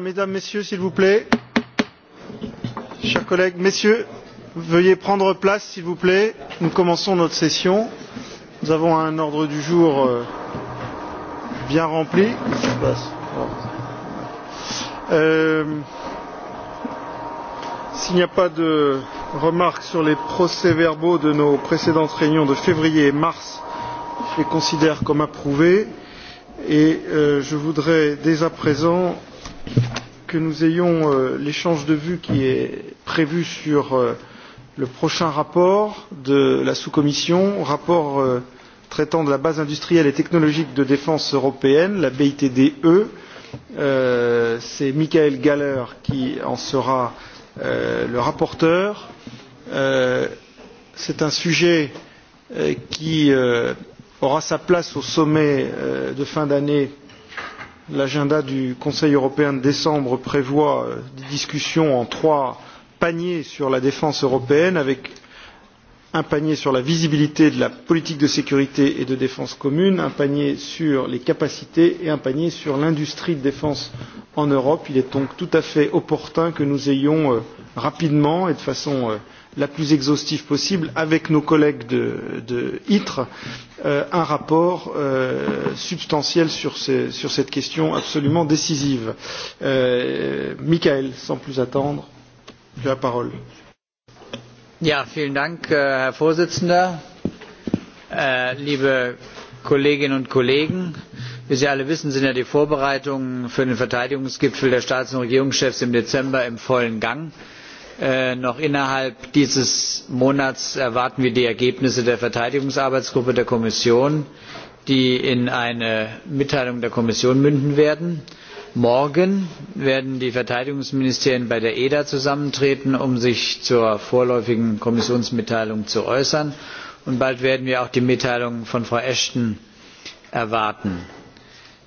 mesdames messieurs s'il vous plaît chers collègues messieurs veuillez prendre place s'il vous plaît nous commençons notre session nous avons un ordre du jour euh, bien rempli euh, s'il n'y a pas de remarques sur les procès verbaux de nos précédentes réunions de février et mars je les considère comme approuvés et euh, je voudrais dès à présent que nous ayons euh, l'échange de vues qui est prévu sur euh, le prochain rapport de la sous commission, rapport euh, traitant de la base industrielle et technologique de défense européenne, la BITDE. Euh, C'est Michael Galler qui en sera euh, le rapporteur. Euh, C'est un sujet euh, qui euh, aura sa place au sommet euh, de fin d'année euh, l'agenda du Conseil européen de décembre prévoit euh, des discussions en trois paniers sur la défense européenne, avec un panier sur la visibilité de la politique de sécurité et de défense commune, un panier sur les capacités et un panier sur l'industrie de défense en Europe. Il est donc tout à fait opportun que nous ayons euh, rapidement et de façon euh, la plus exhaustive possible avec nos collègues de, de ITRE euh, un rapport euh, substantiel sur, ces, sur cette question absolument décisive. Euh, Michael, sans plus attendre, tu as la parole. Ja, vielen Dank, äh, Herr Vorsitzender, äh, liebe Kolleginnen und Kollegen. Wie Sie alle wissen, sind ja die Vorbereitungen für den Verteidigungsgipfel der Staats- und Regierungschefs im Dezember im vollen Gang. Äh, noch innerhalb dieses monats erwarten wir die ergebnisse der verteidigungsarbeitsgruppe der kommission die in eine mitteilung der kommission münden werden. morgen werden die verteidigungsministerien bei der eda zusammentreten um sich zur vorläufigen kommissionsmitteilung zu äußern und bald werden wir auch die mitteilung von frau ashton erwarten.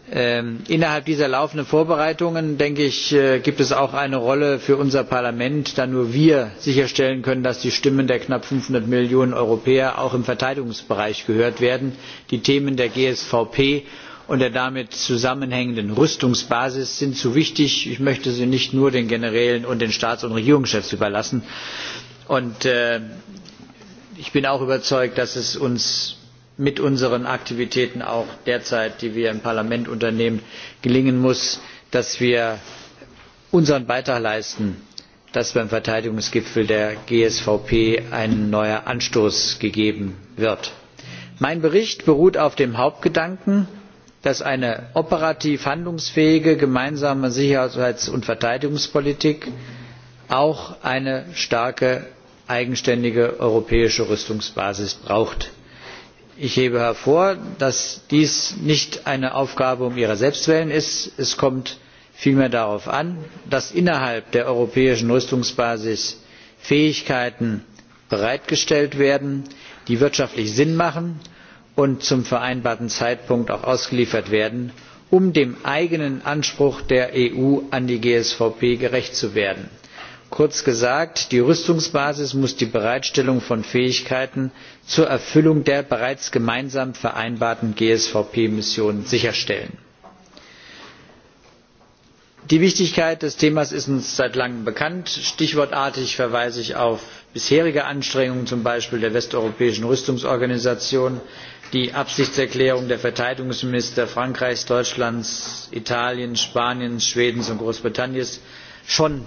Ähm, innerhalb dieser laufenden vorbereitungen denke ich äh, gibt es auch eine rolle für unser parlament da nur wir sicherstellen können dass die stimmen der knapp fünfhundert millionen europäer auch im verteidigungsbereich gehört werden. die themen der gsvp und der damit zusammenhängenden rüstungsbasis sind zu wichtig. ich möchte sie nicht nur den generälen und den staats und regierungschefs überlassen. Äh, ich bin auch überzeugt dass es uns mit unseren Aktivitäten auch derzeit, die wir im Parlament unternehmen, gelingen muss, dass wir unseren Beitrag leisten, dass beim Verteidigungsgipfel der GSVP ein neuer Anstoß gegeben wird. Mein Bericht beruht auf dem Hauptgedanken, dass eine operativ handlungsfähige gemeinsame Sicherheits- und Verteidigungspolitik auch eine starke eigenständige europäische Rüstungsbasis braucht ich hebe hervor dass dies nicht eine aufgabe um ihrer selbst willen ist. es kommt vielmehr darauf an dass innerhalb der europäischen rüstungsbasis fähigkeiten bereitgestellt werden die wirtschaftlich sinn machen und zum vereinbarten zeitpunkt auch ausgeliefert werden um dem eigenen anspruch der eu an die gsvp gerecht zu werden kurz gesagt die rüstungsbasis muss die bereitstellung von fähigkeiten zur erfüllung der bereits gemeinsam vereinbarten gsvp mission sicherstellen. die wichtigkeit des themas ist uns seit langem bekannt. stichwortartig verweise ich auf bisherige anstrengungen zum beispiel der westeuropäischen rüstungsorganisation die absichtserklärung der verteidigungsminister frankreichs deutschlands italiens spaniens schwedens und großbritanniens schon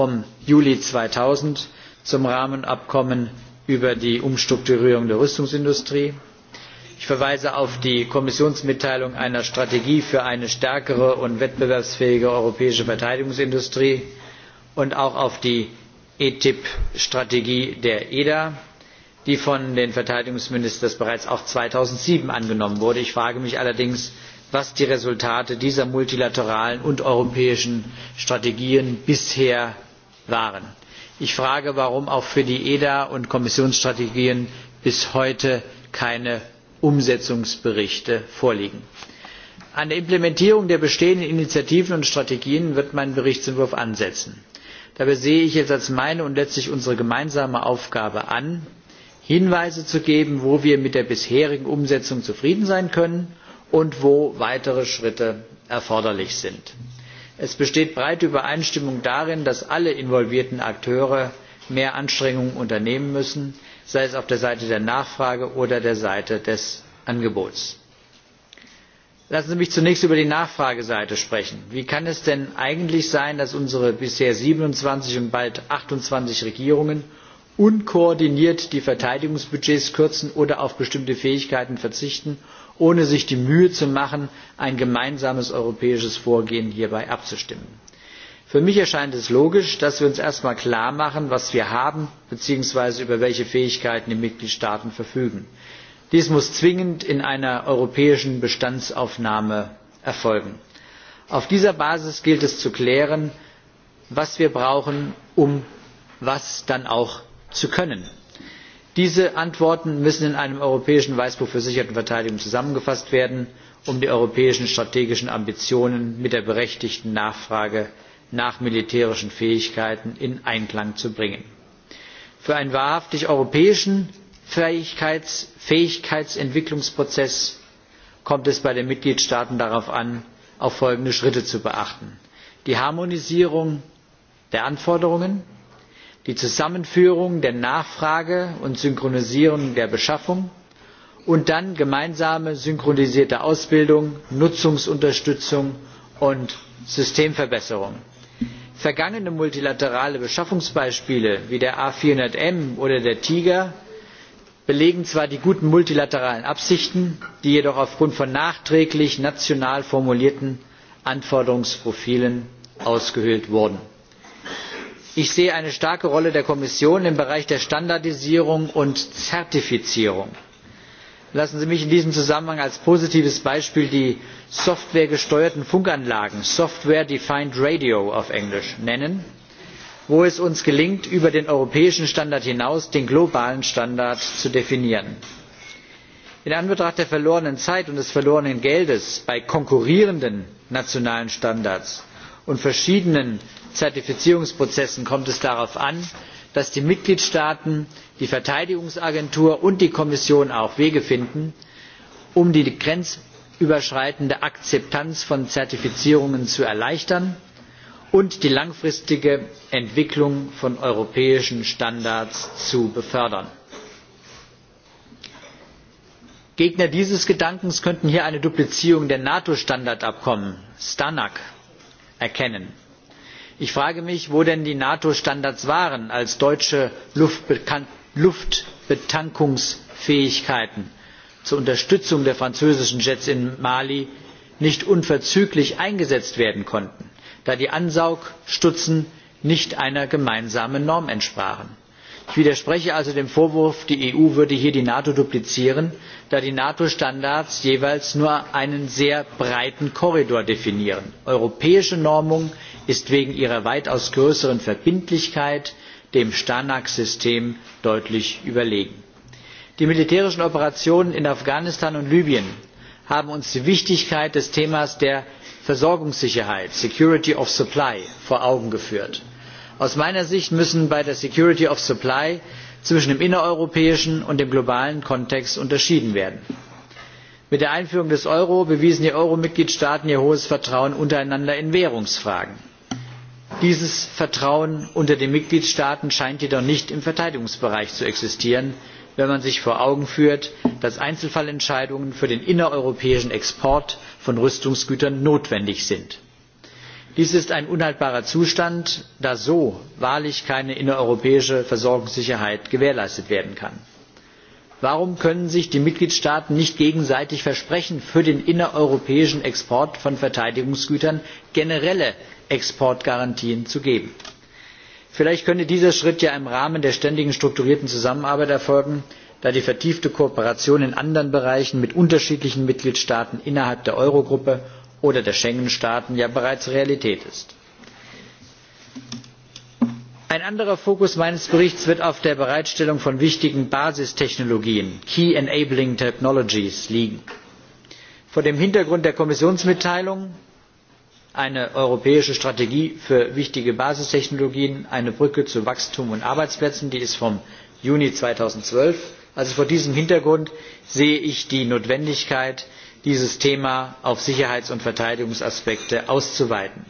vom juli zweitausend zum rahmenabkommen über die umstrukturierung der rüstungsindustrie ich verweise auf die kommissionsmitteilung einer strategie für eine stärkere und wettbewerbsfähige europäische verteidigungsindustrie und auch auf die etip strategie der eda die von den verteidigungsministern bereits auch zweitausendsieben angenommen wurde. ich frage mich allerdings was die resultate dieser multilateralen und europäischen strategien bisher waren. ich frage warum auch für die eda und kommissionsstrategien bis heute keine umsetzungsberichte vorliegen. an der implementierung der bestehenden initiativen und strategien wird mein berichtsentwurf ansetzen. dabei sehe ich es als meine und letztlich unsere gemeinsame aufgabe an hinweise zu geben wo wir mit der bisherigen umsetzung zufrieden sein können und wo weitere schritte erforderlich sind. Es besteht breite Übereinstimmung darin, dass alle involvierten Akteure mehr Anstrengungen unternehmen müssen, sei es auf der Seite der Nachfrage oder der Seite des Angebots. Lassen Sie mich zunächst über die Nachfrageseite sprechen. Wie kann es denn eigentlich sein, dass unsere bisher 27 und bald 28 Regierungen unkoordiniert die Verteidigungsbudgets kürzen oder auf bestimmte Fähigkeiten verzichten, ohne sich die Mühe zu machen, ein gemeinsames europäisches Vorgehen hierbei abzustimmen. Für mich erscheint es logisch, dass wir uns erstmal klar machen, was wir haben bzw. über welche Fähigkeiten die Mitgliedstaaten verfügen. Dies muss zwingend in einer europäischen Bestandsaufnahme erfolgen. Auf dieser Basis gilt es zu klären, was wir brauchen, um was dann auch zu können diese antworten müssen in einem europäischen weißbuch für sicherheit und verteidigung zusammengefasst werden um die europäischen strategischen ambitionen mit der berechtigten nachfrage nach militärischen fähigkeiten in einklang zu bringen. für einen wahrhaftig europäischen fähigkeitsentwicklungsprozess kommt es bei den mitgliedstaaten darauf an folgende schritte zu beachten die harmonisierung der anforderungen die zusammenführung der nachfrage und synchronisierung der beschaffung und dann gemeinsame synchronisierte ausbildung nutzungsunterstützung und systemverbesserung. vergangene multilaterale beschaffungsbeispiele wie der a vierhundert m oder der tiger belegen zwar die guten multilateralen absichten die jedoch aufgrund von nachträglich national formulierten anforderungsprofilen ausgehöhlt wurden ich sehe eine starke rolle der kommission im bereich der standardisierung und zertifizierung. lassen sie mich in diesem zusammenhang als positives beispiel die softwaregesteuerten funkanlagen software defined radio auf englisch nennen wo es uns gelingt über den europäischen standard hinaus den globalen standard zu definieren. in anbetracht der verlorenen zeit und des verlorenen geldes bei konkurrierenden nationalen standards und verschiedenen zertifizierungsprozessen kommt es darauf an dass die mitgliedstaaten die verteidigungsagentur und die kommission auch wege finden um die grenzüberschreitende akzeptanz von zertifizierungen zu erleichtern und die langfristige entwicklung von europäischen standards zu befördern. gegner dieses gedankens könnten hier eine duplizierung der nato standardabkommen stanag erkennen ich frage mich wo denn die nato standards waren als deutsche luftbetankungsfähigkeiten zur unterstützung der französischen jets in mali nicht unverzüglich eingesetzt werden konnten da die ansaugstutzen nicht einer gemeinsamen norm entsprachen ich widerspreche also dem vorwurf die eu würde hier die nato duplizieren da die nato standards jeweils nur einen sehr breiten korridor definieren. europäische normung ist wegen ihrer weitaus größeren verbindlichkeit dem stanag system deutlich überlegen. die militärischen operationen in afghanistan und libyen haben uns die wichtigkeit des themas der versorgungssicherheit security of supply vor augen geführt aus meiner sicht müssen bei der security of supply zwischen dem innereuropäischen und dem globalen kontext unterschieden werden. mit der einführung des euro bewiesen die euro mitgliedstaaten ihr hohes vertrauen untereinander in währungsfragen. dieses vertrauen unter den mitgliedstaaten scheint jedoch nicht im verteidigungsbereich zu existieren wenn man sich vor augen führt dass einzelfallentscheidungen für den innereuropäischen export von rüstungsgütern notwendig sind dies ist ein unhaltbarer zustand da so wahrlich keine innereuropäische versorgungssicherheit gewährleistet werden kann. warum können sich die mitgliedstaaten nicht gegenseitig versprechen für den innereuropäischen export von verteidigungsgütern generelle exportgarantien zu geben? vielleicht könnte dieser schritt ja im rahmen der ständigen strukturierten zusammenarbeit erfolgen da die vertiefte kooperation in anderen bereichen mit unterschiedlichen mitgliedstaaten innerhalb der eurogruppe oder der Schengen Staaten ja bereits Realität ist. Ein anderer Fokus meines Berichts wird auf der Bereitstellung von wichtigen Basistechnologien, Key Enabling Technologies, liegen. Vor dem Hintergrund der Kommissionsmitteilung eine europäische Strategie für wichtige Basistechnologien, eine Brücke zu Wachstum und Arbeitsplätzen, die ist vom Juni 2012. Also vor diesem Hintergrund sehe ich die Notwendigkeit, dieses thema auf sicherheits und verteidigungsaspekte auszuweiten.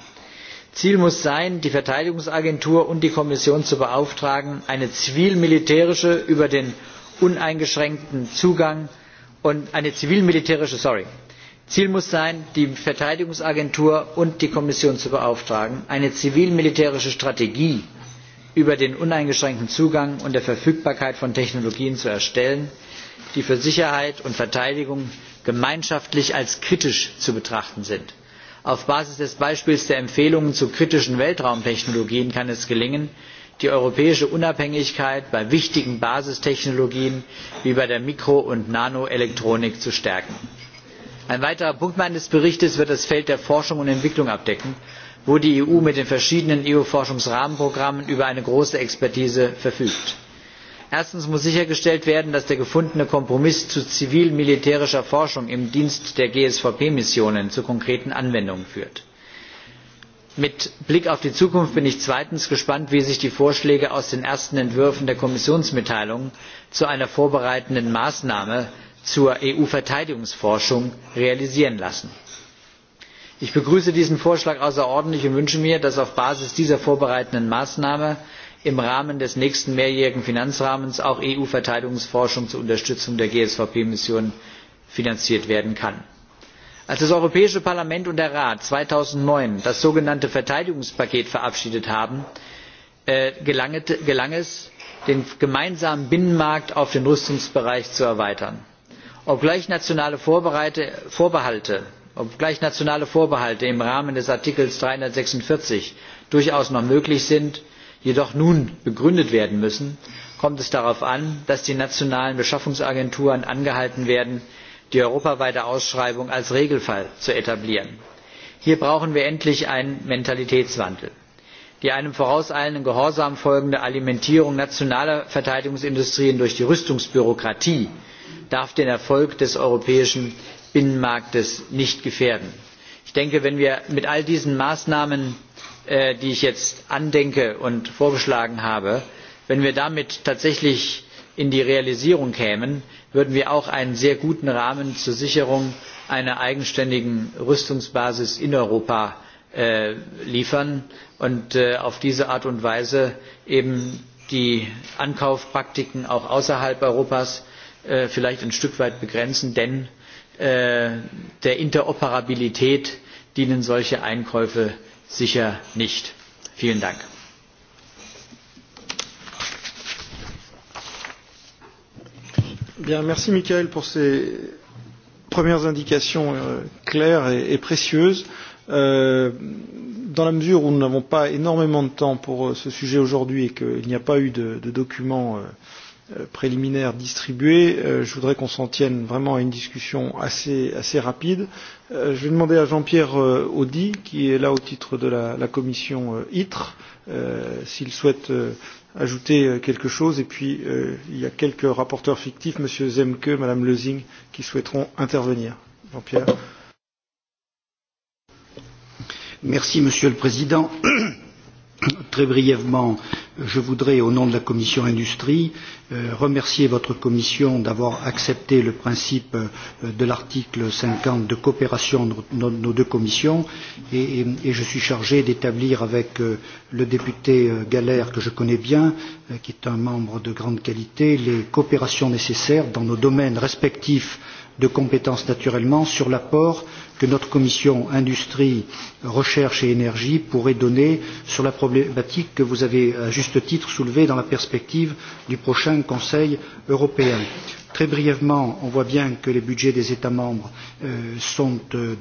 ziel muss sein die verteidigungsagentur und die kommission zu beauftragen eine zivil militärische über den uneingeschränkten zugang und eine zivil militärische sorry ziel muss sein die verteidigungsagentur und die kommission zu beauftragen eine zivil militärische strategie über den uneingeschränkten zugang und der verfügbarkeit von technologien zu erstellen die für sicherheit und verteidigung gemeinschaftlich als kritisch zu betrachten sind. auf basis des beispiels der empfehlungen zu kritischen weltraumtechnologien kann es gelingen die europäische unabhängigkeit bei wichtigen basistechnologien wie bei der mikro und nanoelektronik zu stärken. ein weiterer punkt meines berichts wird das feld der forschung und entwicklung abdecken wo die eu mit den verschiedenen eu forschungsrahmenprogrammen über eine große expertise verfügt erstens muss sichergestellt werden dass der gefundene kompromiss zu zivil militärischer forschung im dienst der gsvp missionen zu konkreten anwendungen führt. mit blick auf die zukunft bin ich zweitens gespannt wie sich die vorschläge aus den ersten entwürfen der kommissionsmitteilung zu einer vorbereitenden maßnahme zur eu verteidigungsforschung realisieren lassen. ich begrüße diesen vorschlag außerordentlich und wünsche mir dass auf basis dieser vorbereitenden maßnahme im rahmen des nächsten mehrjährigen finanzrahmens auch eu verteidigungsforschung zur unterstützung der gsvp mission finanziert werden kann. als das europäische parlament und der rat zweitausendneun das sogenannte verteidigungspaket verabschiedet haben äh, gelang es den gemeinsamen binnenmarkt auf den rüstungsbereich zu erweitern. obgleich nationale vorbehalte im rahmen des artikels dreihundertsechsundvierzig durchaus noch möglich sind jedoch nun begründet werden müssen kommt es darauf an dass die nationalen beschaffungsagenturen angehalten werden die europaweite ausschreibung als regelfall zu etablieren. hier brauchen wir endlich einen mentalitätswandel. die einem vorauseilenden gehorsam folgende alimentierung nationaler verteidigungsindustrien durch die rüstungsbürokratie darf den erfolg des europäischen binnenmarktes nicht gefährden. wenn wir mit all diesen maßnahmen Äh, die ich jetzt andenke und vorgeschlagen habe wenn wir damit tatsächlich in die realisierung kämen würden wir auch einen sehr guten rahmen zur sicherung einer eigenständigen rüstungsbasis in europa äh, liefern und äh, auf diese art und weise eben die ankaufpraktiken auch außerhalb europas vielleicht ein stück weit begrenzen denn der interoperabilität dienen solche einkäufe sicher nicht. Vielen Dank. Bien, merci Michael pour ces premières indications euh, claires et, et précieuses. Euh, dans la mesure où nous n'avons pas énormément de temps pour euh, ce sujet aujourd'hui et qu'il n'y a pas eu de, de documents euh, Euh, préliminaires distribués, euh, je voudrais qu'on s'en tienne vraiment à une discussion assez, assez rapide. Euh, je vais demander à Jean-Pierre euh, Audi, qui est là au titre de la, la commission euh, ITRE, euh, s'il souhaite euh, ajouter euh, quelque chose. Et puis, euh, il y a quelques rapporteurs fictifs, M. Zemke, Mme Lezing, qui souhaiteront intervenir. Jean-Pierre. Merci, Monsieur le Président. très brièvement je voudrais au nom de la commission de l'industrie euh, remercier votre commission d'avoir accepté le principe euh, de l'article cinquante de coopération de nos deux commissions et je suis chargé d'établir avec euh, le député gahler que je connais bien qui est un membre de grande qualité les coopérations nécessaires dans nos domaines respectifs de compétences naturellement sur l'apport que notre commission industrie, recherche et énergie pourrait donner sur la problématique que vous avez à juste titre soulevée dans la perspective du prochain Conseil européen. Très brièvement, on voit bien que les budgets des États membres euh, sont euh,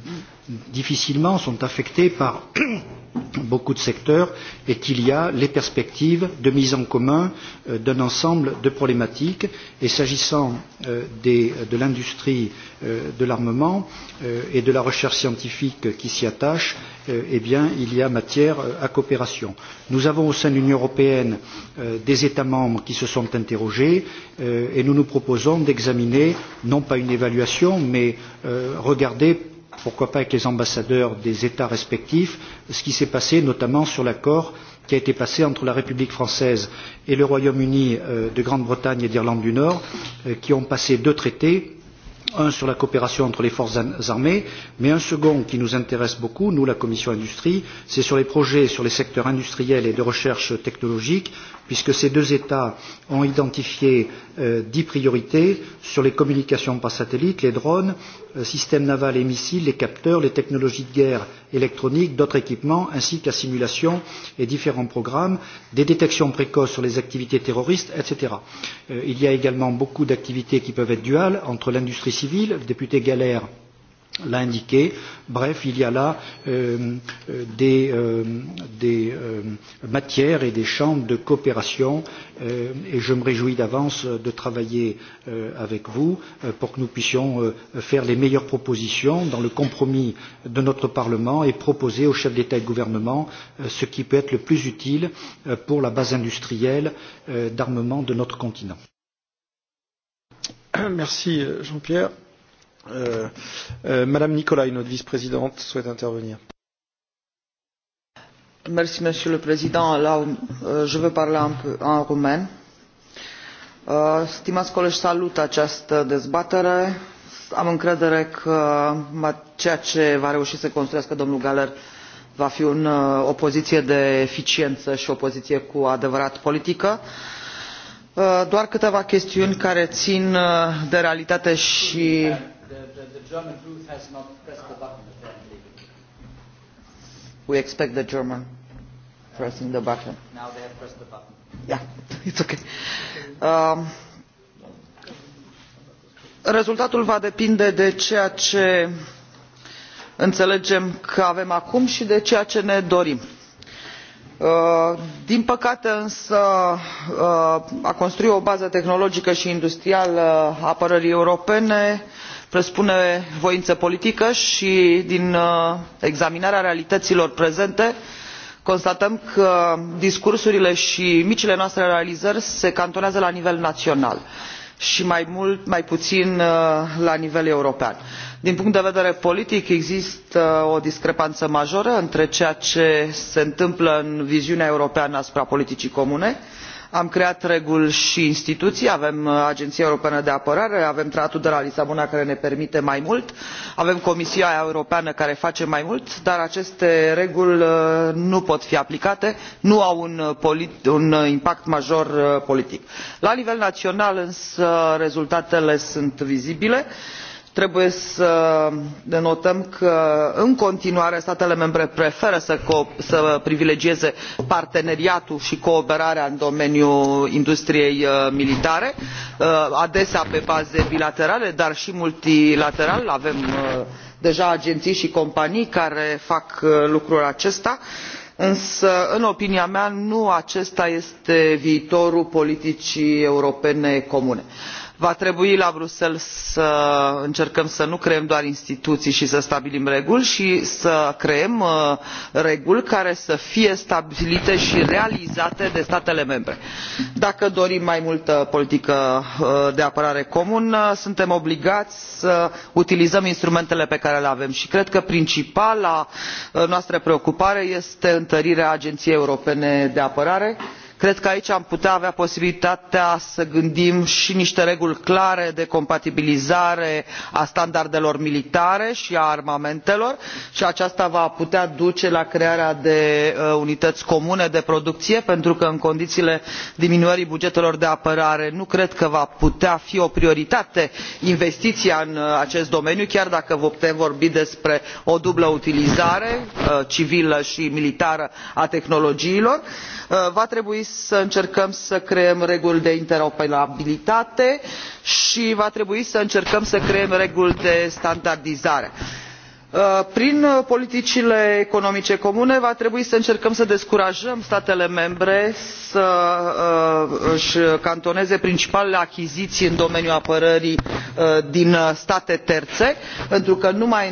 difficilement sont affectés par beaucoup de secteurs et qu'il y a les perspectives de mise en commun euh, d'un ensemble de problématiques. Et s'agissant euh, de l'industrie euh, de l'armement euh, et de la recherche scientifique qui s'y attache, Eh, eh bien, il y a matière euh, à coopération. Nous avons au sein de l'Union européenne euh, des États membres qui se sont interrogés euh, et nous nous proposons d'examiner non pas une évaluation mais euh, regarder pourquoi pas avec les ambassadeurs des États respectifs ce qui s'est passé notamment sur l'accord qui a été passé entre la République française et le Royaume-Uni euh, de Grande-Bretagne et d'Irlande du Nord euh, qui ont passé deux traités un sur la coopération entre les forces armées mais un second qui nous intéresse beaucoup nous la commission de l'industrie c'est sur les projets sur les secteurs industriels et de recherche technologique puisque ces deux États ont identifié euh, dix priorités sur les communications par satellite, les drones, euh, systèmes navals et missiles, les capteurs, les technologies de guerre électroniques, d'autres équipements, ainsi que la simulation et différents programmes, des détections précoces sur les activités terroristes, etc. Euh, il y a également beaucoup d'activités qui peuvent être duales entre l'industrie civile, le député Galère, l'a indiqué. Bref, il y a là euh, euh, des, euh, des euh, matières et des champs de coopération euh, et je me réjouis d'avance de travailler euh, avec vous euh, pour que nous puissions euh, faire les meilleures propositions dans le compromis de notre Parlement et proposer aux chefs d'État et de gouvernement euh, ce qui peut être le plus utile euh, pour la base industrielle euh, d'armement de notre continent. Merci euh, Jean-Pierre. Euh, euh, monsieur le président l'europe doit aujourd'hui montrer que même si elle est une puissance mondiale elle est aussi une puissance locale. elle doit montrer que même si elle est une puissance mondiale elle est aussi une puissance locale. je veux parler un peu en roumain. je salue cet accord que va réussir ce construire domnul gahler va fi un uh, opozie de eficienă și o opoziție cu adevărat politică. Uh, doar câteva chestiuni care țin uh, de realitate și German truth has not pressed the button, apparently. We expect the German pressing the button. Now they have pressed the button. Yeah, it's okay. Um, rezultatul va depinde de ceea ce înțelegem că avem acum și de ceea ce ne dorim. Uh, din păcate însă uh, a construi o bază tehnologică și industrială a apărării europene presupune voință politică și din uh, examinarea realităților prezente constatăm că discursurile și micile noastre realizări se cantonează la nivel național și mai mult mai puțin uh, la nivel european. din punct de vedere politic există o discrepanță majoră între ceea ce se întâmplă în viziunea europeană asupra politicii comune am creat reguli și instituții avem uh, agenția europeană de apărare avem tratatul de la lisabona care ne permite mai mult avem comisia europeană care face mai mult dar aceste reguli uh, nu pot fi aplicate nu au un uh, impact major politic. la nivel național însă rezultatele sunt vizibile și trebuie să denotăm că în continuare statele membre preferă să privilegieze parteneriatul și cooperarea în domeniul industriei uh, militare uh, adesea pe baze bilaterale dar și multilateral avem uh, deja agenții și companii care fac lucrul acesta însă în opinia mea nu acesta este viitorul politicii europene comune va trebui la bruxelles să încercăm să nu creăm doar instituții și să stabilim reguli ci să creăm uh, reguli care să fie stabilite și realizate de statele membre. dacă dorim mai multă politică uh, de apărare comună suntem obligați să utilizăm instrumentele pe care le avem și cred că principala uh, noastră preocupare este întărirea agenției europene de apărare cred că aici am putea avea posibilitatea să gândim și niște reguli clare de compatibilizare a standardelor militare și a armamentelor și aceasta va putea duce la crearea de uh, unități comune de producție pentru că în condițiile diminuării bugetelor de apărare nu cred că va putea fi o prioritate investiția în uh, acest domeniu chiar dacă putem vorbi despre o dublă utilizare uh, civilă și militară a tehnologiilor va trebui să încercăm să creăm reguli de interoperabilitate și va trebui să încercăm să creăm reguli de standardizare. Uh, prin politicile economice comune va trebui să încercăm să descurajăm statele membre să uh, își cantoneze principalele achiziții în domeniul apărării uh, din state terțe pentru că numai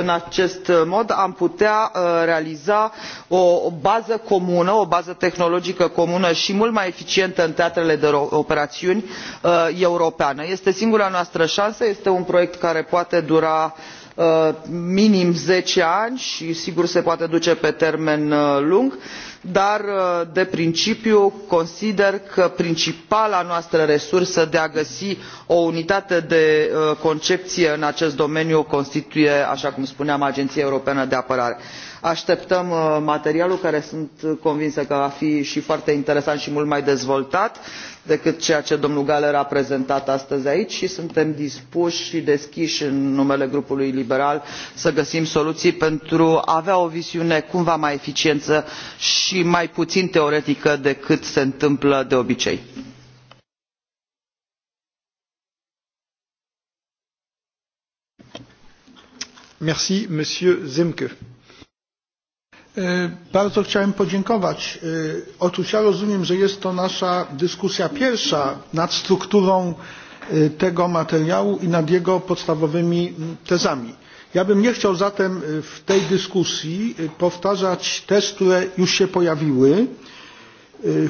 în acest mod am putea realiza o bază comună o bază tehnologică comună și mult mai eficientă în teatrele de operațiuni europeană. este singura noastră șansă este un proiect care poate dura Uh, minim zece ani și sigur se poate duce pe termen uh, lung dar uh, de principiu consider că principala noastră resursă de a găsi o unitate de concepție în acest domeniu o constituie așa cum spuneam agenția europeană de apărare așteptăm uh, materialul care sunt convinsă că va fi și foarte interesant și mult mai dezvoltat decât ceea ce domnul gahler a prezentat astăzi aici și suntem dispuși și deschiși în numele grupului liberal să găsim soluții pentru a avea o viziune cumva mai eficientă și mai puțin teoretică decât se întâmplă de obicei. mulțumesc domnule zemke. E, bardzo chciałem podziękować. E, otóż ja rozumiem że jest to nasza dyskusja pierwsza nad strukturą e, tego materiału i nad jego podstawowymi tezami. ja bym nie chciał zatem w tej dyskusji powtarzać tez które już się pojawiły.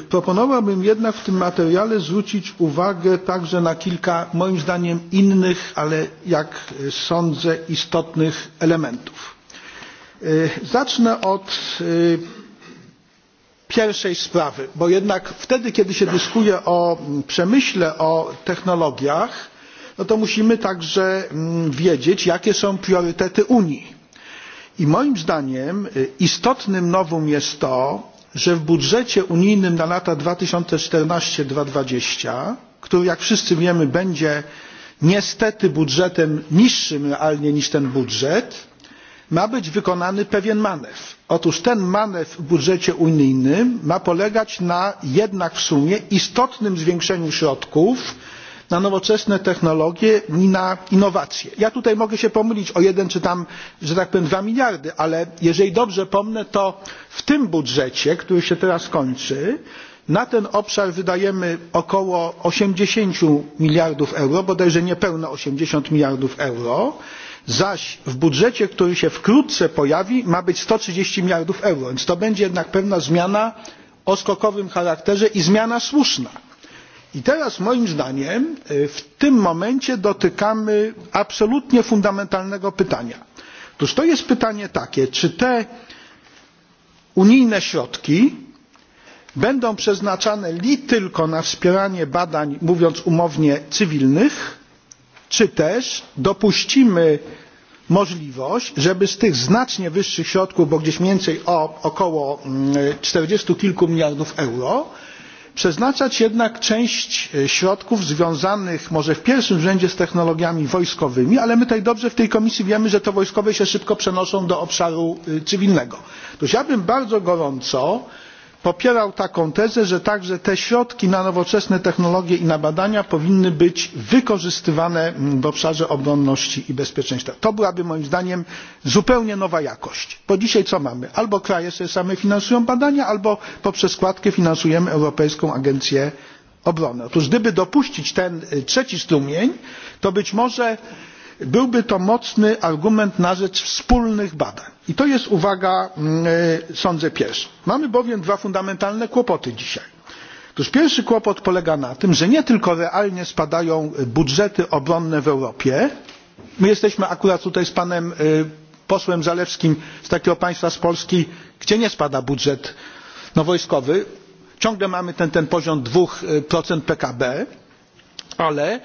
proponowałbym jednak w tym materiale zwrócić uwagę także na kilka moim zdaniem innych ale jak sądzę istotnych elementów. E, zacznę od e, pierwszej sprawy bo jednak wtedy kiedy się dyskutuje o przemyśle o technologiach no to musimy także wiedzieć jakie są priorytety unii i moim zdaniem e, istotnym novum jest to że w budżecie unijnym na lata dwa tysiące czternaście dwa tysiące dwadzieścia który jak wszyscy wiemy będzie niestety budżetem niższym realnie niż ten budżet ma być wykonany pewien manewr. otóż ten manewr w budżecie unijnym ma polegać na jednak w sumie istotnym zwiększeniu środków na nowoczesne technologie i na innowacje. ja tutaj mogę się pomylić o jeden czy tam że tak powiem dwa miliardy ale jeżeli dobrze pomnę to w tym budżecie który się teraz kończy na ten obszar wydajemy około osiemdziesiąt miliardów euro bodajże niepełna osiemdziesiąt miliardów euro zaś w budżecie który się wkrótce pojawi ma być sto trzydzieści miliardów euro więc to będzie jednak pewna zmiana o skokowym charakterze i zmiana słuszna. i teraz moim zdaniem w tym momencie dotykamy absolutnie fundamentalnego pytania. otóż to jest pytanie takie czy te unijne środki będą przeznaczane li tylko na wspieranie badań mówiąc umownie cywilnych czy też dopuścimy możliwość żeby z tych znacznie wyższych środków bo gdzieś mniej więcej o około mm, czterdziestu kilku miliardów euro przeznaczać jednak część e, środków związanych może w pierwszym rzędzie z technologiami wojskowymi ale my tutaj dobrze w tej komisji wiemy że te wojskowe się szybko przenoszą do obszaru cywilnego. to ja bym bardzo gorąco prosił popierał taką tezę że także te środki na nowoczesne technologie i na badania powinny być wykorzystywane w obszarze obronności i bezpieczeństwa. to byłaby moim zdaniem zupełnie nowa jakość bo dzisiaj co mamy albo kraje sobie same finansują badania albo poprzez składkę finansujemy europejską agencję obrony. otóż gdyby dopuścić ten trzeci strumień to być może byłby to mocny argument na rzecz wspólnych badań. I to jest uwaga, mm, e, sądzę, pierwsza. Mamy bowiem dwa fundamentalne kłopoty dzisiaj. Otóż pierwszy kłopot polega na tym, że nie tylko realnie spadają budżety obronne w Europie. My jesteśmy akurat tutaj z panem e, posłem Zalewskim z takiego państwa z Polski, gdzie nie spada budżet no, wojskowy. Ciągle mamy ten, ten poziom 2% e, PKB, ale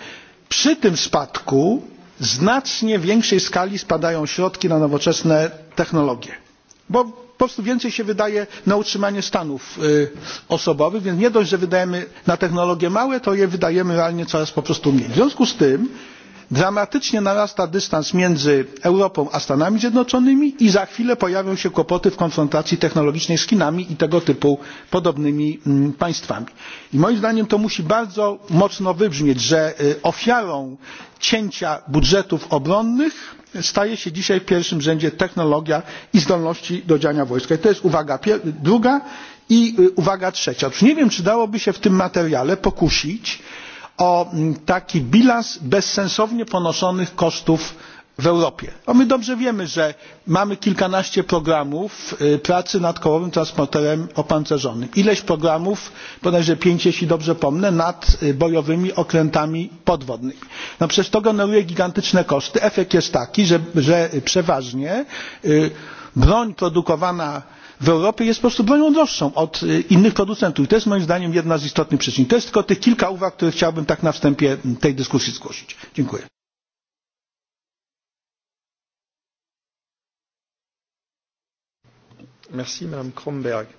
przy tym spadku znacznie większej skali spadają środki na nowoczesne technologie. Bo po prostu więcej się wydaje na utrzymanie stanów y, osobowych, więc nie dość, że wydajemy na technologie małe, to je wydajemy realnie coraz po prostu mniej. W związku z tym dramatycznie narasta dystans między europą a stanami zjednoczonymi i za chwilę pojawią się kłopoty w konfrontacji technologicznej z chinami i tego typu podobnymi mm, państwami. i moim zdaniem to musi bardzo mocno wybrzmieć że ofiarą cięcia budżetów obronnych staje się dzisiaj w pierwszym rzędzie technologia i zdolności do działania wojska. i to jest uwaga druga i uwaga trzecia. otóż nie wiem czy dałoby się w tym materiale pokusić o taki bilans bezsensownie ponoszonych kosztów w europie. my dobrze wiemy że mamy kilkanaście programów pracy nad kołowym transporterem opancerzonym ileś programów bodajże pięć jeśli dobrze pomnę nad bojowymi okrętami podwodnymi. no przecież to generuje gigantyczne koszty. efekt jest taki że przeważnie broń produkowana w europie jest po prostu bronią droższą od e, innych producentów i to jest moim zdaniem jedna z istotnych przyczyn. to jest tylko tych kilka uwag które chciałbym tak na wstępie tej dyskusji zgłosić. dziękuję. Merci, Madame Kronberg.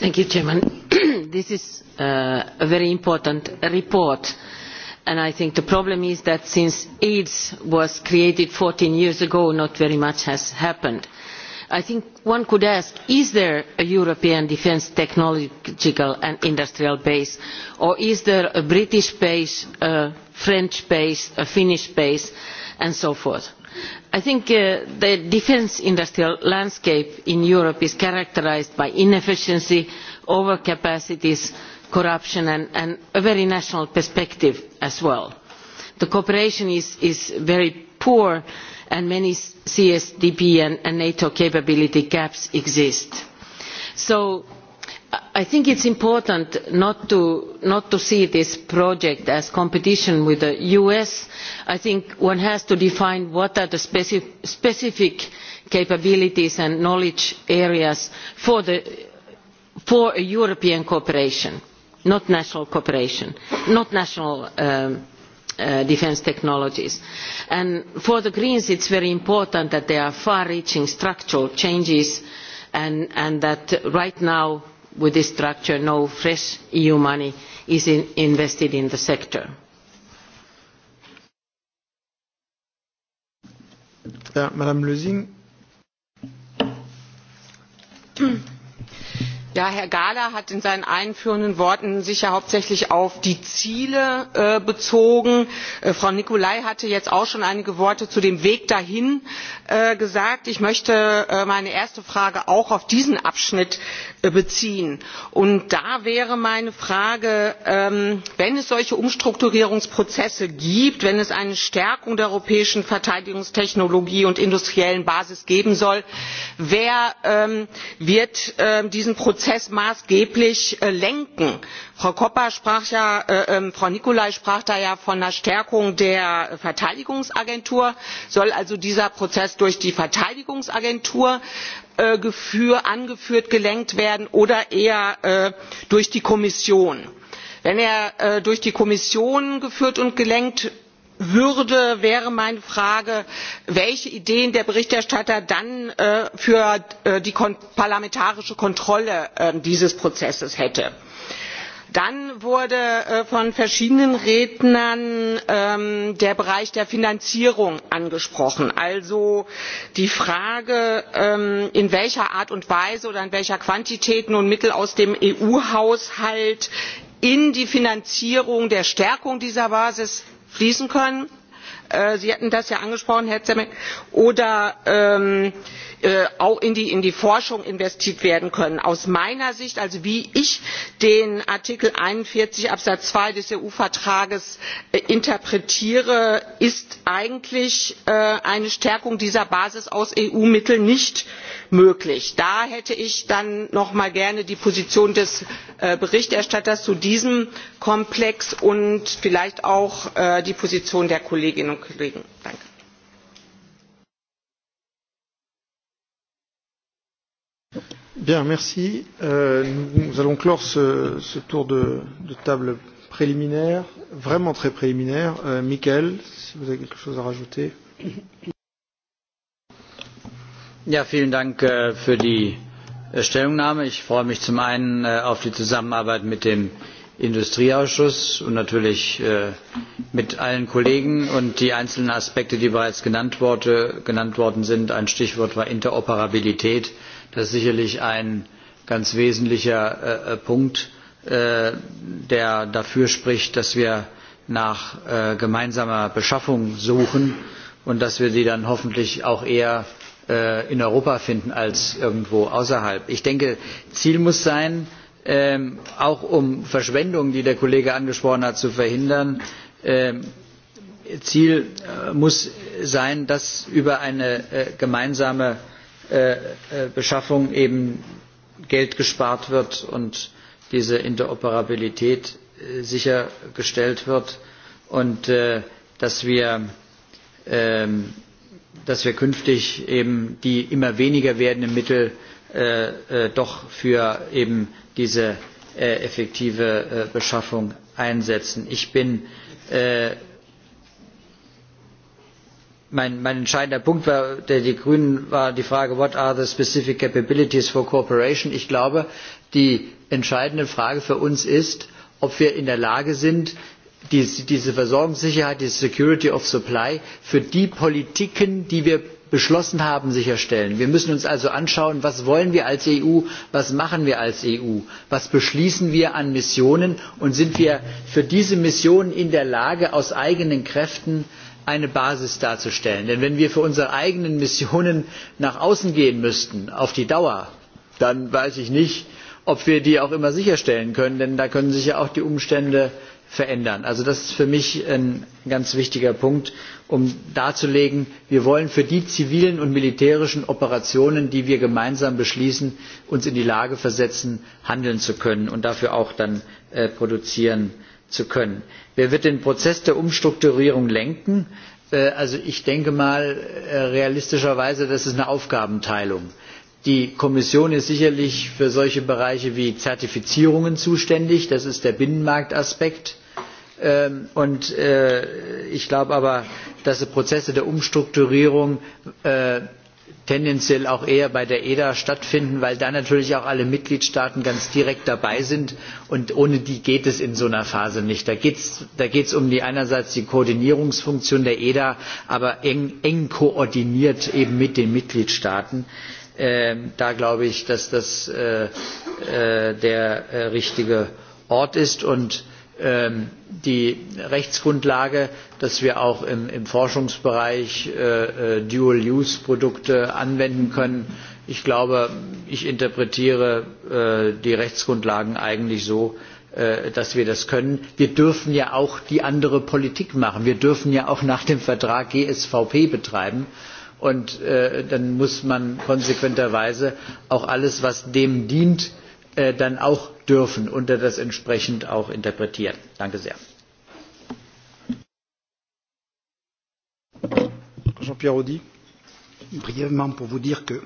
Thank you, Chairman. This is uh, a very important report. Uh, i think the problem is that since aids was created fourteen years ago not very much has happened. i think one could ask is there a european defence technological and industrial base or is there a british base a french base a finnish base and so forth? i think uh, the defence industrial landscape in europe is characterised by inefficiency overcapacities corruption and a very national perspective as well. the cooperation is very poor and many csdp and nato capability gaps exist. so i think it is important not to see this project as competition with the us. i think one has to define what are the specific capabilities and knowledge areas for european cooperation not national cooperation not national um, uh, defence technologies. for the greens it is very important that there are far reaching structural changes and that right now with this structure no fresh eu money is invested in the sector. Uh, Ja, herr gahler hat in seinen einführenden worten sich ja hauptsächlich auf die ziele äh, bezogen äh, frau nicolai hatte jetzt auch schon einige worte zu dem weg dahin äh, gesagt. ich möchte meine erste frage auch auf diesen abschnitt beziehen und da wäre meine frage ähm, wenn es solche umstrukturierungsprozesse gibt wenn es eine stärkung der europäischen verteidigungstechnologie und industriellen basis geben soll wer ähm, wird ähm, diesen prozess prozess maßgeblich äh, lenken. Ja, äh, ähm, frau nicolai sprach da ja von einer stärkung der verteidigungsagentur. soll also dieser prozess durch die verteidigungsagentur äh, angeführt gelenkt werden oder eher durch die kommission? wenn er durch die kommission geführt und gelenkt würde wäre meine frage welche ideen der berichterstatter dann äh, für äh, die parlamentarische kontrolle ähm, dieses prozesses hätte. dann wurde äh, von verschiedenen rednern ähm, der bereich der finanzierung angesprochen also die frage ähm, in welcher art und weise oder in welcher quantität nun mittel aus dem eu haushalt in die finanzierung der stärkung dieser basis fließen können äh, sie hatten das ja angesprochen herr temek oder ähm, Äh, auch in die forschung investiert werden können. aus meiner sicht also wie ich den artikel einundvierzig absatz zwei des eu vertrags äh, interpretiere ist eigentlich äh, eine stärkung dieser basis aus eu mitteln nicht möglich. da hätte ich dann noch mal gerne die position des berichterstatters zu diesem komplex und vielleicht auch die position der kolleginnen und kollegen. Bien, merci. Euh, nous allons clore ce, ce tour de, de table préliminaire, vraiment très préliminaire. Euh, Michael, si vous avez quelque chose à rajouter. Ja, vielen Dank äh, für die äh, Stellungnahme. Ich freue mich zum einen äh, auf die Zusammenarbeit mit dem Industrieausschuss und natürlich äh, mit allen Kollegen und die einzelnen Aspekte, die bereits genannt, wurde, genannt worden sind. Ein Stichwort war Interoperabilität. Äh, Das ist sicherlich ein ganz wesentlicher äh, äh, Punkt, äh, der dafür spricht, dass wir nach äh, gemeinsamer Beschaffung suchen und dass wir sie dann hoffentlich auch eher äh, in Europa finden als irgendwo außerhalb. Ich denke, Ziel muss sein, ähm, auch um Verschwendungen, die der Kollege angesprochen hat, zu verhindern. Ähm, Ziel äh, muss sein, dass über eine äh, gemeinsame äh, Äh, äh, beschaffung eben geld gespart wird und diese interoperabilität äh, sichergestellt wird und ähm, dass wir künftig eben die immer weniger werdenden mittel doch für eben diese effektive beschaffung einsetzen. ich bin mein, mein entscheidender Punkt war, der die Grünen war die Frage, what are the specific capabilities for cooperation? Ich glaube, die entscheidende Frage für uns ist, ob wir in der Lage sind, diese Versorgungssicherheit, diese Security of Supply für die Politiken, die wir beschlossen haben, sicherstellen. Wir müssen uns also anschauen, was wollen wir als EU, was machen wir als EU, was beschließen wir an Missionen und sind wir für diese Missionen in der Lage, aus eigenen Kräften äh, eine Basis darzustellen. Denn wenn wir für unsere eigenen Missionen nach außen gehen müssten, auf die Dauer, dann weiß ich nicht, ob wir die auch immer sicherstellen können, denn da können sich ja auch die Umstände verändern. Also das ist für mich ein ganz wichtiger Punkt, um darzulegen, wir wollen für die zivilen und militärischen Operationen, die wir gemeinsam beschließen, uns in die Lage versetzen, handeln zu können und dafür auch dann äh, produzieren zu können. Wer wird den Prozess der Umstrukturierung lenken? Äh, also ich denke mal äh, realistischerweise, das ist eine Aufgabenteilung. Die Kommission ist sicherlich für solche Bereiche wie Zertifizierungen zuständig. Das ist der Binnenmarktaspekt. Ähm, und äh, ich glaube aber, dass die Prozesse der Umstrukturierung tendenziell auch eher bei der eda stattfinden weil da natürlich auch alle mitgliedstaaten ganz direkt dabei sind und ohne die geht es in so einer phase nicht. da geht es um einerseits um die koordinierungsfunktion der eda aber eng, eng koordiniert eben mit den mitgliedstaaten. Ähm, da glaube ich dass das äh, äh, der äh, richtige ort ist und Ähm, die rechtsgrundlage dass wir auch im forschungsbereich äh, äh, dual use produkte anwenden können. ich glaube ich interpretiere äh, die rechtsgrundlagen eigentlich so dass wir das können. wir dürfen ja auch die andere politik machen wir dürfen ja auch nach dem vertrag gsvp betreiben und dann muss man konsequenterweise auch alles was dem dient Äh, dann auch dürfen und er das entsprechend auch interpretiert. Danke sehr. Jean-Pierre Audi. Brièvement pour vous dire que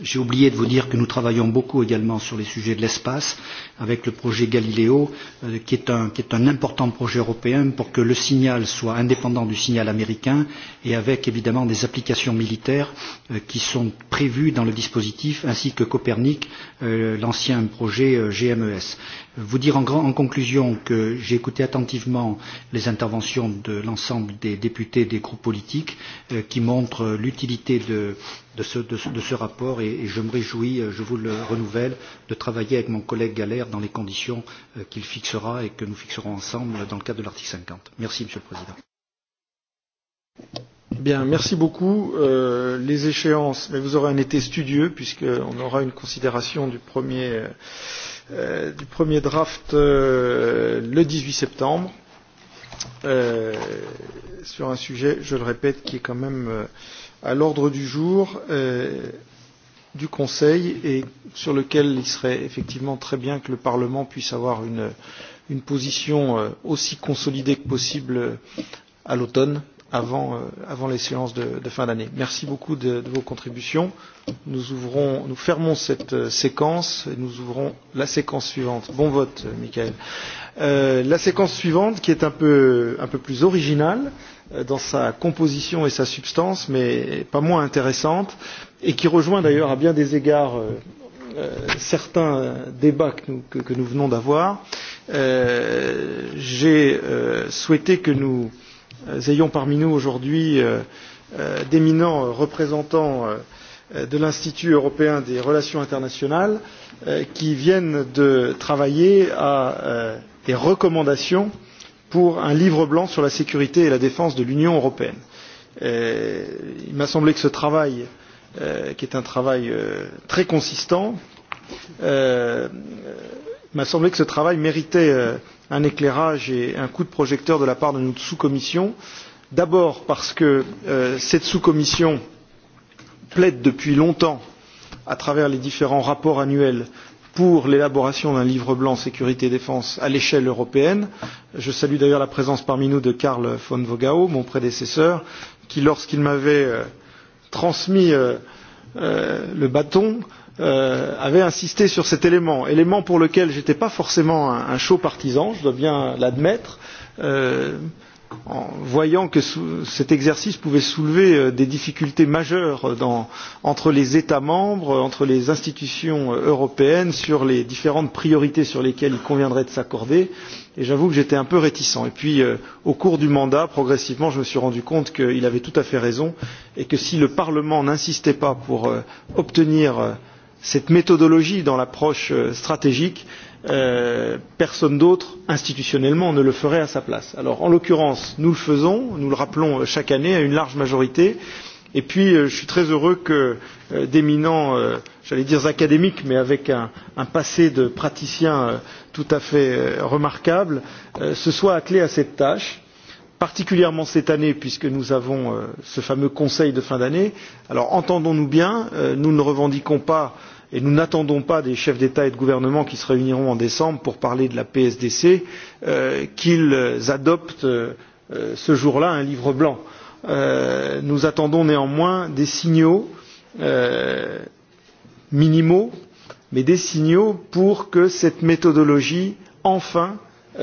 J'ai oublié de vous dire que nous travaillons beaucoup également sur les sujets de l'espace avec le projet Galileo, euh, qui, est un, qui est un important projet européen pour que le signal soit indépendant du signal américain et avec évidemment des applications militaires euh, qui sont prévues dans le dispositif ainsi que Copernic, euh, l'ancien projet euh, GMES. Vous dire en, grand, en conclusion que j'ai écouté attentivement les interventions de l'ensemble des députés des groupes politiques euh, qui montrent euh, l'utilité de, de ce, de, de ce rapport et, et je me réjouis, euh, je vous le renouvelle, de travailler avec mon collègue Galère dans les conditions euh, qu'il fixera et que nous fixerons ensemble dans le cadre de l'article 50. Merci Monsieur le Président. Bien, merci beaucoup. Euh, les échéances, mais vous aurez un été studieux puisqu'on aura une considération du premier, euh, euh du premier draft euh, le 18 septembre euh, sur un sujet, je le répète, qui est quand même. Euh, à l'ordre du jour euh, du Conseil et sur lequel il serait effectivement très bien que le Parlement puisse avoir une, une position euh, aussi consolidée que possible euh, à l'automne avant, euh, avant les séances de, de fin d'année. Merci beaucoup de, de vos contributions. Nous, ouvrons, nous fermons cette euh, séquence et nous ouvrons la séquence suivante. Bon vote, Michael. Euh, la séquence suivante, qui est un peu, un peu plus originale, euh, Euh, dans sa composition et sa substance mais pas moins intéressante et qui rejoint d'ailleurs à bien des égards euh, euh, certains débats que nous venons d'avoir j'ai souhaité que nous ayons parmi nous aujourd'hui d'éminents représentants de l'institut européen des relations internationales qui viennent de travailler à des recommandations pour un livre blanc sur la sécurité et la défense de l'Union européenne. Euh, il m'a semblé que ce travail, euh, qui est un travail euh, très consistant, euh, euh m'a semblé que ce travail méritait euh, un éclairage et un coup de projecteur de la part de notre sous commission, d'abord parce que euh, cette sous commission plaide depuis longtemps à travers les différents rapports annuels pour l'élaboration d'un livre blanc sécurité et défense à l'échelle européenne. Je salue d'ailleurs la présence parmi nous de Karl von Vogao, mon prédécesseur, qui, lorsqu'il m'avait euh, transmis euh, euh, le bâton, euh, avait insisté sur cet élément, élément pour lequel je n'étais pas forcément un, un chaud partisan, je dois bien l'admettre. Euh, en voyant que cet exercice pouvait soulever euh, des difficultés majeures dans, entre les États membres, entre les institutions euh, européennes, sur les différentes priorités sur lesquelles il conviendrait de s'accorder. Et j'avoue que j'étais un peu réticent. Et puis, euh, au cours du mandat, progressivement, je me suis rendu compte qu'il avait tout à fait raison et que si le Parlement n'insistait pas pour euh, obtenir euh, cette méthodologie dans l'approche euh, stratégique, Euh, personne d'autre institutionnellement ne le ferait à sa place. en l'occurrence nous le faisons nous le rappelons euh, chaque année à une large majorité et euh, je suis très heureux que d'éminents j'allais dire académiques mais avec un passé de praticien tout à fait remarquable se soient attelés à cette tâche particulièrement cette année puisque nous avons ce fameux conseil de fin d'année. entendons nous bien nous ne revendiquons pas et nous n'attendons pas des chefs d'état et de gouvernement qui se réuniront en décembre pour parler de la psdc euh, qu'ils adoptent euh, ce jour là un livre blanc. Euh, nous attendons néanmoins des signaux minimaux mais des signaux pour que cette méthodologie enfin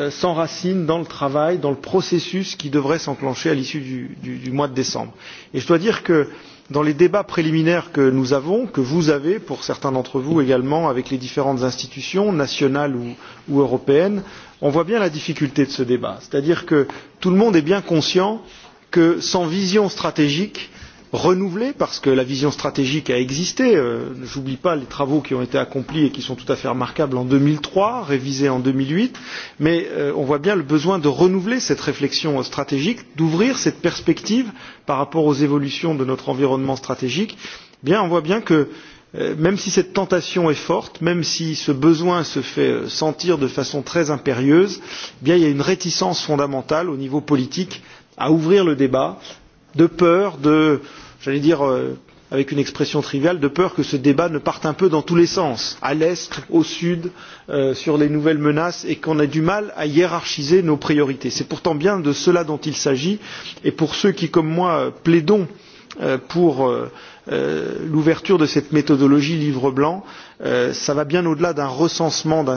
s'enracine dans le travail dans le processus qui devrait s'enclencher à l'issue du mois de décembre. je dois dire dans les débats préliminaires que nous avons que vous avez pour certains d'entre vous également avec les différentes institutions nationales ou européennes on voit bien la difficulté de ce débat c'est à dire que tout le monde est bien conscient que sans vision stratégique renouvelée parce que la vision stratégique a existé. Euh, J'oublie pas les travaux qui ont été accomplis et qui sont tout à fait remarquables en 2003, révisés en 2008. Mais euh, on voit bien le besoin de renouveler cette réflexion stratégique, d'ouvrir cette perspective par rapport aux évolutions de notre environnement stratégique. Eh bien, on voit bien que euh, même si cette tentation est forte, même si ce besoin se fait euh, sentir de façon très impérieuse, eh bien, il y a une réticence fondamentale au niveau politique à ouvrir le débat de peur de euh, j'allais dire euh, avec une expression triviale, de peur que ce débat ne parte un peu dans tous les sens, à l'est, au sud, euh, sur les nouvelles menaces, et qu'on a du mal à hiérarchiser nos priorités. C'est pourtant bien de cela dont il s'agit, et pour ceux qui, comme moi, plaidons euh, pour euh, euh, l'ouverture de cette méthodologie livre blanc, euh, cela euh, va bien au delà d'un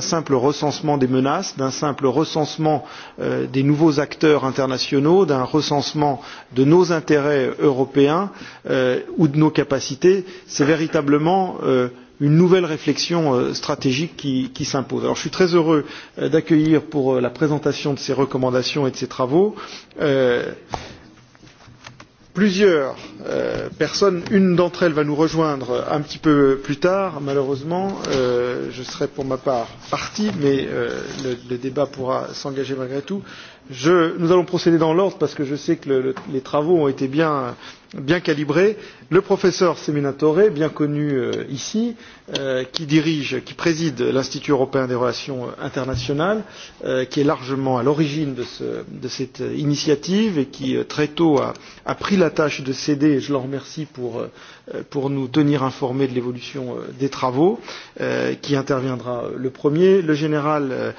simple recensement des menaces d'un simple recensement euh, des nouveaux acteurs internationaux d'un recensement de nos intérêts européens euh, ou de nos capacités c'est véritablement une nouvelle réflexion stratégique qui s'impose. je suis très heureux d'accueillir pour la présentation de ces recommandations et de ces travaux plusieurs euh, personnes une d'entre elles va nous rejoindre un petit peu plus tard malheureusement euh, je serai pour ma part parti mais euh, le débat pourra s'engager malgré tout nous allons procéder dans l'ordre parce que je sais que les travaux ont été bien calibrés le professeur seminatore bien connu euh, ici euh, qui dirige qui préside l'institut européen des relations euh, internationales qui est largement à l'origine de cette initiative et qui très tôt a pris la tâche de céder et je l'en remercie pour nous tenir informés de l'évolution des travaux qui interviendra le premier le général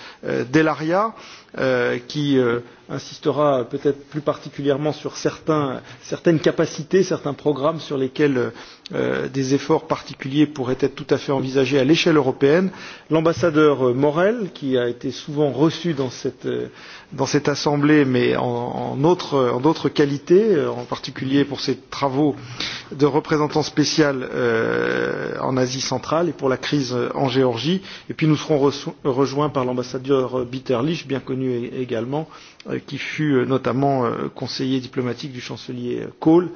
dell'aria Euh, qui euh, insistera peut être plus particulièrement sur certains, certaines capacités, certains programmes sur lesquels euh, des efforts particuliers pourraient être tout à fait envisagés à l'échelle européenne. L'ambassadeur Morel, qui a été souvent reçu dans cette, dans cette assemblée, mais en, en, autre, en d'autres qualités, euh, en particulier pour ses travaux de représentant spécial euh, en Asie centrale et pour la crise en Géorgie. Et puis nous serons reço- rejoints par l'ambassadeur Bitterlich, bien connu également, euh, qui fut euh, notamment euh, conseiller diplomatique du chancelier euh, Kohl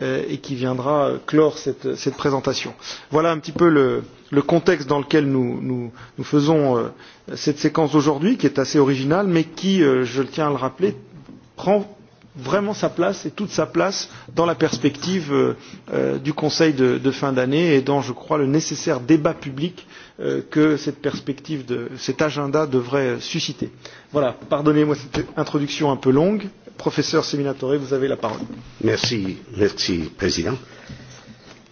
et qui viendra clore cette, cette présentation. Voilà un petit peu le, le contexte dans lequel nous, nous, nous faisons cette séquence aujourd'hui, qui est assez originale, mais qui, je tiens à le rappeler, prend vraiment sa place et toute sa place dans la perspective euh, euh, du Conseil de, de fin d'année et dans, je crois, le nécessaire débat public euh, que cette perspective de cet agenda devrait euh, susciter. Voilà, pardonnez moi cette introduction un peu longue. Professeur Seminatore, vous avez la parole. Merci, merci, Président.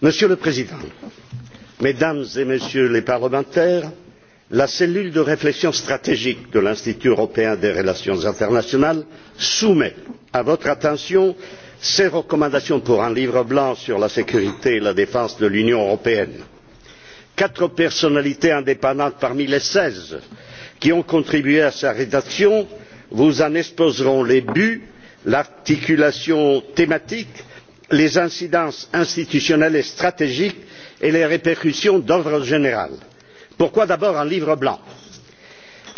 Monsieur le Président, Mesdames et Messieurs les parlementaires, la cellule de réflexion stratégique de l'institut européen des relations internationales soumet à votre attention ses recommandations pour un livre blanc sur la sécurité et la défense de l'union européenne. quatre personnalités indépendantes parmi les seize qui ont contribué à sa rédaction vous en exposeront les buts l'articulation thématique les incidences institutionnelles et stratégiques et les répercussions d'ordre général pourquoi d'abord un livre blanc?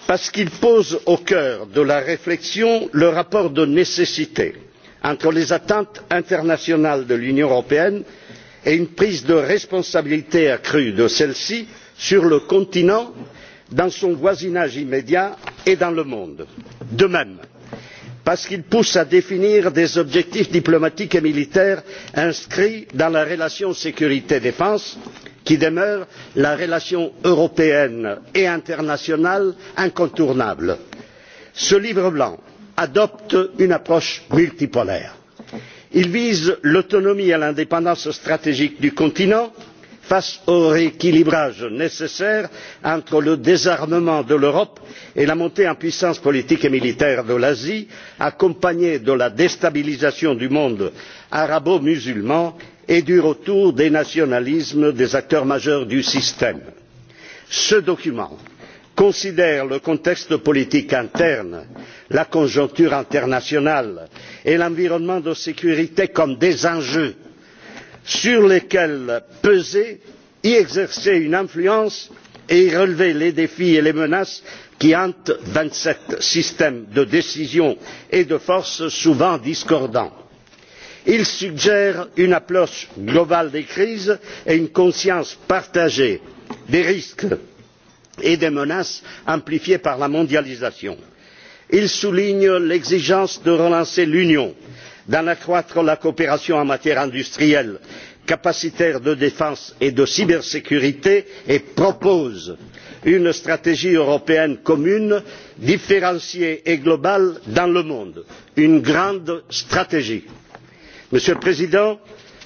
parce qu'il pose au cœur de la réflexion le rapport de nécessité entre les attentes internationales de l'union européenne et une prise de responsabilité accrue de celle ci sur le continent dans son voisinage immédiat et dans le monde. de même parce qu'il pousse à définir des objectifs diplomatiques et militaires inscrits dans la relation sécurité défense qui demeure la relation européenne et internationale incontournable. ce livre blanc adopte une approche multipolaire. il vise l'autonomie et l'indépendance stratégique du continent face au rééquilibrage nécessaire entre le désarmement de l'europe et la montée en puissance politique et militaire de l'asie accompagné de la déstabilisation du monde arabo musulman et du retour des nationalismes des acteurs majeurs du système. ce document considère le contexte politique interne la conjoncture internationale et l'environnement de sécurité comme des enjeux sur lesquels peser y exercer une influence et y relever les défis et les menaces qui hantent vingt sept systèmes de décision et de force souvent discordants. il suggère une approche globale des crises et une conscience partagée des risques et des menaces amplifiés par la mondialisation. il souligne l'exigence de relancer l'union européenne d'en accroître la coopération en matière industrielle capacitaire de défense et de cybersécurité et propose une stratégie européenne commune différenciée et globale dans le monde une grande stratégie. monsieur le président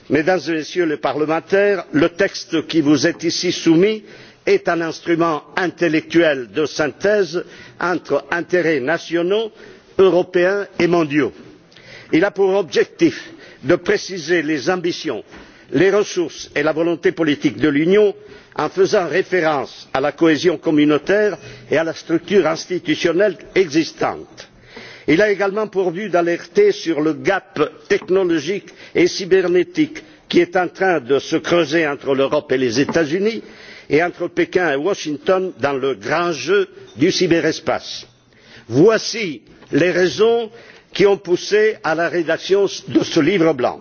mesdames et messieurs les parlementaires le texte qui vous est ici soumis est un instrument intellectuel de synthèse entre intérêts nationaux européens et mondiaux il a pour objectif de préciser les ambitions les ressources et la volonté politique de l'union en faisant référence à la cohésion communautaire et à la structure institutionnelle existante. il a également pour but d'alerter sur le gap technologique et cybernétique qui est en train de se creuser entre l'europe et les états unis et entre pékin et washington dans le grand jeu du cyberespace. voici les raisons pour qui ont poussé à la rédaction de ce livre blanc.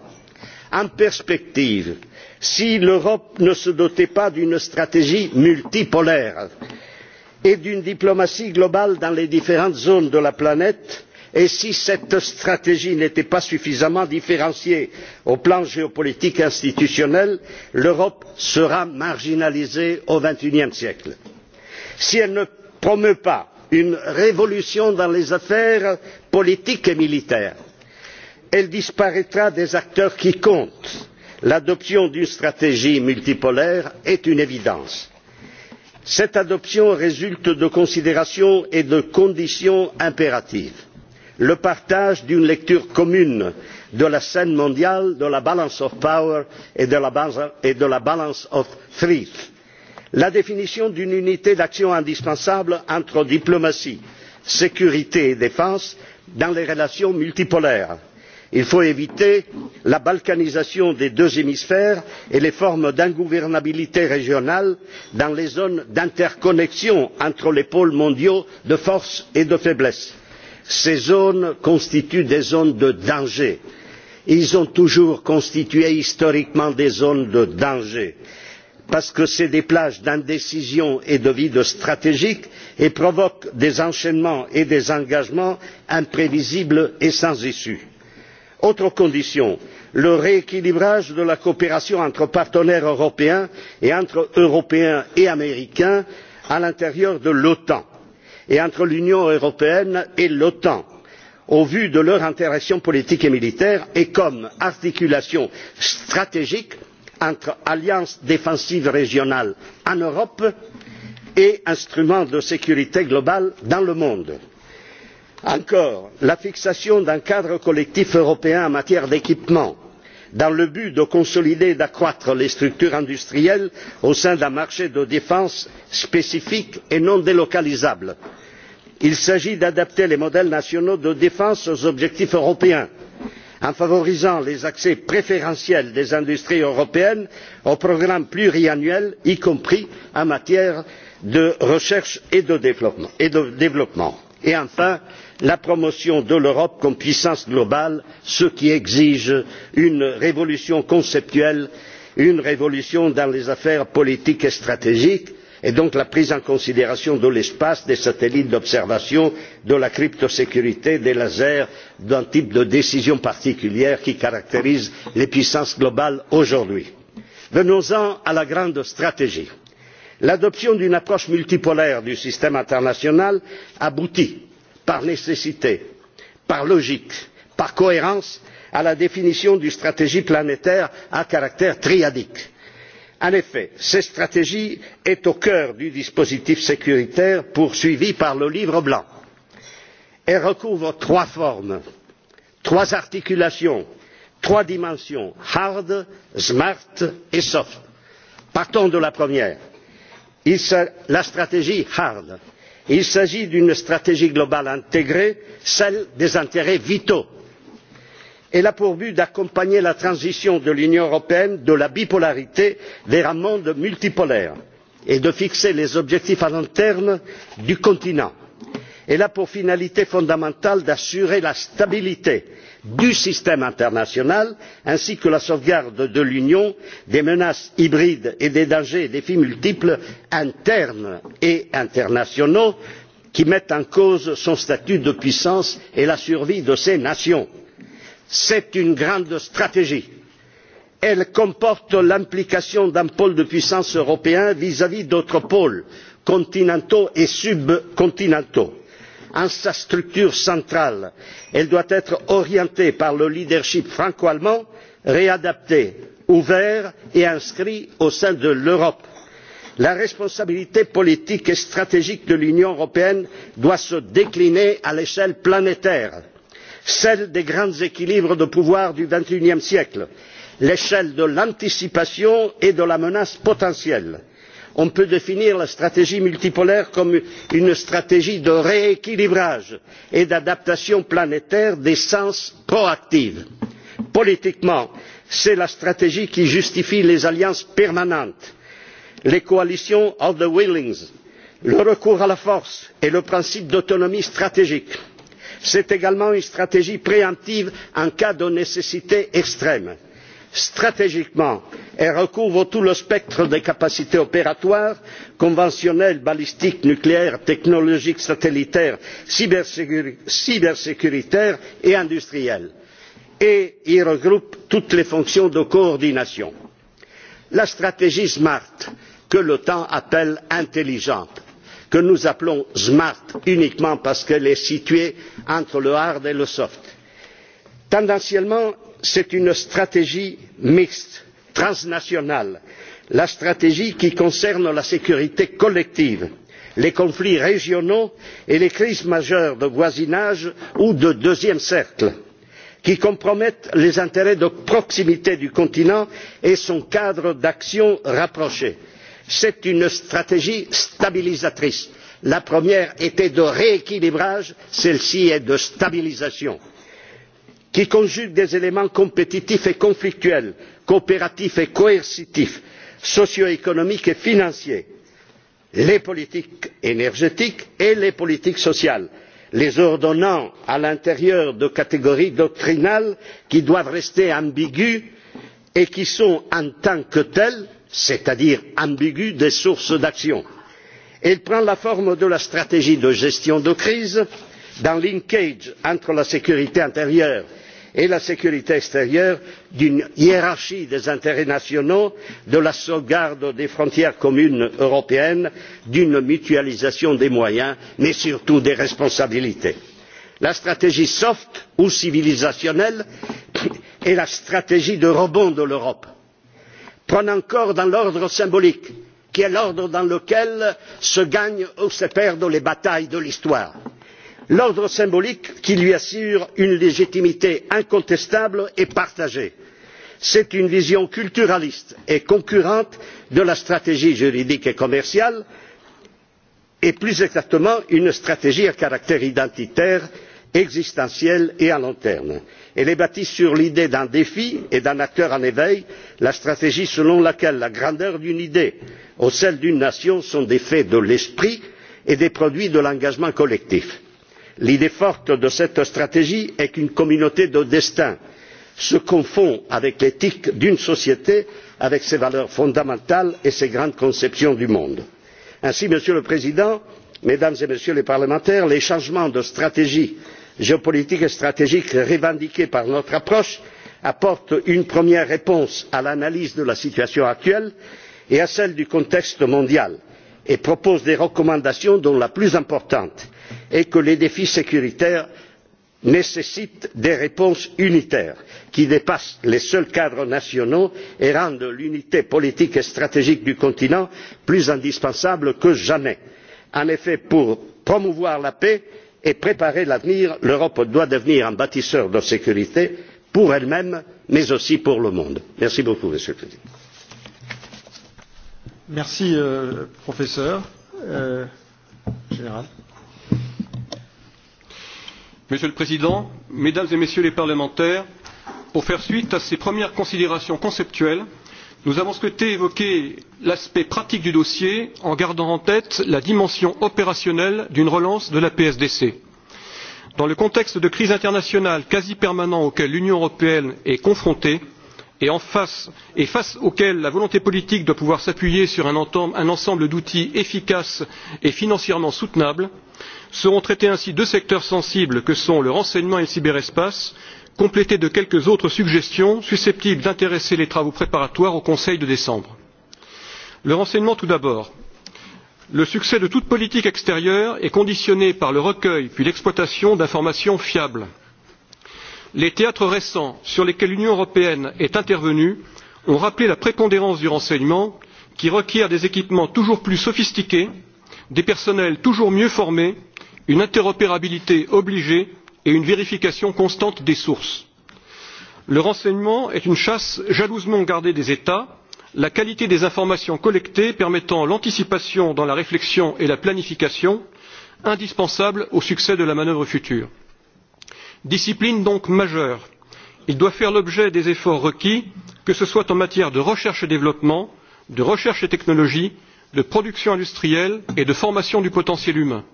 en perspective si l'europe ne se dotait pas d'une stratégie multipolaire et d'une diplomatie globale dans les différentes zones de la planète et si cette stratégie n'était pas suffisamment différenciée au plan géopolitique institutionnel l'europe sera marginalisée au xxie siècle. si elle ne promeut pas une révolution dans les affaires politique et militaire. elle disparaîtra des acteurs qui comptent. l'adoption d'une stratégie multipolaire est une évidence. cette adoption résulte de considérations et de conditions impératives le partage d'une lecture commune de la scène mondiale de la balance of power et de la balance of threat la définition d'une unité d'action indispensable entre diplomatie sécurité et défense dans les relations multipolaires il faut éviter la balkanisation des deux hémisphères et les formes d'ingouvernabilité régionale dans les zones d'interconnexion entre les pôles mondiaux de force et de faiblesse. ces zones constituent des zones de danger. elles ont toujours constitué historiquement des zones de danger parce que ce sont des plages d'indécision et de vide stratégique et provoquent des enchaînements et des engagements imprévisibles et sans issue. autre condition le rééquilibrage de la coopération entre partenaires européens et entre européens et américains à l'intérieur de l'otan et entre l'union européenne et l'otan au vu de leur interaction politique et militaire et comme articulation stratégique entre alliance défensive régionale en europe et instrument de sécurité globale dans le monde. encore la fixation d'un cadre collectif européen en matière d'équipement dans le but de consolider et d'accroître les structures industrielles au sein d'un marché de défense spécifique et non délocalisable. il s'agit d'adapter les modèles nationaux de défense aux objectifs européens en favorisant les accès préférentiels des industries européennes aux programmes pluriannuels y compris en matière de recherche et de développement et enfin la promotion de l'europe comme puissance mondiale ce qui exige une révolution conceptuelle une révolution dans les affaires politiques et stratégiques et donc la prise en considération de l'espace des satellites d'observation de la cryptosécurité des lasers d'un type de décision particulière qui caractérise les puissances globales aujourd'hui. venons en à la grande stratégie. l'adoption d'une approche multipolaire du système international aboutit par nécessité par logique par cohérence à la définition d'une stratégie planétaire à caractère triadique en effet cette stratégie est au cœur du dispositif sécuritaire poursuivi par le livre blanc. elle recouvre trois formes trois articulations trois dimensions hard smart et soft. partons de la première la stratégie hard. il s'agit d'une stratégie globale intégrée celle des intérêts vitaux elle a pour but d'accompagner la transition de l'union européenne de la bipolarité vers un monde multipolaire et de fixer les objectifs à long terme du continent. elle a pour finalité fondamentale d'assurer la stabilité du système international ainsi que la sauvegarde de l'union des menaces hybrides et des dangers et défis multiples internes et internationaux qui mettent en cause son statut de puissance et la survie de ses nations c'est une grande stratégie. elle comporte l'implication d'un pôle de puissance européen vis à vis d'autres pôles continentaux et subcontinentaux. en sa structure centrale elle doit être orientée par le leadership franco allemand réadaptée ouverte et inscrite au sein de l'europe. la responsabilité politique et stratégique de l'union européenne doit se décliner à l'échelle planétaire celle des grands équilibres de pouvoir du xxie siècle l'échelle de l'anticipation et de la menace potentielle. on peut définir la stratégie multipolaire comme une stratégie de rééquilibrage et d'adaptation planétaire d'essence proactive. politiquement c'est la stratégie qui justifie les alliances permanentes les coalitions of the willing le recours à la force et le principe d'autonomie stratégique c'est également une stratégie préemptive en cas de nécessité extrême. stratégiquement elle recouvre tout le spectre des capacités opératoires conventionnelles balistiques nucléaires technologiques satellitaires cybersécuritaires et industrielles et elle regroupe toutes les fonctions de coordination. la stratégie smart que l'otan appelle intelligente que nous appelons smart uniquement parce qu'elle est située entre le hard et le soft. tendanciellement c'est une stratégie mixte transnationale la stratégie qui concerne la sécurité collective les conflits régionaux et les crises majeures de voisinage ou de deuxième cercle qui compromettent les intérêts de proximité du continent et son cadre d'action rapproché c'est une stratégie stabilisatrice. la première était de rééquilibrage celle ci est de stabilisation qui conjugue des éléments compétitifs et conflictuels coopératifs et coercitifs socio économiques et financiers les politiques énergétiques et les politiques sociales les ordonnant à l'intérieur de catégories doctrinales qui doivent rester ambiguës et qui sont en tant que telles c'est à dire ambiguë des sources d'action. elle prend la forme de la stratégie de gestion de crise d'un linkage entre la sécurité intérieure et la sécurité extérieure d'une hiérarchie des intérêts nationaux de la sauvegarde des frontières communes européennes d'une mutualisation des moyens mais surtout des responsabilités. la stratégie soft ou civilisationnelle est la stratégie de rebond de l'europe prennent encore dans l'ordre symbolique qui est l'ordre dans lequel se gagnent ou se perdent les batailles de l'histoire l'ordre symbolique qui lui assure une légitimité incontestable et partagée. C'est une vision culturaliste et concurrente de la stratégie juridique et commerciale et plus exactement une stratégie à caractère identitaire existentielle et à long terme elle est bâtie sur l'idée d'un défi et d'un acteur en éveil la stratégie selon laquelle la grandeur d'une idée ou celle d'une nation sont des faits de l'esprit et des produits de l'engagement collectif. l'idée forte de cette stratégie est qu'une communauté de destin se confond avec l'éthique d'une société avec ses valeurs fondamentales et ses grandes conceptions du monde. ainsi monsieur le président mesdames et messieurs les parlementaires les changements de stratégie géopolitique et stratégique revendiquée par notre approche apporte une première réponse à l'analyse de la situation actuelle et à celle du contexte mondial et propose des recommandations dont la plus importante est que les défis sécuritaires nécessitent des réponses unitaires qui dépassent les seuls cadres nationaux et rendent l'unité politique et stratégique du continent plus indispensable que jamais. en effet pour promouvoir la paix et préparer l'avenir l'europe doit devenir un bâtisseur de sécurité pour elle même mais aussi pour le monde. merci beaucoup monsieur le président. merci euh, professeur euh, général. monsieur le président mesdames et messieurs les parlementaires pour faire suite à ces premières considérations conceptuelles nous avons souhaité évoquer l'aspect pratique du dossier en gardant en tête la dimension opérationnelle d'une relance de la psdc. dans le contexte de crise internationale quasi permanente auquel l'union européenne est confrontée et face auquel la volonté politique doit pouvoir s'appuyer sur un ensemble d'outils efficaces et financièrement soutenables seront traités ainsi deux secteurs sensibles que sont le renseignement et le cyberespace complétée de quelques autres suggestions susceptibles d'intéresser les travaux préparatoires au conseil de décembre. le renseignement tout d'abord le succès de toute politique extérieure est conditionné par le recueil puis l'exploitation d'informations fiables. les théâtres récents sur lesquels l'union européenne est intervenue ont rappelé la prépondérance du renseignement qui requiert des équipements toujours plus sophistiqués des personnels toujours mieux formés une interopérabilité obligée et une vérification constante des sources. Le renseignement est une chasse jalousement gardée des États. La qualité des informations collectées permettant l'anticipation dans la réflexion et la planification indispensable au succès de la manœuvre future. Discipline donc majeure, il doit faire l'objet des efforts requis, que ce soit en matière de recherche et développement, de recherche et technologie, de production industrielle et de formation du potentiel humain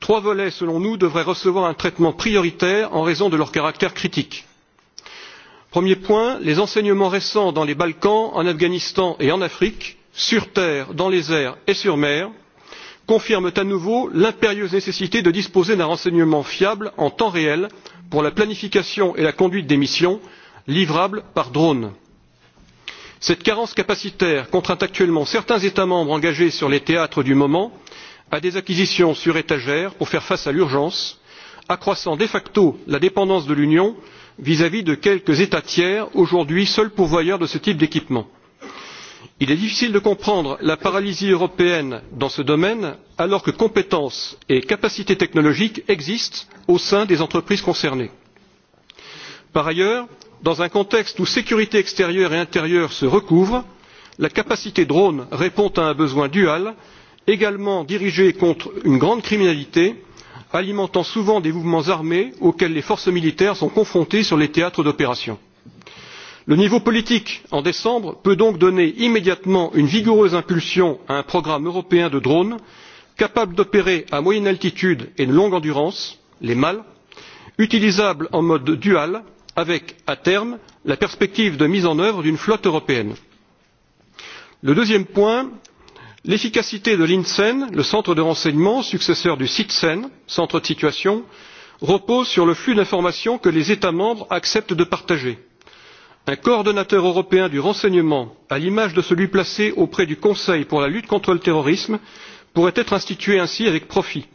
trois volets selon nous devraient recevoir un traitement prioritaire en raison de leur caractère critique. premier point les enseignements récents dans les balkans en afghanistan et en afrique sur terre dans les airs et sur mer confirment à nouveau l'impérieuse nécessité de disposer d'un renseignement fiable en temps réel pour la planification et la conduite des missions livrables par drone. cette carence capacitaire contraint actuellement certains états membres engagés sur les théâtres du moment à des acquisitions sur étagère pour faire face à l'urgence accroissant de facto la dépendance de l'union vis à vis de quelques états tiers aujourd'hui seuls pourvoyeurs de ce type d'équipements. il est difficile de comprendre la paralysie européenne dans ce domaine alors que compétences et capacités technologiques existent au sein des entreprises concernées. par ailleurs dans un contexte où sécurité extérieure et intérieure se recouvrent la capacité drone répond à un besoin dual également dirigée contre une grande criminalité alimentant souvent des mouvements armés auxquels les forces militaires sont confrontées sur les théâtres d'opération. le niveau politique en décembre peut donc donner immédiatement une vigoureuse impulsion à un programme européen de drones capables d'opérer à moyenne altitude et de longue endurance les mal utilisables en mode dual avec à terme la perspective de mise en œuvre d'une flotte européenne. le deuxième point l'efficacité de l'insen le centre de renseignement successeur du citsen centre de situation repose sur le flux d'informations que les états membres acceptent de partager. un coordonnateur européen du renseignement à l'image de celui placé auprès du conseil pour la lutte contre le terrorisme pourrait être institué ainsi avec profit.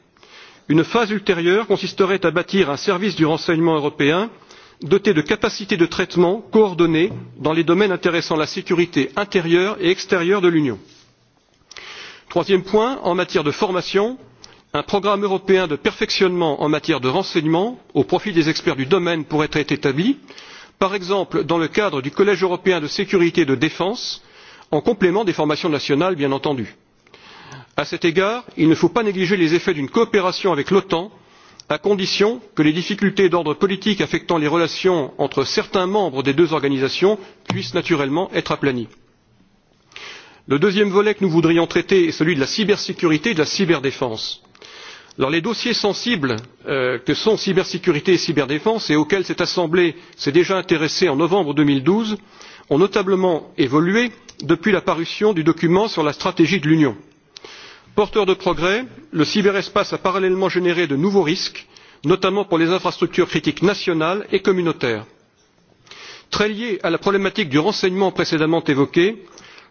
une phase ultérieure consisterait à bâtir un service du renseignement européen doté de capacités de traitement coordonnées dans les domaines intéressant la sécurité intérieure et extérieure de l'union troisième point en matière de formation un programme européen de perfectionnement en matière de renseignement au profit des experts du domaine pourrait être établi par exemple dans le cadre du collège européen de sécurité et de défense en complément des formations nationales bien entendu. à cet égard il ne faut pas négliger les effets d'une coopération avec l'otan à condition que les difficultés d'ordre politique affectant les relations entre certains membres des deux organisations puissent naturellement être aplanies le deuxième volet que nous voudrions traiter est celui de la cybersécurité et de la cyberdéfense. les dossiers sensibles euh, que sont la cybersécurité et la cyberdéfense et auxquels cette assemblée s'est déjà intéressée en novembre deux mille douze ont notablement évolué depuis la parution du document sur la stratégie de l'union. porteur de progrès le cyberespace a parallèlement généré de nouveaux risques notamment pour les infrastructures critiques nationales et communautaires. très liée à la problématique du renseignement précédemment évoquée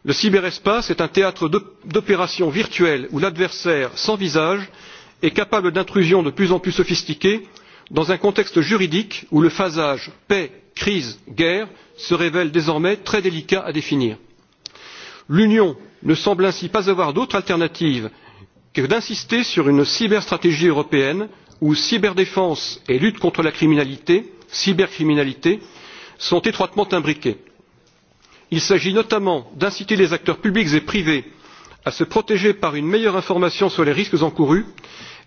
le cyberespace est un théâtre d'opérations virtuelles où l'adversaire sans visage est capable d'intrusions de plus en plus sophistiquées dans un contexte juridique où le phasage paix crise guerre se révèle désormais très délicat à définir. l'union ne semble ainsi pas avoir d'autre alternative que d'insister sur une cyberstratégie européenne où cyberdéfense et lutte contre la cybercriminalité sont étroitement imbriquées il s'agit notamment d'inciter les acteurs publics et privés à se protéger par une meilleure information sur les risques encourus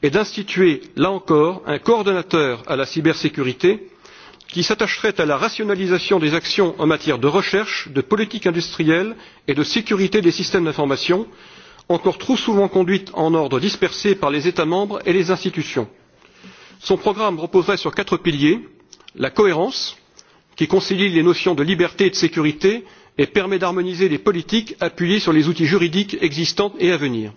et d'instituer là encore un coordonnateur à la cybersécurité qui s'attacherait à la rationalisation des actions en matière de recherche de politique industrielle et de sécurité des systèmes d'information encore trop souvent conduites en ordre dispersé par les états membres et les institutions. son programme reposerait sur quatre piliers la cohérence qui concilie les notions de liberté et de sécurité et permet d'harmoniser les politiques appuyées sur les outils juridiques existants et à venir.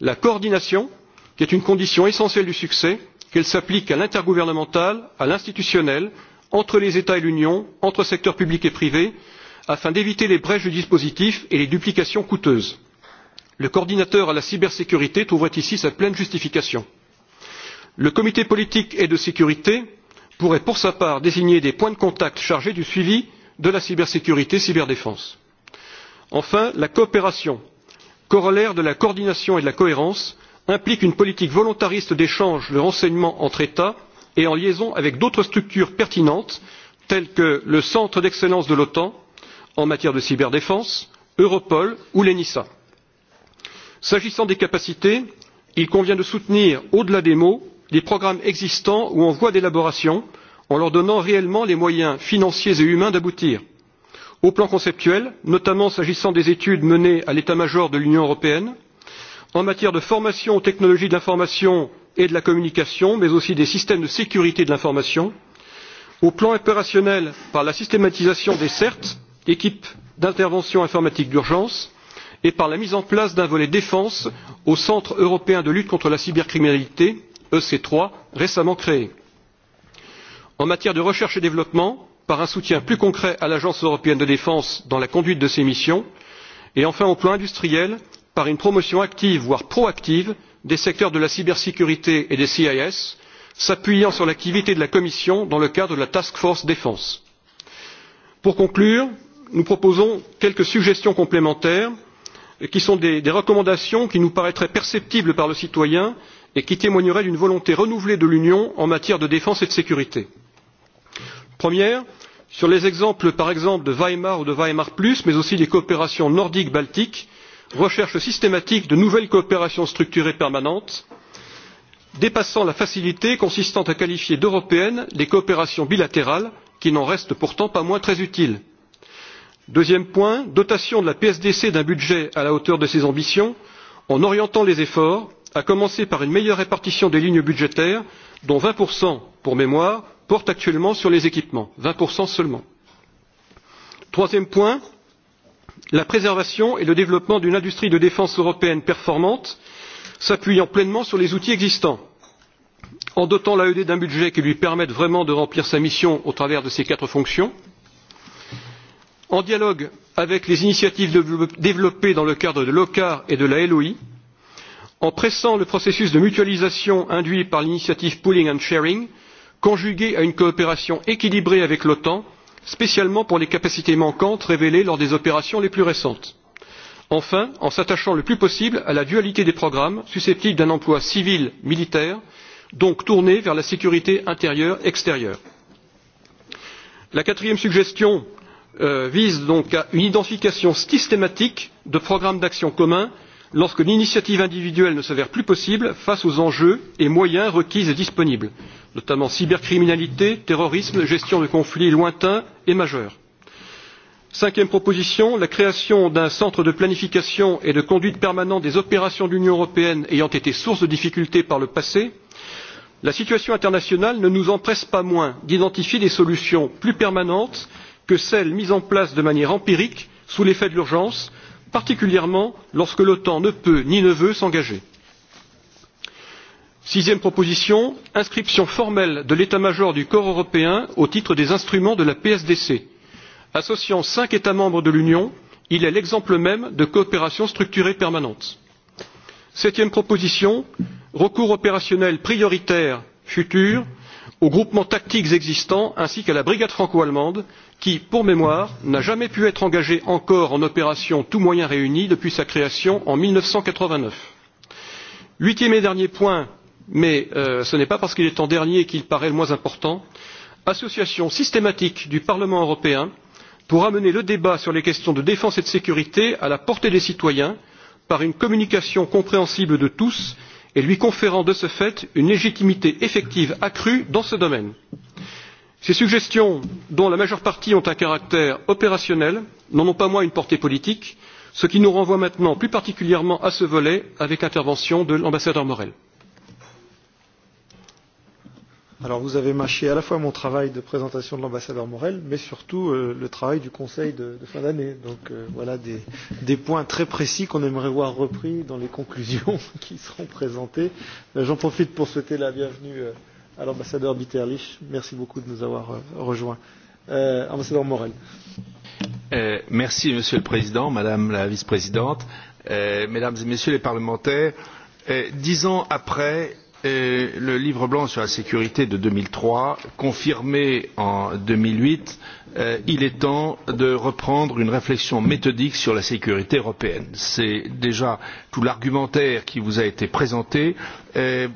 la coordination qui est une condition essentielle du succès qu'elle s'applique à l'intergouvernemental à l'institutionnel entre les états et l'union entre secteurs public et privé afin d'éviter les brèches du dispositif et les duplications coûteuses. le coordinateur à la cybersécurité trouverait ici sa pleine justification. le comité politique et de sécurité pourrait pour sa part désigner des points de contact chargés du suivi de la cybersécurité et de la cyberdéfense. enfin la coopération corollaire de la coordination et de la cohérence implique une politique volontariste d'échange de renseignements entre états et en liaison avec d'autres structures pertinentes telles que le centre d'excellence de l'otan en matière de cyberdéfense europol ou l'enisa. s'agissant des capacités il convient de soutenir au delà des mots les programmes existants ou en voie d'élaboration en leur donnant réellement les moyens financiers et humains d'aboutir au plan conceptuel notamment s'agissant des études menées à l'état major de l'union européenne en matière de formation aux technologies de l'information et de la communication mais aussi des systèmes de sécurité de l'information au plan opérationnel par la systématisation des cert équipes d'intervention informatique d'urgence et par la mise en place d'un volet défense au centre européen de lutte contre la cybercriminalité ec trois récemment créé en matière de recherche et développement par un soutien plus concret à l'agence européenne de défense dans la conduite de ses missions et enfin au plan industriel par une promotion active voire proactive des secteurs de la cybersécurité et des sis s'appuyant sur l'activité de la commission dans le cadre de la task force défense. pour conclure nous proposons quelques suggestions complémentaires qui sont des recommandations qui nous paraîtraient perceptibles par le citoyen et qui témoigneraient d'une volonté renouvelée de l'union en matière de défense et de sécurité première sur les exemples par exemple de weimar ou de weimar plus mais aussi des coopérations nordique baltique recherche systématique de nouvelles coopérations structurées permanentes dépassant la facilité consistant à qualifier d'européennes les coopérations bilatérales qui n'en restent pourtant pas moins très utiles. deuxième point dotation de la psdc d'un budget à la hauteur de ses ambitions en orientant les efforts à commencer par une meilleure répartition des lignes budgétaires dont vingt pour mémoire porte actuellement sur les équipements, 20% seulement. Troisième point, la préservation et le développement d'une industrie de défense européenne performante s'appuyant pleinement sur les outils existants. En dotant l'AED d'un budget qui lui permette vraiment de remplir sa mission au travers de ses quatre fonctions, en dialogue avec les initiatives développées dans le cadre de l'OCAR et de la LOI, en pressant le processus de mutualisation induit par l'initiative Pooling and Sharing, conjuguée à une coopération équilibrée avec l'otan spécialement pour les capacités manquantes révélées lors des opérations les plus récentes. enfin en s'attachant le plus possible à la dualité des programmes susceptibles d'un emploi civil militaire donc tournés vers la sécurité intérieure extérieure. la quatrième suggestion euh, vise donc à une identification systématique de programmes d'action communs lorsque l'initiative individuelle ne s'avère plus possible face aux enjeux et moyens requis et disponibles notamment cybercriminalité terrorisme gestion de conflits lointains et majeurs. cinquième proposition la création d'un centre de planification et de conduite permanent des opérations de l'union européenne ayant été source de difficultés par le passé la situation internationale ne nous empresse pas moins d'identifier des solutions plus permanentes que celles mises en place de manière empirique sous l'effet de l'urgence particulièrement lorsque l'otan ne peut ni ne veut s'engager sixième proposition inscription formelle de l'état major du corps européen au titre des instruments de la psdc. associant cinq états membres de l'union il est l'exemple même de coopération structurée permanente. septième proposition recours opérationnel prioritaire futur aux groupements tactiques existants ainsi qu'à la brigade franco allemande qui pour mémoire n'a jamais pu être engagée encore en opération tous moyens réunis depuis sa création en. mille neuf cent quatre vingt neuf huitième et dernier point mais euh, ce n'est pas parce qu'il est en dernier qu'il paraît le moins important association systématique du parlement européen pour amener le débat sur les questions de défense et de sécurité à la portée des citoyens par une communication compréhensible de tous et lui conférant de ce fait une légitimité effective accrue dans ce domaine. ces suggestions dont la majeure partie ont un caractère opérationnel n'en ont pas moins une portée politique ce qui nous renvoie maintenant plus particulièrement à ce volet avec l'intervention de l'ambassadeur morel. Alors vous avez mâché à la fois mon travail de présentation de l'ambassadeur Morel, mais surtout euh, le travail du Conseil de, de fin d'année. Donc euh, voilà des, des points très précis qu'on aimerait voir repris dans les conclusions qui seront présentées. Euh, j'en profite pour souhaiter la bienvenue euh, à l'ambassadeur Bitterlich. Merci beaucoup de nous avoir euh, rejoints. Euh, ambassadeur Morel. Euh, merci Monsieur le Président, Madame la Vice-présidente, euh, Mesdames et Messieurs les parlementaires. Euh, dix ans après le livre blanc sur la sécurité de deux mille trois confirmé en deux mille huit euh, il est temps de reprendre une réflexion méthodique sur la sécurité européenne. c'est déjà tout l'argumentaire qui vous a été présenté euh,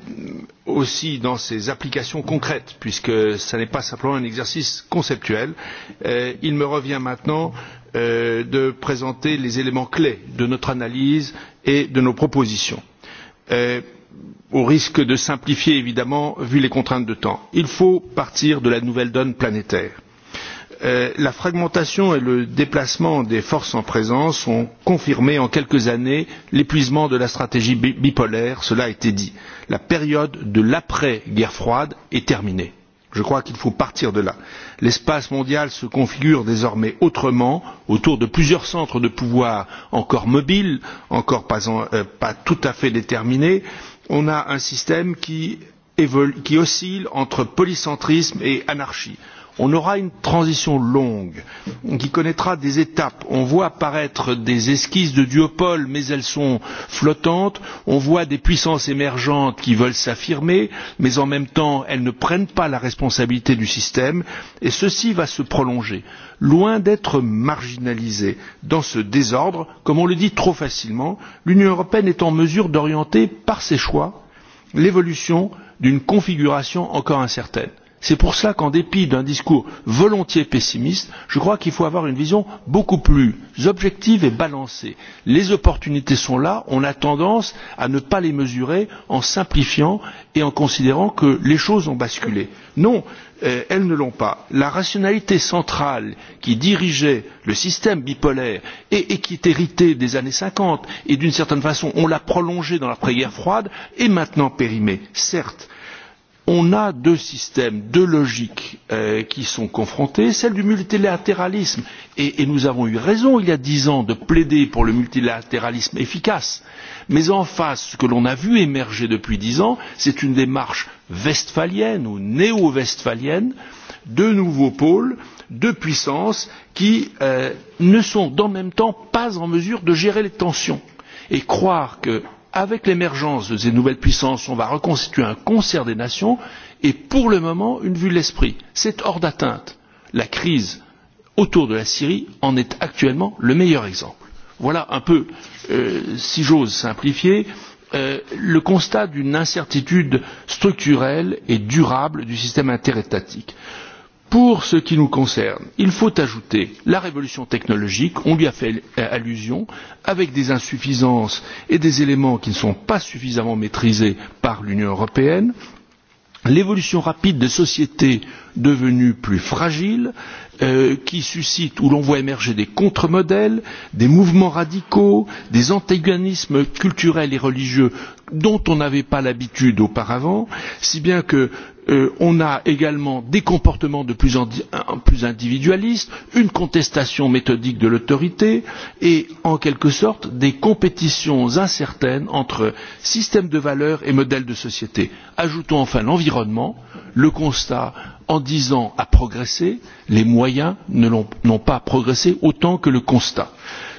aussi dans ses applications concrètes puisque ce n'est pas simplement un exercice conceptuel. Euh, il me revient maintenant de présenter les éléments clés de notre analyse et de nos propositions au risque de simplifier évidemment vu les contraintes de temps il faut partir de la nouvelle donne planétaire. Euh, la fragmentation et le déplacement des forces en présence ont confirmé en quelques années l'épuisement de la stratégie bipolaire cela a été dit. la période de l'après guerre froide est terminée. je crois qu'il faut partir de là. l'espace mondial se configure désormais autrement autour de plusieurs centres de pouvoir encore mobiles encore pas euh, tout à fait déterminés on a un système qui oscille entre polycentrisme et anarchie on aura une transition longue qui connaîtra des étapes on voit apparaître des esquisses de duopoles mais elles sont flottantes on voit des puissances émergentes qui veulent s'affirmer mais en même temps elles ne prennent pas la responsabilité du système et ceci va se prolonger loin d'être marginalisé dans ce désordre comme on le dit trop facilement l'union européenne est en mesure d'orienter par ses choix l'évolution d'une configuration encore incertaine c'est pour cela qu'en dépit d'un discours volontiers pessimiste je crois qu'il faut avoir une vision beaucoup plus objective et balancée. les opportunités sont là on a tendance à ne pas les mesurer en simplifiant et en considérant que les choses ont basculé. non euh, elles ne l'ont pas. la rationalité centrale qui dirigeait le système bipolaire et qui est héritée des années cinquante et d'une certaine façon on l'a prolongée dans l'après guerre froide est maintenant périmée certes on a deux systèmes deux logiques euh, qui sont confrontés celle du multilatéralisme et nous avons eu raison il y a dix ans de plaider pour le multilatéralisme efficace mais en face ce que l'on a vu émerger depuis dix ans c'est une démarche westphalienne ou néo westphalienne deux nouveaux pôles deux puissances qui euh, ne sont dans le même temps pas en mesure de gérer les tensions et croire que avec l'émergence de ces nouvelles puissances on va reconstituer un concert des nations et pour le moment une vue de l'esprit c'est hors d'atteinte. la crise autour de la syrie en est actuellement le meilleur exemple. voilà un peu euh, si j'ose simplifier euh, le constat d'une incertitude structurelle et durable du système interétatique. Pour ce qui nous concerne, il faut ajouter la révolution technologique, on lui a fait allusion, avec des insuffisances et des éléments qui ne sont pas suffisamment maîtrisés par l'Union européenne, l'évolution rapide de sociétés devenues plus fragiles, euh, qui suscite ou l'on voit émerger des contre-modèles, des mouvements radicaux, des antagonismes culturels et religieux dont on n'avait pas l'habitude auparavant si bien que l'on euh, a également des comportements de plus en plus individualistes une contestation méthodique de l'autorité et en quelque sorte des compétitions incertaines entre systèmes de valeurs et modèles de société. ajoutons enfin l'environnement le constat en dix ans a progressé les moyens n'ont pas progressé autant que le constat.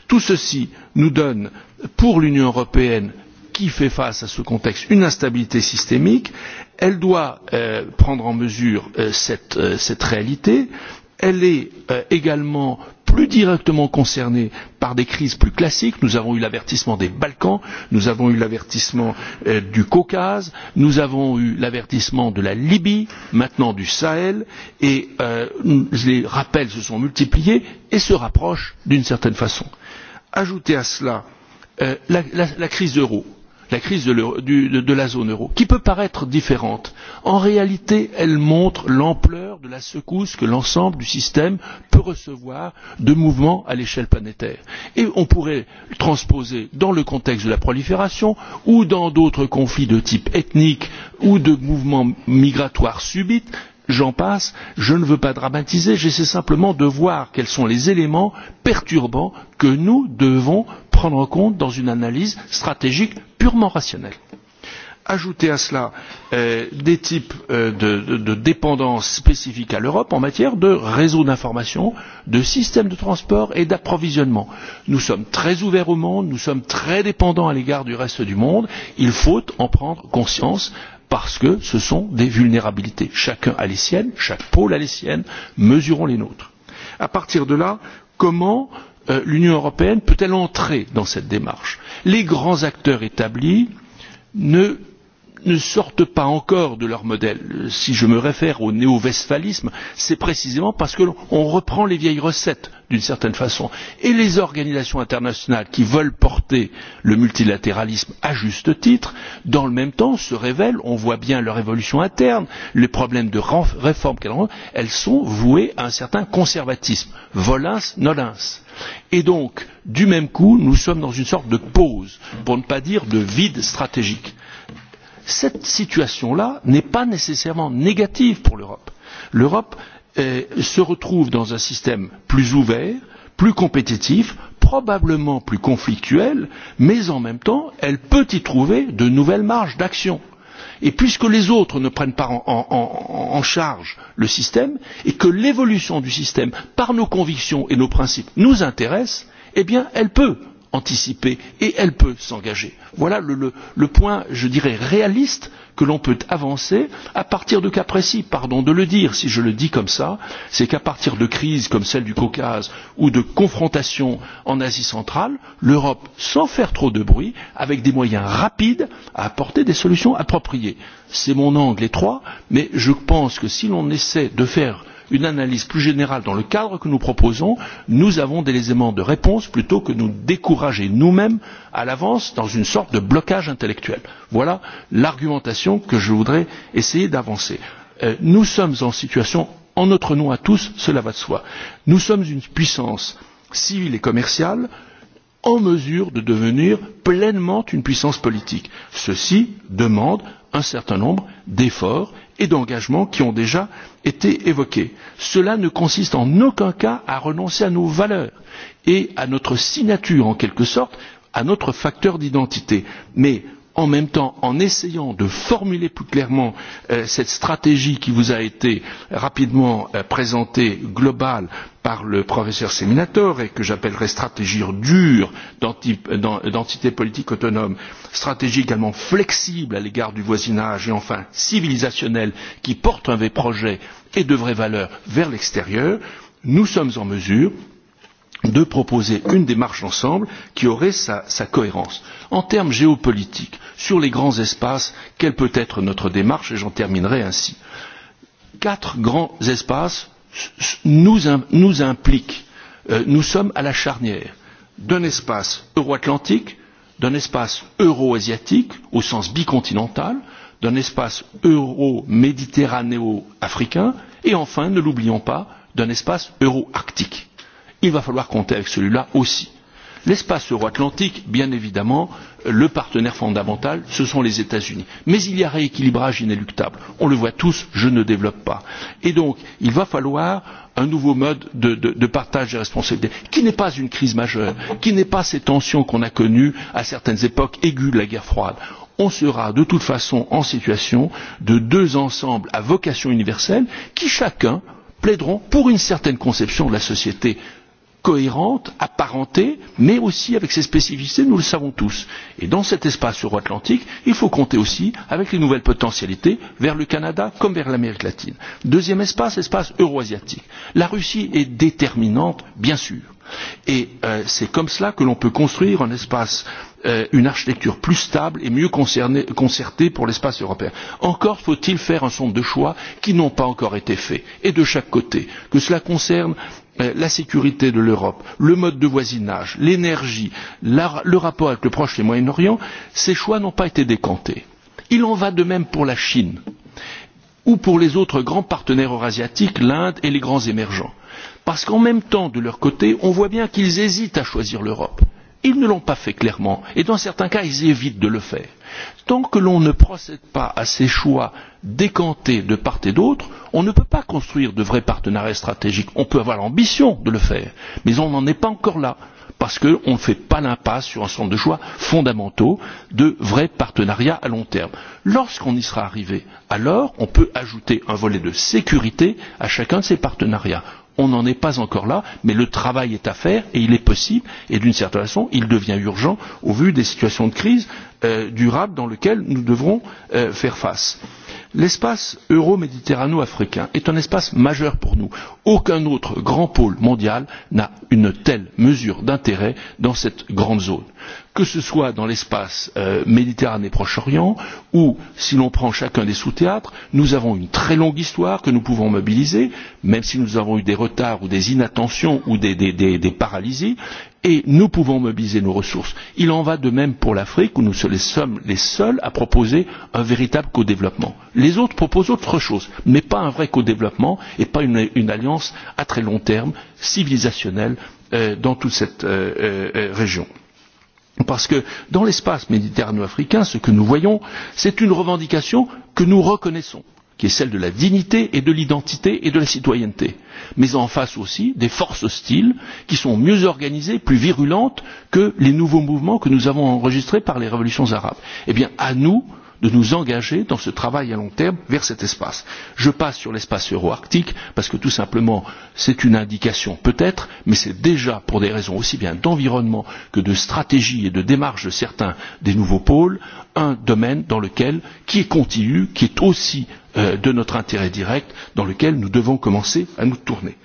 tout ceci nous donne pour l'union européenne qui fait face à ce contexte une instabilité systémique elle doit euh, prendre en mesure euh, euh, cette réalité elle est également plus directement concernée par des crises plus classiques nous avons eu l'avertissement des balkans nous avons eu l'avertissement du caucase nous avons eu l'avertissement de la libye maintenant du sahel et les rappels se sont multipliés et se rapprochent d'une certaine façon. ajoutez à cela la crise euro la crise de, du, de, de la zone euro qui peut paraître différente en réalité elle montre l'ampleur de la secousse que l'ensemble du système peut recevoir de mouvements à l'échelle planétaire et on pourrait le transposer dans le contexte de la prolifération ou dans d'autres conflits de type ethnique ou de mouvements migratoires subits j'en passe je ne veux pas dramatiser j'essaie simplement de voir quels sont les éléments perturbants que nous devons prendre en compte dans une analyse stratégique purement rationnelle. ajoutez à cela euh, des types euh, de dépendance spécifiques à l'europe en matière de réseaux d'information de systèmes de transport et d'approvisionnement. nous sommes très ouverts au monde nous sommes très dépendants à l'égard du reste du monde il faut en prendre conscience parce que ce sont des vulnérabilités. Chacun a les siennes, chaque pôle a les siennes, mesurons les nôtres. À partir de là, comment euh, l'Union européenne peut-elle entrer dans cette démarche Les grands acteurs établis ne ne sortent pas encore de leur modèle. Si je me réfère au néo-westphalisme, c'est précisément parce qu'on reprend les vieilles recettes d'une certaine façon. Et les organisations internationales qui veulent porter le multilatéralisme à juste titre, dans le même temps, se révèlent, on voit bien leur évolution interne, les problèmes de réforme qu'elles ont, elles sont vouées à un certain conservatisme. Volins, nolins. Et donc, du même coup, nous sommes dans une sorte de pause, pour ne pas dire de vide stratégique cette situation là n'est pas nécessairement négative pour l'Europe. L'Europe euh, se retrouve dans un système plus ouvert, plus compétitif, probablement plus conflictuel, mais en même temps, elle peut y trouver de nouvelles marges d'action. Et puisque les autres ne prennent pas en, en, en charge le système et que l'évolution du système, par nos convictions et nos principes, nous intéresse, eh bien, elle peut anticiper et elle peut s'engager. Voilà le, le, le point, je dirais, réaliste que l'on peut avancer à partir de cas précis, pardon de le dire si je le dis comme ça, c'est qu'à partir de crises comme celle du Caucase ou de confrontations en Asie centrale, l'Europe, sans faire trop de bruit, avec des moyens rapides, a apporté des solutions appropriées. C'est mon angle étroit, mais je pense que si l'on essaie de faire une analyse plus générale dans le cadre que nous proposons nous avons des éléments de réponse plutôt que de nous décourager nous mêmes à l'avance dans une sorte de blocage intellectuel. voilà l'argumentation que je voudrais essayer d'avancer. Euh, nous sommes en situation en notre nom à tous cela va de soi nous sommes une puissance civile et commerciale en mesure de devenir pleinement une puissance politique. ceci demande un certain nombre d'efforts et d'engagement qui ont déjà été évoqués. cela ne consiste en aucun cas à renoncer à nos valeurs et à notre signature en quelque sorte à notre facteur d'identité mais en même temps en essayant de formuler plus clairement euh, cette stratégie qui vous a été rapidement euh, présentée globale par le professeur Seminator et que j'appellerais stratégie dure d'entité politique autonome, stratégie également flexible à l'égard du voisinage et enfin civilisationnelle qui porte un vrai projet et de vraies valeurs vers l'extérieur, nous sommes en mesure de proposer une démarche d'ensemble qui aurait sa, sa cohérence. En termes géopolitiques, sur les grands espaces, quelle peut être notre démarche Et j'en terminerai ainsi. Quatre grands espaces nous, nous impliquent. Euh, nous sommes à la charnière d'un espace euro-atlantique, d'un espace euro-asiatique au sens bicontinental, d'un espace euro-méditerranéo-africain et enfin, ne l'oublions pas, d'un espace euro-arctique il va falloir compter avec celui là aussi. l'espace euro atlantique bien évidemment le partenaire fondamental ce sont les états unis mais il y a rééquilibrage inéluctable on le voit tous je ne développe pas et donc il va falloir un nouveau mode de, de, de partage des responsabilités qui n'est pas une crise majeure qui n'est pas ces tensions qu'on a connues à certaines époques aiguës de la guerre froide. on sera de toute façon en situation de deux ensembles à vocation universelle qui chacun plaideront pour une certaine conception de la société cohérente apparentée mais aussi avec ses spécificités nous le savons tous et dans cet espace euro atlantique il faut compter aussi avec les nouvelles potentialités vers le canada comme vers l'amérique latine. deuxième espace espace euro asiatique la russie est déterminante bien sûr et euh, c'est comme cela que l'on peut construire un espace euh, une architecture plus stable et mieux concernée, concertée pour l'espace européen. Encore faut il faire un certain nombre de choix qui n'ont pas encore été faits et de chaque côté que cela concerne Euh, la sécurité de l'europe le mode de voisinage l'énergie le rapport avec le proche et le moyen orient ces choix n'ont pas été décantés. il en va de même pour la chine ou pour les autres grands partenaires eurasiatiques l'inde et les grands émergents parce qu'en même temps de leur côté on voit bien qu'ils hésitent à choisir l'europe. Ils ne l'ont pas fait clairement et dans certains cas, ils évitent de le faire. Tant que l'on ne procède pas à ces choix décantés de part et d'autre, on ne peut pas construire de vrais partenariats stratégiques. On peut avoir l'ambition de le faire, mais on n'en est pas encore là parce qu'on ne fait pas l'impasse sur un certain nombre de choix fondamentaux de vrais partenariats à long terme. Lorsqu'on y sera arrivé, alors on peut ajouter un volet de sécurité à chacun de ces partenariats on n'en est pas encore là mais le travail est à faire et il est possible et d'une certaine façon il devient urgent au vu des situations de crise euh, durable auxquelles nous devrons euh, faire face. l'espace euro méditerrano africain est un espace majeur pour nous. aucun autre grand pôle mondial n'a une telle mesure d'intérêt dans cette grande zone que ce soit dans l'espace euh, méditerranée proche orient ou si l'on prend chacun des sous théâtres nous avons une très longue histoire que nous pouvons mobiliser même si nous avons eu des retards ou des inattentions ou des, des, des, des paralysies et nous pouvons mobiliser nos ressources. il en va de même pour l'afrique où nous sommes les seuls à proposer un véritable codéveloppement. les autres proposent autre chose mais pas un vrai codéveloppement et pas une, une alliance à très long terme civilisationnelle euh, dans toute cette euh, région parce que dans l'espace méditerrano africain ce que nous voyons c'est une revendication que nous reconnaissons qui est celle de la dignité et de l'identité et de la citoyenneté mais en face aussi des forces hostiles qui sont mieux organisées plus virulentes que les nouveaux mouvements que nous avons enregistrés par les révolutions arabes. eh bien à nous de de nous engager dans ce travail à long terme vers cet espace. Je passe sur l'espace euro arctique parce que tout simplement c'est une indication peut être mais c'est déjà pour des raisons aussi bien d'environnement que de stratégie et de démarche de certains des nouveaux pôles un domaine dans lequel qui est continu, qui est aussi euh, de notre intérêt direct, dans lequel nous devons commencer à nous tourner.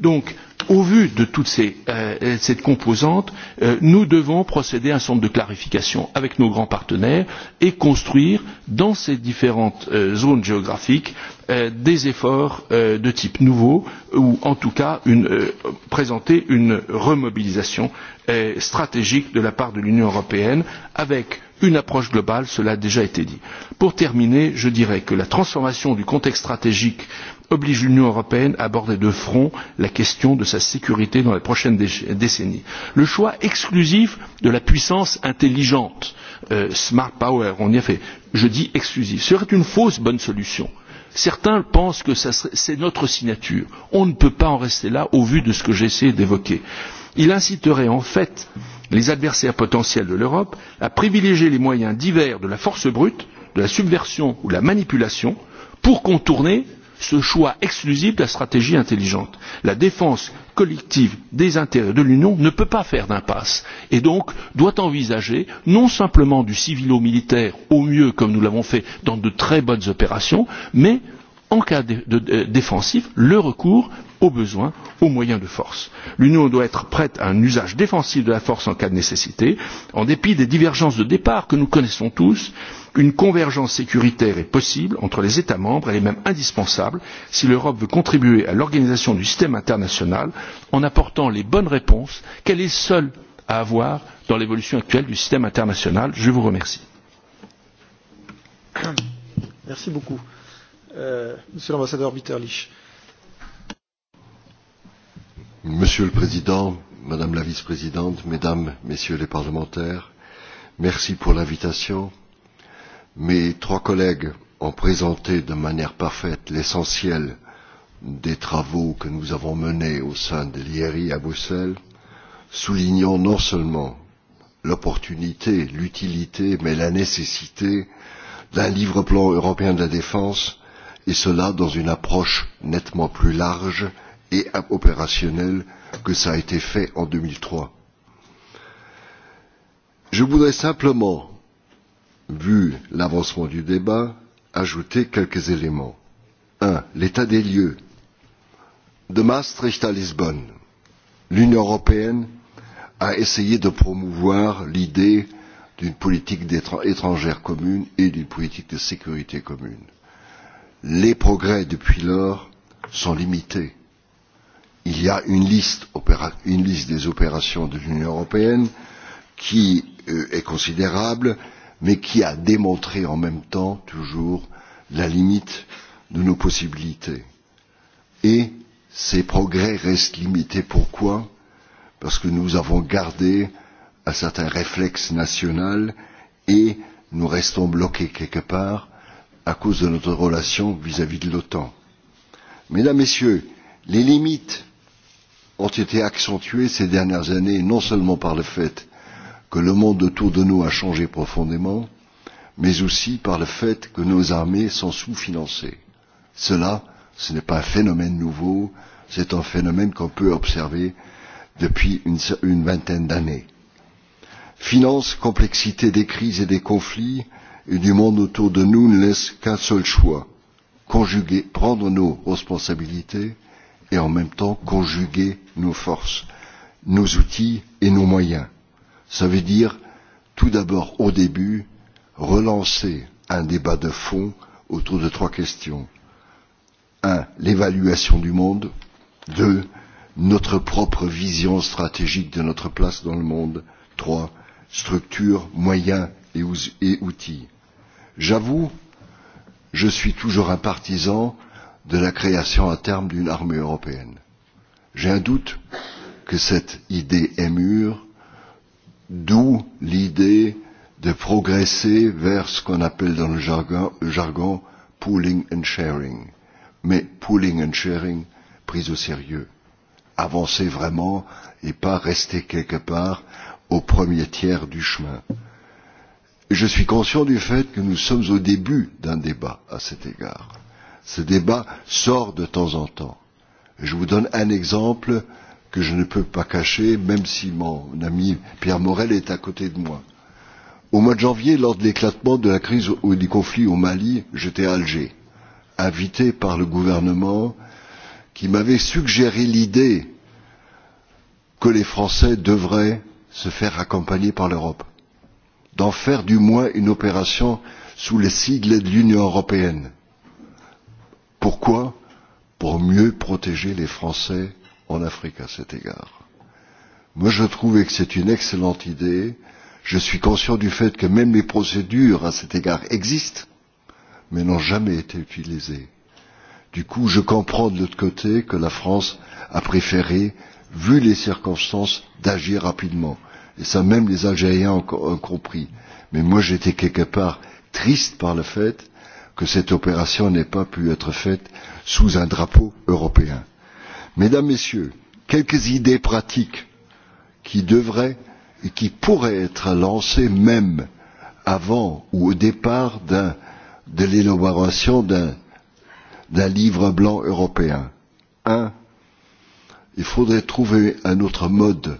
Donc, au vu de toutes ces euh, composantes, euh, nous devons procéder à un nombre de clarifications avec nos grands partenaires et construire dans ces différentes euh, zones géographiques euh, des efforts euh, de type nouveau ou en tout cas une, euh, présenter une remobilisation euh, stratégique de la part de l'Union européenne avec une approche globale, cela a déjà été dit. Pour terminer, je dirais que la transformation du contexte stratégique euh, oblige l'union européenne à aborder de front la question de sa sécurité dans les prochaines décennies. le choix exclusif de la puissance intelligente euh, smart power on y a fait je dis exclusif serait une fausse bonne solution. certains pensent que c'est notre signature. on ne peut pas en rester là au vu de ce que j'ai essayé d'évoquer. il inciterait en fait les adversaires potentiels de l'europe à privilégier les moyens divers de la force brute de la subversion ou de la manipulation pour contourner ce choix exclusif de la stratégie intelligente. La défense collective des intérêts de l'Union ne peut pas faire d'impasse et donc doit envisager non simplement du civilo militaire au mieux comme nous l'avons fait dans de très bonnes opérations mais en cas de défensif le recours au besoin aux moyens de force. l'union doit être prête à un usage défensif de la force en cas de nécessité. en dépit des divergences de départ que nous connaissons tous Une convergence sécuritaire est possible entre les États membres, elle est même indispensable si l'Europe veut contribuer à l'organisation du système international en apportant les bonnes réponses qu'elle est seule à avoir dans l'évolution actuelle du système international. Je vous remercie. Merci beaucoup. Euh, monsieur l'ambassadeur Bitterlich. Monsieur le Président, Madame la Vice-Présidente, Mesdames, Messieurs les parlementaires, merci pour l'invitation. Mes trois collègues ont présenté de manière parfaite l'essentiel des travaux que nous avons menés au sein de l'IRI à Bruxelles, soulignant non seulement l'opportunité, l'utilité, mais la nécessité d'un livre plan européen de la défense, et cela dans une approche nettement plus large et opérationnelle que ça a été fait en 2003. Je voudrais simplement vu l'avancement du débat, ajouter quelques éléments. 1. L'état des lieux. De Maastricht à Lisbonne, l'Union européenne a essayé de promouvoir l'idée d'une politique étrangère commune et d'une politique de sécurité commune. Les progrès depuis lors sont limités. Il y a une liste, une liste des opérations de l'Union européenne qui euh, est considérable, mais qui a démontré en même temps toujours la limite de nos possibilités. Et ces progrès restent limités. Pourquoi Parce que nous avons gardé un certain réflexe national et nous restons bloqués quelque part à cause de notre relation vis-à-vis -vis de l'OTAN. Mesdames, Messieurs, les limites ont été accentuées ces dernières années, non seulement par le fait que le monde autour de nous a changé profondément, mais aussi par le fait que nos armées sont sous-financées. Cela, ce n'est pas un phénomène nouveau, c'est un phénomène qu'on peut observer depuis une, une vingtaine d'années. Finance, complexité des crises et des conflits et du monde autour de nous ne laissent qu'un seul choix, conjuguer, prendre nos responsabilités et en même temps conjuguer nos forces, nos outils et nos moyens. Ça veut dire, tout d'abord, au début, relancer un débat de fond autour de trois questions. Un, l'évaluation du monde. Deux, notre propre vision stratégique de notre place dans le monde. Trois, structure, moyens et outils. J'avoue, je suis toujours un partisan de la création à terme d'une armée européenne. J'ai un doute que cette idée est mûre, d'où l'idée de progresser vers ce qu'on appelle dans le jargon, jargon pooling and sharing. Mais pooling and sharing pris au sérieux. Avancer vraiment et pas rester quelque part au premier tiers du chemin. Je suis conscient du fait que nous sommes au début d'un débat à cet égard. Ce débat sort de temps en temps. Je vous donne un exemple euh, que je ne peux pas cacher, même si mon ami Pierre Morel est à côté de moi. Au mois de janvier, lors de l'éclatement de la crise ou des conflits au Mali, j'étais à Alger, invité par le gouvernement qui m'avait suggéré l'idée que les Français devraient se faire accompagner par l'Europe, d'en faire du moins une opération sous les sigles de l'Union européenne. Pourquoi Pour mieux protéger les Français en Afrique à cet égard. Moi, je trouvais que c'est une excellente idée. Je suis conscient du fait que même les procédures à cet égard existent, mais n'ont jamais été utilisées. Du coup, je comprends de l'autre côté que la France a préféré, vu les circonstances, d'agir rapidement. Et ça, même les Algériens ont, ont compris. Mais moi, j'étais quelque part triste par le fait que cette opération n'ait pas pu être faite sous un drapeau européen mesdames messieurs quelques idées pratiques qui devraient et qui pourraient être lancées même avant ou au départ de l'élaboration d'un livre blanc européen. un il faudrait trouver un autre mode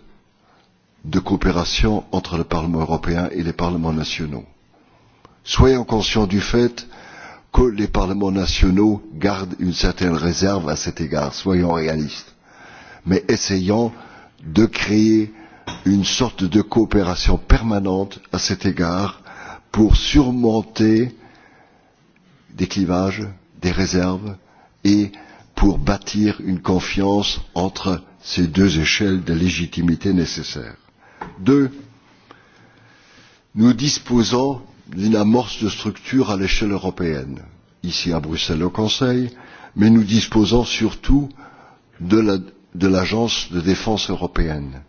de coopération entre le parlement européen et les parlements nationaux. soyons conscients du fait que que les parlements nationaux gardent une certaine réserve à cet égard, soyons réalistes, mais essayons de créer une sorte de coopération permanente à cet égard pour surmonter des clivages, des réserves et pour bâtir une confiance entre ces deux échelles de légitimité nécessaires. Deux, nous disposons d'une amorce de structure à l'échelle européenne, ici à Bruxelles au Conseil, mais nous disposons surtout de l'Agence la, de, de défense européenne,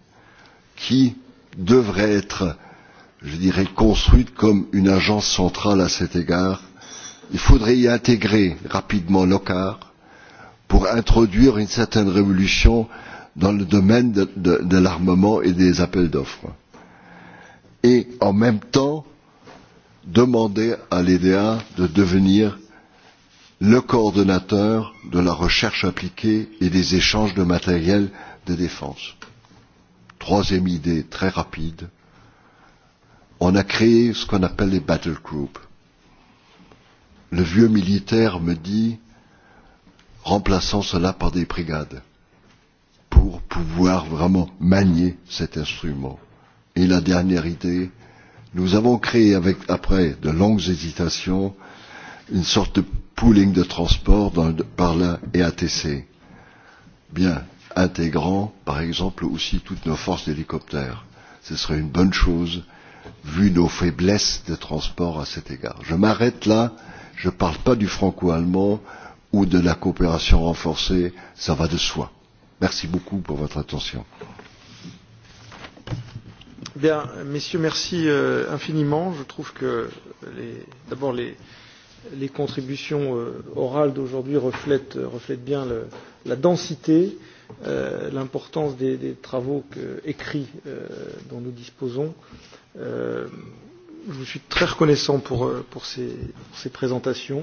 qui devrait être, je dirais, construite comme une agence centrale à cet égard. Il faudrait y intégrer rapidement l'OCAR pour introduire une certaine révolution dans le domaine de, de, de l'armement et des appels d'offres. Et en même temps, demander à l'EDA de devenir le coordonnateur de la recherche appliquée et des échanges de matériel de défense. Troisième idée très rapide, on a créé ce qu'on appelle les battle groups. Le vieux militaire me dit, remplaçant cela par des brigades, pour pouvoir vraiment manier cet instrument. Et la dernière idée, Nous avons créé, avec, après de longues hésitations, une sorte de pooling de transport dans, par la EATC, bien intégrant, par exemple, aussi toutes nos forces d'hélicoptères. Ce serait une bonne chose, vu nos faiblesses de transport à cet égard. Je m'arrête là, je ne parle pas du franco allemand ou de la coopération renforcée, ça va de soi. Merci beaucoup pour votre attention messieurs merci euh, infiniment je trouve que d'abord les contributions euh, orales d'aujourd'hui reflètent euh, bien la densité l'importance des travaux écrits dont nous disposons je vous suis très reconnaissant pour ces présentations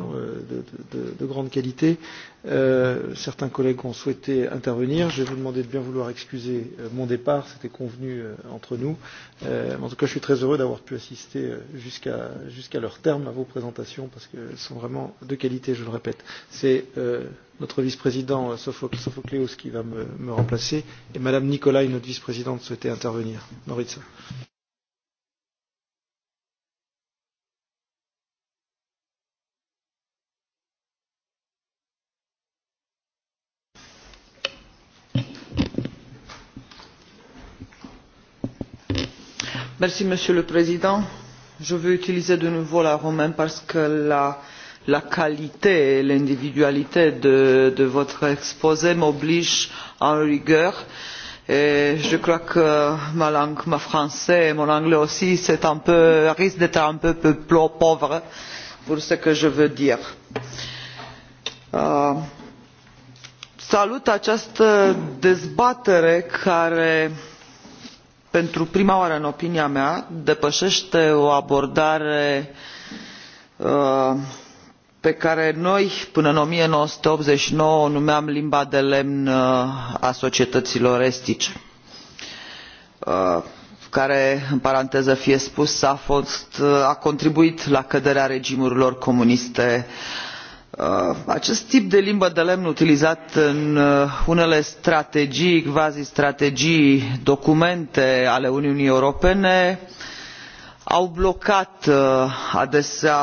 de grande qualité Euh, certains collègues ont souhaité intervenir je vais vous demander de bien vouloir excuser euh, mon départ c'était convenu euh, entre nous en tout cas je suis très heureux d'avoir pu assister jusqu'à jusqu leur terme à vos présentations parce qu'elles sont vraiment de qualité je le répète c'est notre vice président Sophocléos qui va me remplacer et madame Nicolai notre vice présidente souhaitait intervenir Maurice. monsieur le président je veux utiliser de nouveau la romaine parce que la qualité et l'individualité de votre exposé m'obligent en rigueur et je crois que ma langue mon français et mon anglais aussi risquent d'être un peu pauvres pour ce que je veux dire. Euh, salut această dezbatere care pentru prima oară în opinia mea depășește o abordare uh, pe care noi până în o mie nouă sute optzeci și nouă o numeam limba de lemn uh, a societăților estice uh, care în paranteză fie spus a contribuit la căderea regimurilor comuniste din Uh, acest tip de limbă de lemn utilizat în uh, unele strategii cvasi strategii documente ale uniunii europene a blocat uh, adesea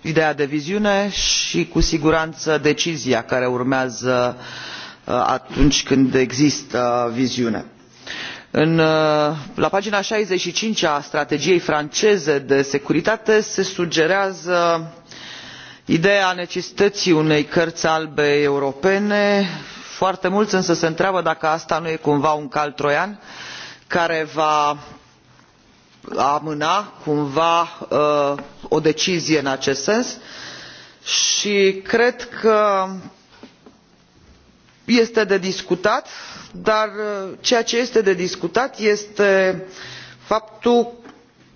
ideea de viziune și cu siguranță decizia care urmează atunci când există viziune. la pagina șaizeci și cinci a strategiei franceze de securitate se sugerează ideea necesității unei cărți albe europene foarte mulți însă se întreabă dacă acesta nu e cumva un cal troian care va amâna cumva uh, o decizie în acest sens și cred că este de discutat dar uh, ceea ce este de discutat este faptul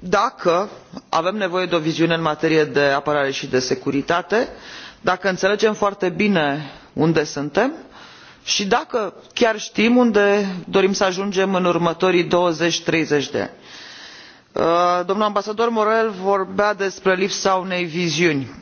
dacă avem nevoie de o viziune în materie de apărare și de securitate dacă înțelegem foarte bine unde suntem și dacă chiar știm unde dorim să ajungem în următorii douăzeci treizeci de ani. Uh, domnul ambasador borrell vorbea despre lipsa unei viziuni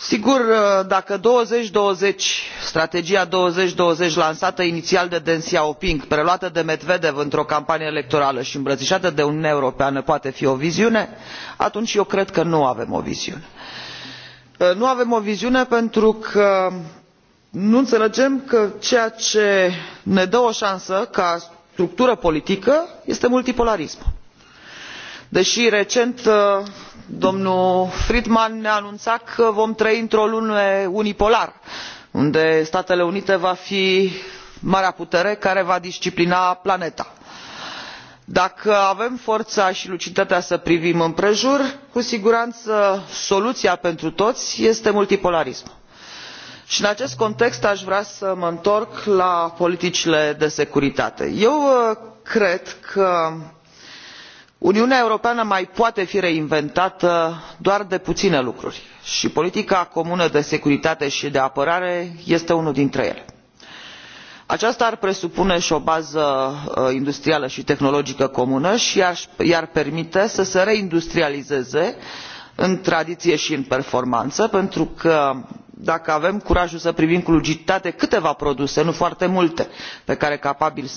sigur uh, dacă douăzeci douăzeci strategia două mii douăzeci lansată inițial de deng xiaoping preluată de medvedev într o campanie electorală și îmbrățișată de uniunea europeană poate fi o viziune atunci eu cred că nu avem o viziune. Uh, nu avem o viziune pentru că nu înțelegem că ceea ce ne dă o șansă ca structură politică este multipolarismul. deși recent uh, domnul friedman ne a anunțat că vom trăi într o lume unipolară unde statele unite vor fi marea putere care va disciplina planeta. dacă avem forța și luciditatea să privim împrejur cu siguranță soluția pentru toți este multipolarismul. și în acest context aș vrea să mă întorc la politicile de securitate. eu uh, cred că uniunea europeană mai poate fi reinventată doar de puține lucruri și politica comună de securitate și de apărare este unul dintre ele. aceasta ar presupune și o bază uh, industrială și tehnologică comună și i ar permite să se reindustrializeze în tradiție și în performanță pentru că dacă avem curajul să privim cu luciditate câteva produse nu foarte multe pe care suntem capabili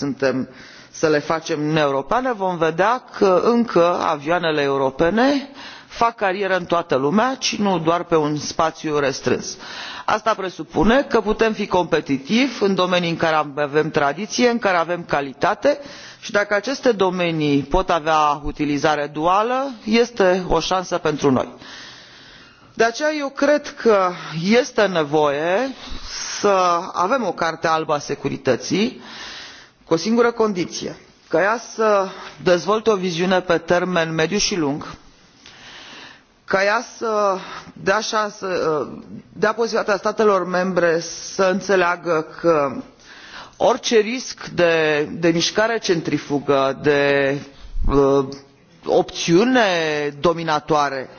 să le facem în uniunea europeană vom vedea că încă avioanele europene fac carieră în toată lumea și nu doar pe un spațiu restrâns. asta presupune că putem fi competitivi în domenii în care avem tradiție în care avem calitate și dacă aceste domenii pot avea utilizare duală este o șansă pentru noi. de aceea eu cred că este nevoie să avem o carte albă a securității aviației cu o singură condiție ca ea să dezvolte o viziune pe termen mediu și lung ca ea să dea posibilitatea statelor membre să înțeleagă că orice risc de mișcare centrifugă de uh, opțiune dominatoare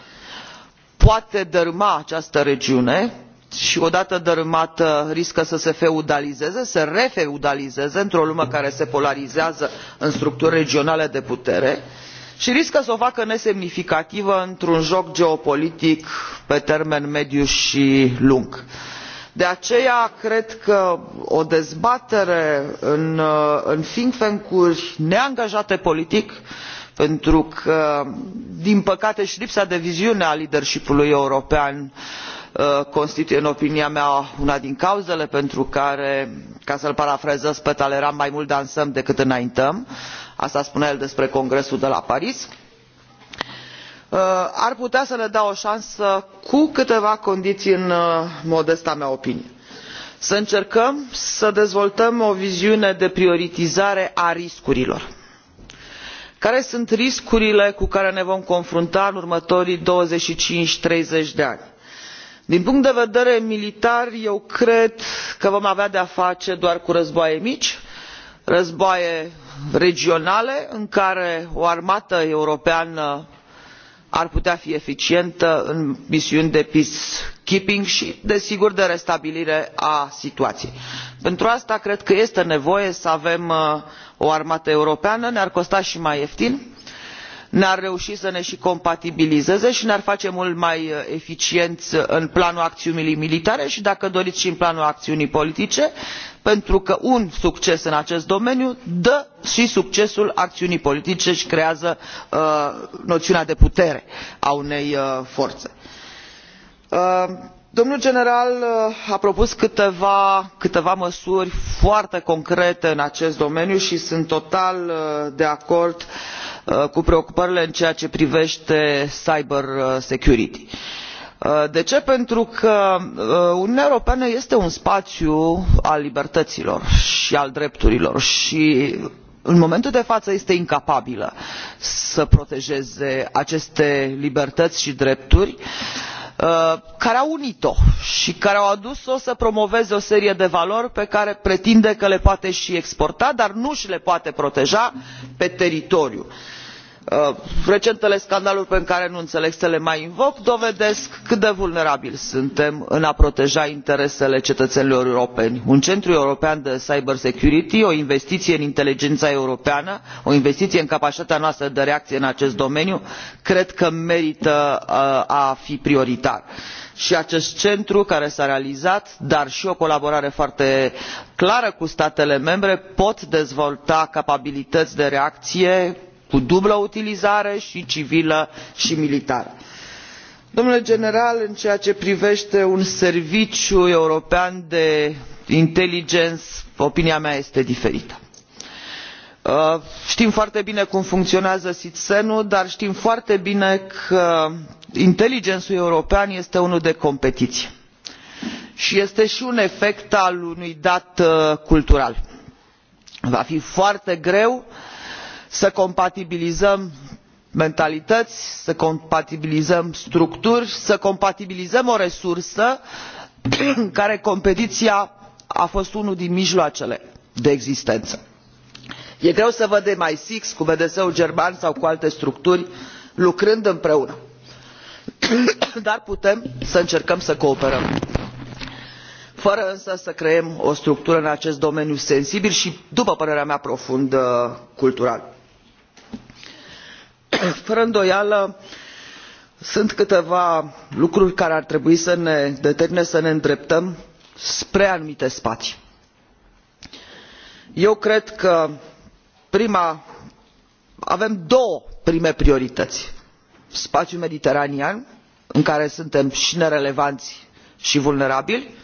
poate dărâma această regiune și odată dărâmată uh, riscă să se feudalizeze să refeudalizeze într o lume care se polarizează în structuri regionale de putere și riscă să o facă nesemnificativă într un joc geopolitic pe termen mediu și lung. de aceea cred că o dezbatere în uh, think tank uri neangajate politic pentru că din păcate și lipsa de viziune a leadership ului european Uh, constituie în opinia mea una din cauzele pentru care ca să îl parafrazez pe talleyrand mai mult dansăm decât înaintăm asta spunea el despre congresul de la paris uh, ar putea să ne dea o șansă cu câteva condiții în uh, modesta mea opinie să încercăm să dezvoltăm o viziune de prioritizare a riscurilor care sunt riscurile cu care ne vom confrunta în următorii douăzeci și cinci treizeci de ani? din punct de vedere militar eu cred că vom avea de a face doar cu războaie mici războaie regionale în care o armată europeană ar putea fi eficientă în misiuni de peacekeeping și desigur de restabilire a situației. pentru aceasta cred că este nevoie să avem uh, o armată europeană ne ar costa și mai ieftin ne ar reuși să ne și compatibilizeze și ne ar face mult mai uh, eficienți uh, în planul acțiunii militare și dacă doriți și în planul acțiunii politice pentru că un succes în acest domeniu dă și succesul acțiunii politice și creează uh, noțiunea de putere a unei forțe. domnul general a propus câteva măsuri foarte concrete în acest domeniu și sunt total de acord cu Uh, cu preocupările în ceea ce privete cybersecurity. Uh, uh, de ce? pentru că uniunea europeană este un spaiu al libertăilor i al drepturilor i în momentul de faă este incapabilă să protejeze aceste libertăi i drepturi. Uh, care au unit o și care au adus o să promoveze o serie de valori pe care pretinde că le poate și exporta dar nu și le poate proteja pe teritoriul său. Uh, recentele scandaluri pe care nu înțeleg să le mai invoc dovedesc cât de vulnerabili suntem în a proteja interesele cetățenilor europeni. un centru european de cybersecurity o investiție în inteligența europeană o investiție în capacitatea noastră de reacție în acest domeniu cred că merită uh, a fi prioritar și acest centru care s a realizat dar și o colaborare foarte clară cu statele membre pot dezvolta capabilități de reacție cu dublă utilizare și civilă și militară. domnule general în ceea ce privește un serviciu european de inteligență opinia mea este diferită. Uh, știm foarte bine cum funcționează sitsen ul dar știm foarte bine că inteligențul european este unul de competiție și este și un efect al unui dat uh, cultural. va fi foarte greu să compatibilizăm mentalități să compatibilizăm structuri să compatibilizăm o resursă care competiția a fost unul din mijloacele de existență. e greu să văd mi șase cu bds ul german sau cu alte structuri lucrând împreună dar putem să încercăm să cooperăm fără însă să creăm o structură în acest domeniu sensibil și după părerea mea profund uh, cultural. fără îndoială sunt câteva lucruri care ar trebui să ne determine să ne îndreptăm spre anumite spaii. eu cred că avem două prime priorităi spaiul mediteranean în care suntem i nerelevani i vulnerabili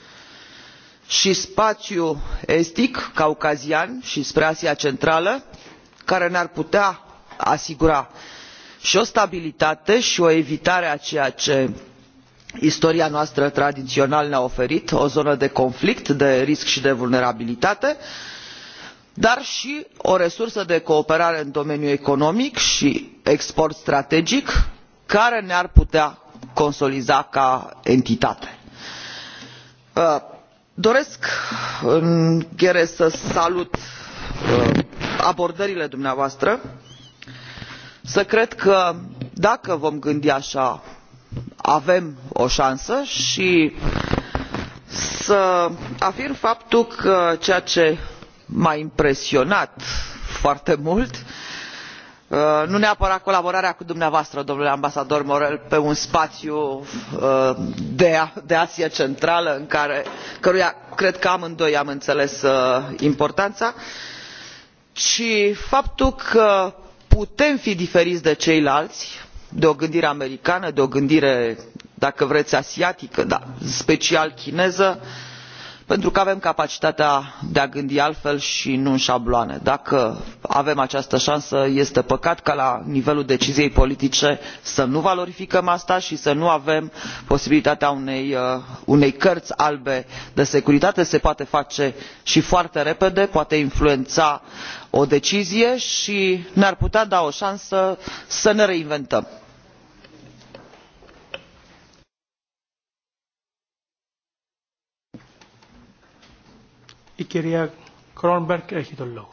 i spaiul estic caucazian i spre asia centrală care ne ar putea asigura și o stabilitate și o evitare a ceea ce istoria noastră tradițional ne a oferit o zonă de conflict de risc și de vulnerabilitate dar și o resursă de cooperare în domeniul economic și export strategic care ne ar putea consolida ca entitate. Uh, doresc în ghere să salut uh, abordările dumneavoastră să cred că dacă vom gândi așa avem o șansă și să afirm faptul că ceea ce m-a impresionat foarte mult uh, nu neapărat colaborarea cu dumneavoastră domnule ambasador morel pe un spațiu uh, de, de Asia Centrală în care, căruia cred că amândoi am înțeles uh, importanța ci faptul că putem fi diferiți de ceilalți de o gândire americană de o gândire dacă vreți asiatică dar în special chineză pentru că avem capacitatea de a gândi altfel și nu în șabloane. dacă avem această șansă este păcat ca la nivelul deciziei politice să nu valorificăm asta și să nu avem posibilitatea unei, uh, unei cărți albe de securitate. se poate face și foarte repede poate influența o decizie și ne ar putea da o șansă să ne reinventăm. mr president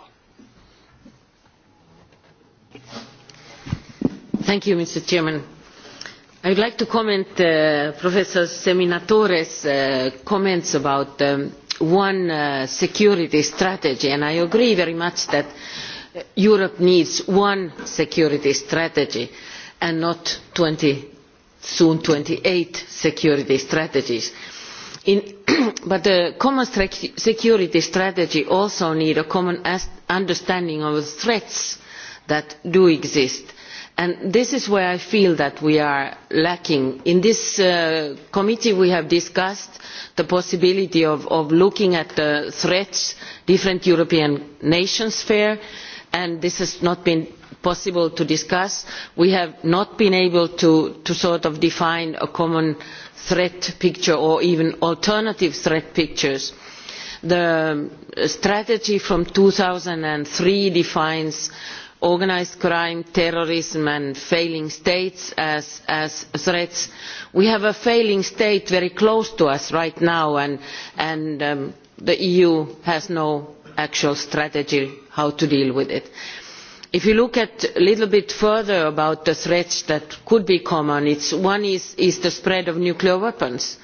i would like to comment on uh, professor seminatore's uh, comments about um, one uh, security strategy and i agree very much that europe needs one security strategy and not twenty soon twenty eight security strategies. but the common security strategy also needs a common understanding of the threats that do exist this is where i feel that we are lacking. in this uh, committee we have discussed the possibility of looking at the threats different european nations face and this has not been possible to discuss. we have not been able to define a common threat picture or even alternative threat pictures. the strategy from two thousand and three defines organised crime terrorism and failing states as threats. we have a failing state very close to us right now and um, the eu has no actual strategy on how to deal with it. if you look a little bit further at the threats that could be common one is the spread of nuclear weapons.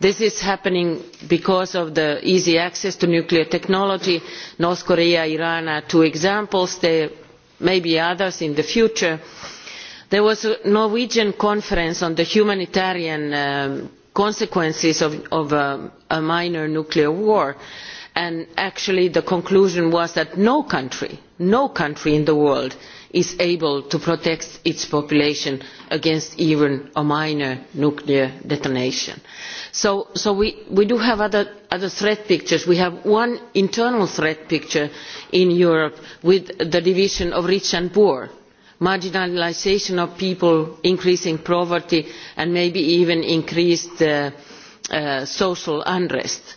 this is happening because of the easy access to nuclear technology north korea and iran are two examples. they maybe others in the future there was a norwegian conference on the humanitarian um, consequences of a minor nuclear war and actually the conclusion was that no, no country in the world is able to protect its population against even a minor nuclear detonation so we do have other threat pictures we have one internal threat picture in europe with the division of rich and poor marginalisation of people increasing poverty and maybe even increased uh, uh, social unrest.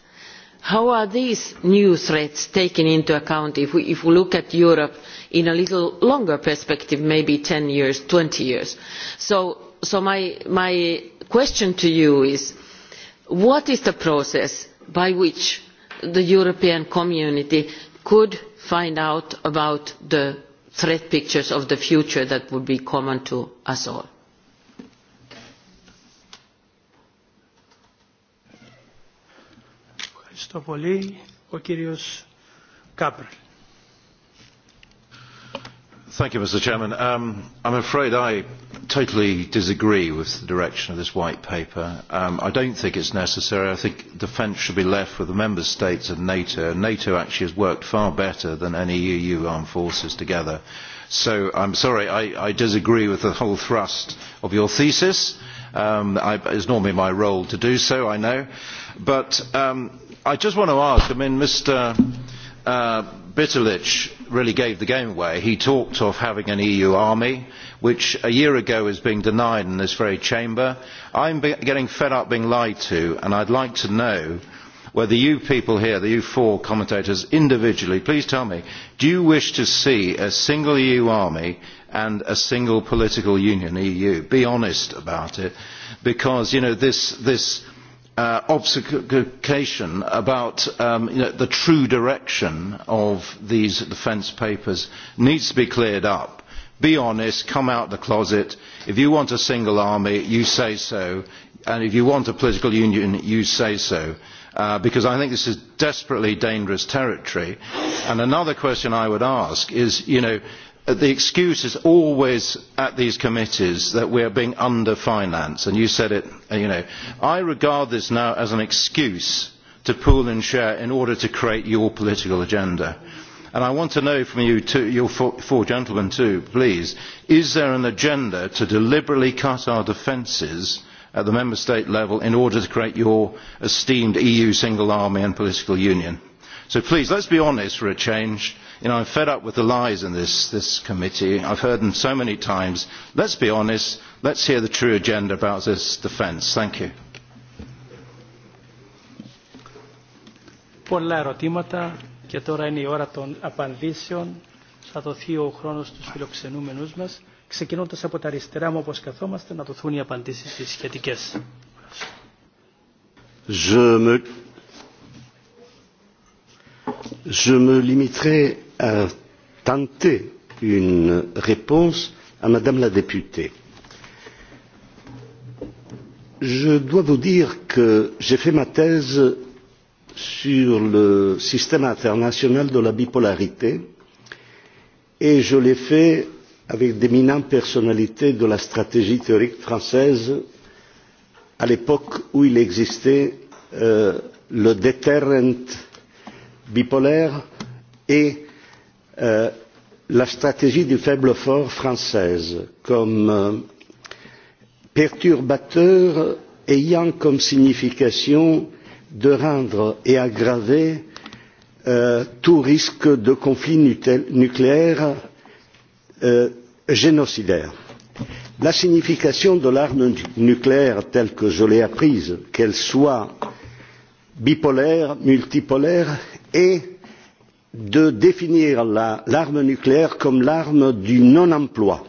how are these new threats taken into account if we look at europe in a little longer perspective maybe ten years twenty years? so my question to you is what is the process by which the european community could find out about the threat pictures of the future that would be common to us all? mr president i am afraid i totally disagree with the direction of this white paper. Um, i do not think it is necessary. i think defence should be left with the member states and nato. nato actually has worked far better than any eu armed forces together. so i am sorry i disagree with the whole thrust of your thesis. Um, it is normally my role to do so i know. but um, i just want to ask mr uh, bitterlich really gave the game away. he talked of having an eu army which a year ago was being denied in this very chamber. i am getting fed up being lied to and i would like to know whether you people here the eu four commentators individually please tell me do you wish to see a single eu army and a single political union eu? be honest about it because you know this, this Uh, obfuscation about um, the true direction of these defence papers needs to be cleared up. be honest come out of the closet if you want a single army you say so and if you want a political union you say so uh, because i think this is desperately dangerous territory. another question i would ask is you know Uh, the excuse is always at these committees that we are being under financed and you said it. Uh, i regard this now as an excuse to pool and share in order to create your political agenda. And I want to know from you, two, your four, four gentlemen too, please, is there an agenda to deliberately cut our defences at the Member State level in order to create your esteemed EU single army and political union? So please, let's be honest for a change i am fed up with the lies in this committee i have heard them so many times let us be honest let us hear the true agenda about this defence. θα δοθεί ο χρόνος στους φιλοξενούμενους μας. Ξεκινώντας από τα αριστερά μου όπως καθόμαστε να δοθούν οι απαντήσεις οι σχετικές. Je me... Je me limiterai tenter une réponse à madame la députée. Je dois vous dire que j'ai fait ma thèse sur le système international de la bipolarité et je l'ai fait avec d'éminentes personnalités de la stratégie théorique française à l'époque où il existait euh, le deterrent bipolaire et euh, Euh, la stratégie du faible fort française comme euh, perturbateur ayant comme signification de rendre et aggraver euh, tout risque de conflit nucléaire génocidaire. La signification de l'arme nucléaire telle que je l'ai apprise, qu'elle soit bipolaire, multipolaire, est de définir l'arme la, nucléaire comme l'arme du non emploi.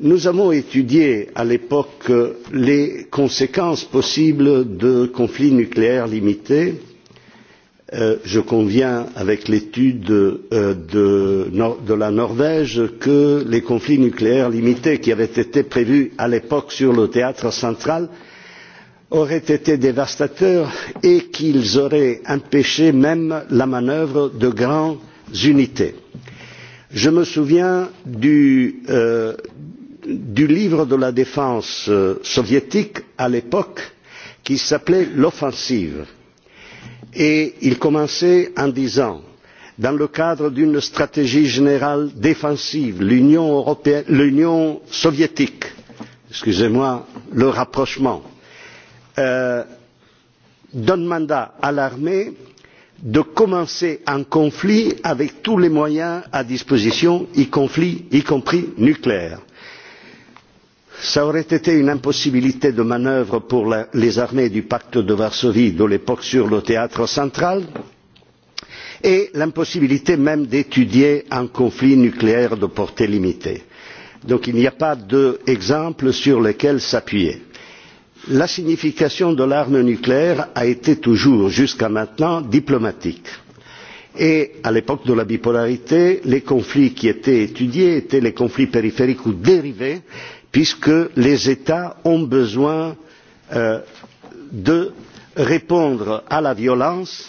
Nous avons étudié à l'époque euh, les conséquences possibles de conflits nucléaires limités. Euh, je conviens avec l'étude euh, de, de la Norvège que les conflits nucléaires limités qui avaient été prévus à l'époque sur le théâtre central auraient été dévastateurs et qu'ils auraient empêché même la manœuvre de grandes unités. Je me souviens du, euh, du livre de la défense euh, soviétique à l'époque qui s'appelait L'offensive et il commençait en disant dans le cadre d'une stratégie générale défensive, l'Union soviétique, excusez-moi, le rapprochement, Euh, donne mandat à l'armée de commencer un conflit avec tous les moyens à disposition y compris nucléaires. cela aurait été une impossibilité de manœuvre pour les armées du pacte de varsovie de l'époque sur le théâtre central et l'impossibilité même d'étudier un conflit nucléaire de portée limitée. il n'y a donc pas d'exemple sur lequel s'appuyer la signification de l'arme nucléaire a été toujours, jusqu'à maintenant, diplomatique. Et à l'époque de la bipolarité, les conflits qui étaient étudiés étaient les conflits périphériques ou dérivés, puisque les États ont besoin euh, de répondre à la violence,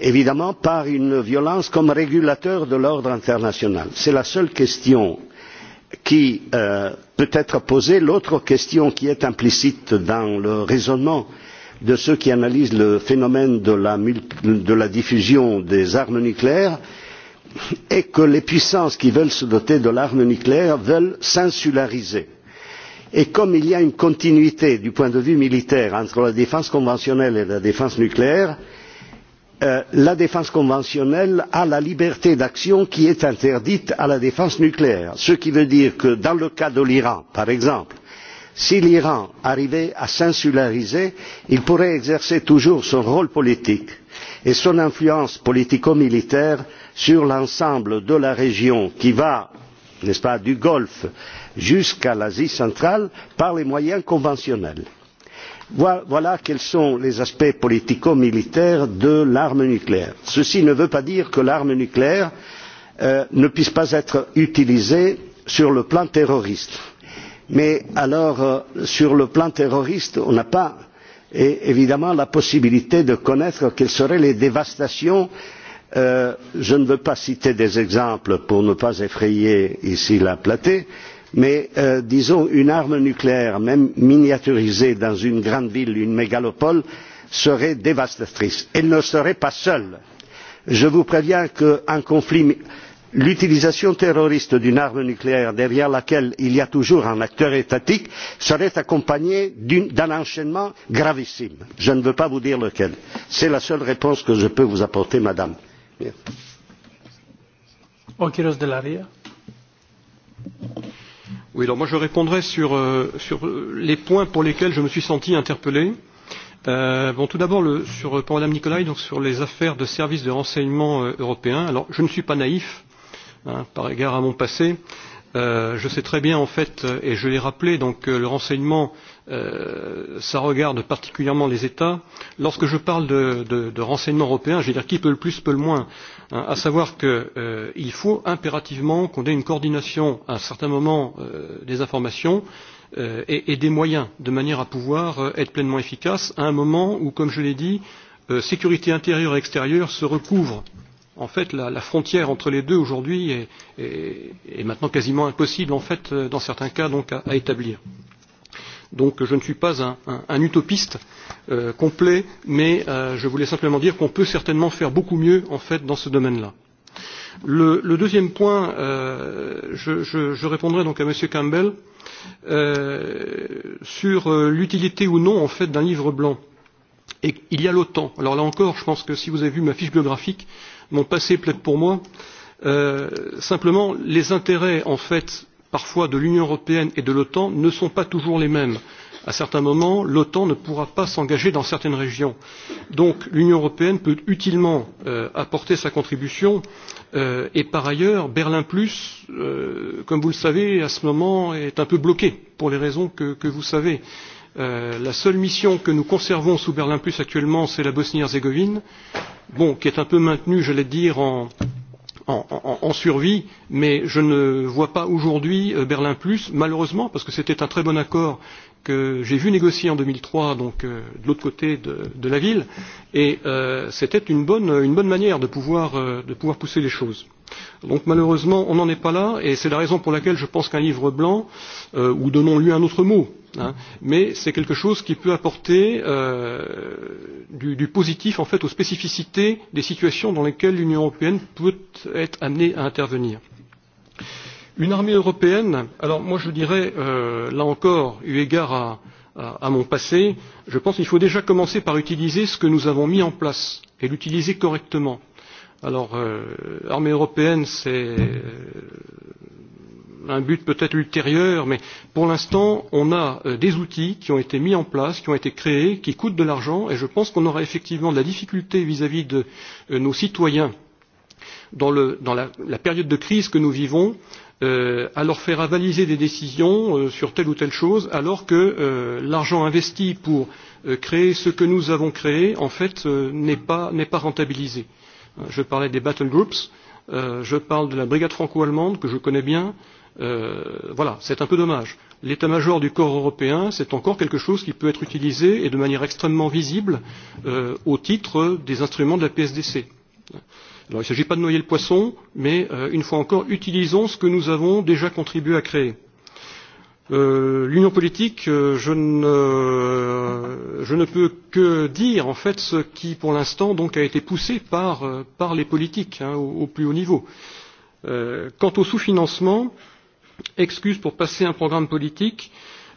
évidemment par une violence comme régulateur de l'ordre international. C'est la seule question qui euh, peut être posée, l'autre question qui est implicite dans le raisonnement de ceux qui analysent le phénomène de la, de la diffusion des armes nucléaires, est que les puissances qui veulent se doter de l'arme nucléaire veulent s'insulariser. Et comme il y a une continuité du point de vue militaire entre la défense conventionnelle et la défense nucléaire, euh, Euh, la défense conventionnelle a la liberté d'action qui est interdite à la défense nucléaire ce qui veut dire que dans le cas de l'iran par exemple si l'iran arrivait à s'insulariser il pourrait exercer toujours son rôle politique et son influence politico militaire sur l'ensemble de la région qui va n'est ce pas du golfe jusqu'à l'asie centrale par les moyens conventionnels voilà quels sont les aspects politico militaires de l'arme nucléaire. ceci ne veut pas dire que l'arme nucléaire euh, ne puisse pas être utilisée sur le plan terroriste mais alors euh, sur le plan terroriste on n'a pas et, évidemment la possibilité de connaître quelles seraient les dévastations euh, je ne veux pas citer des exemples pour ne pas effrayer ici la platée mais euh, disons une arme nucléaire même miniaturisée dans une grande ville une mégalopole serait dévastatrice elle ne serait pas seule je vous préviens qu'un conflit l'utilisation terroriste d'une arme nucléaire derrière laquelle il y a toujours un acteur étatique serait accompagnée d'un enchaînement gravissime je ne veux pas vous dire lequel c'est la seule réponse que je peux vous apporter madame Merci. Okay, Alors moi je répondrai sur, euh, sur les points pour lesquels je me suis senti interpellé. Euh, bon, tout d'abord sur euh, pour Madame Nicolai, donc sur les affaires de services de renseignement euh, européens. Alors je ne suis pas naïf hein, par égard à mon passé. Euh, je sais très bien en fait, euh, et je l'ai rappelé, donc euh, le renseignement, euh, ça regarde particulièrement les États. Lorsque je parle de, de, de renseignement européen, je veux dire qui peut le plus, peut le moins à savoir qu'il euh, faut impérativement qu'on ait une coordination à un certain moment euh, des informations euh, et, et des moyens de manière à pouvoir euh, être pleinement efficace à un moment où, comme je l'ai dit, euh, sécurité intérieure et extérieure se recouvrent. En fait, la, la frontière entre les deux aujourd'hui est, est, est maintenant quasiment impossible, en fait, euh, dans certains cas, donc, à, à établir. Donc, je ne suis pas un, un, un utopiste euh, Euh, complet mais euh, je voulais simplement dire qu'on peut certainement faire beaucoup mieux en fait dans ce domaine là. le deuxième point euh, je, je, je répondrai donc à m. campbell sur l'utilité ou non en fait d'un livre blanc. Et il y a l'OTAN. Alors là encore, je pense que si vous avez vu ma fiche biographique, mon passé plaide pour moi. Euh, simplement, les intérêts, en fait, parfois de l'Union européenne et de l'OTAN ne sont pas toujours les mêmes à certains moments l'otan ne pourra pas s'engager dans certaines régions. donc l'union européenne peut utilement euh, apporter sa contribution euh, et par ailleurs berlin plus euh, comme vous le savez à ce moment est un peu bloqué pour les raisons que vous savez. la seule mission que nous conservons sous berlin plus actuellement c'est la bosnie herzégovine qui est un peu maintenue j'allais dire en survie mais je ne vois pas aujourd'hui euh, berlin plus malheureusement parce que c'était un très bon accord que j'ai vu négocier en deux mille trois donc euh, de l'autre côté de la ville et euh, c'était une bonne, une bonne manière de pouvoir, de pouvoir pousser les choses. Donc malheureusement on n'en est pas là et c'est la raison pour laquelle je pense qu'un livre blanc ou donnons lui un autre mot hein, mais c'est quelque chose qui peut apporter euh, du, du positif en fait aux spécificités des situations dans lesquelles l'Union européenne peut être amenée à intervenir. Une armée européenne, alors moi je dirais euh, là encore, eu égard à, à, à mon passé, je pense qu'il faut déjà commencer par utiliser ce que nous avons mis en place et l'utiliser correctement. Alors, euh, armée européenne, c'est euh, un but peut être ultérieur mais pour l'instant on a euh, des outils qui ont été mis en place qui ont été créés qui coûtent de l'argent et je pense qu'on aura effectivement de la difficulté vis à vis de euh, nos citoyens dans la période de crise que nous vivons euh, à leur faire avaliser des décisions sur telle ou telle chose alors que l'argent investi pour créer ce que nous avons créé en fait n'est pas rentabilisé. je parlais des battle groups je parle de la brigade franco allemande que je connais bien Euh, voilà c'est un peu dommage. l'état major du corps européen c'est encore quelque chose qui peut être utilisé et de manière extrêmement visible euh, au titre des instruments de la psdc. Alors, il ne s'agit pas de noyer le poisson mais euh, une fois encore utilisons ce que nous avons déjà contribué à créer. Euh, l'union politique euh, je, ne, euh, je ne peux que dire en fait ce qui pour l'instant donc a été poussé par, euh, par les politiques hein, au, au plus haut niveau. Euh, quant au sous financement euh, excuse pour passer un programme politique.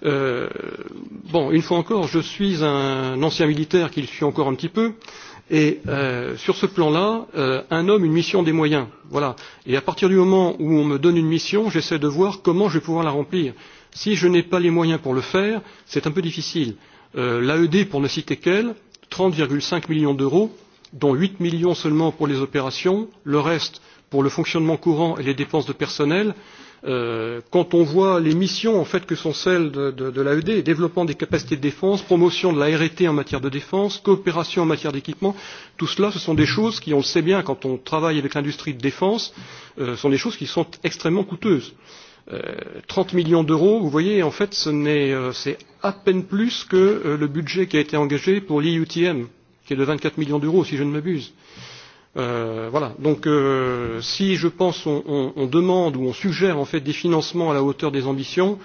Euh, une fois encore je suis un ancien militaire qui le suis encore un petit peu et euh, sur ce plan là euh, un homme une mission des moyens. et à partir du moment où on me donne une mission j'essaie de voir comment je vais pouvoir la remplir. si je n'ai pas les moyens pour le faire c'est un peu difficile. l'aed pour ne citer qu'elle trente cinq millions d'euros dont huit millions seulement pour les opérations le reste pour le fonctionnement courant et les dépenses de personnel. Euh, quand on voit les missions en fait que sont celles de l'afd e développement des capacités de défense promotion de la rt en matière de défense coopération en matière d'équipement tout cela ce sont des choses qui on le sait bien quand on travaille avec l'industrie de défense euh, sont des choses qui sont extrêmement coûteuses euh, trente millions d'euros vous voyez en fait c'est à peine plus que le budget qui a été engagé pour l'eutm qui est de vingt quatre millions d'euros si je ne m'abuse. Euh, voilà donc euh, si je pense on, on, on demande ou on suggère en fait des financements à la hauteur des ambitions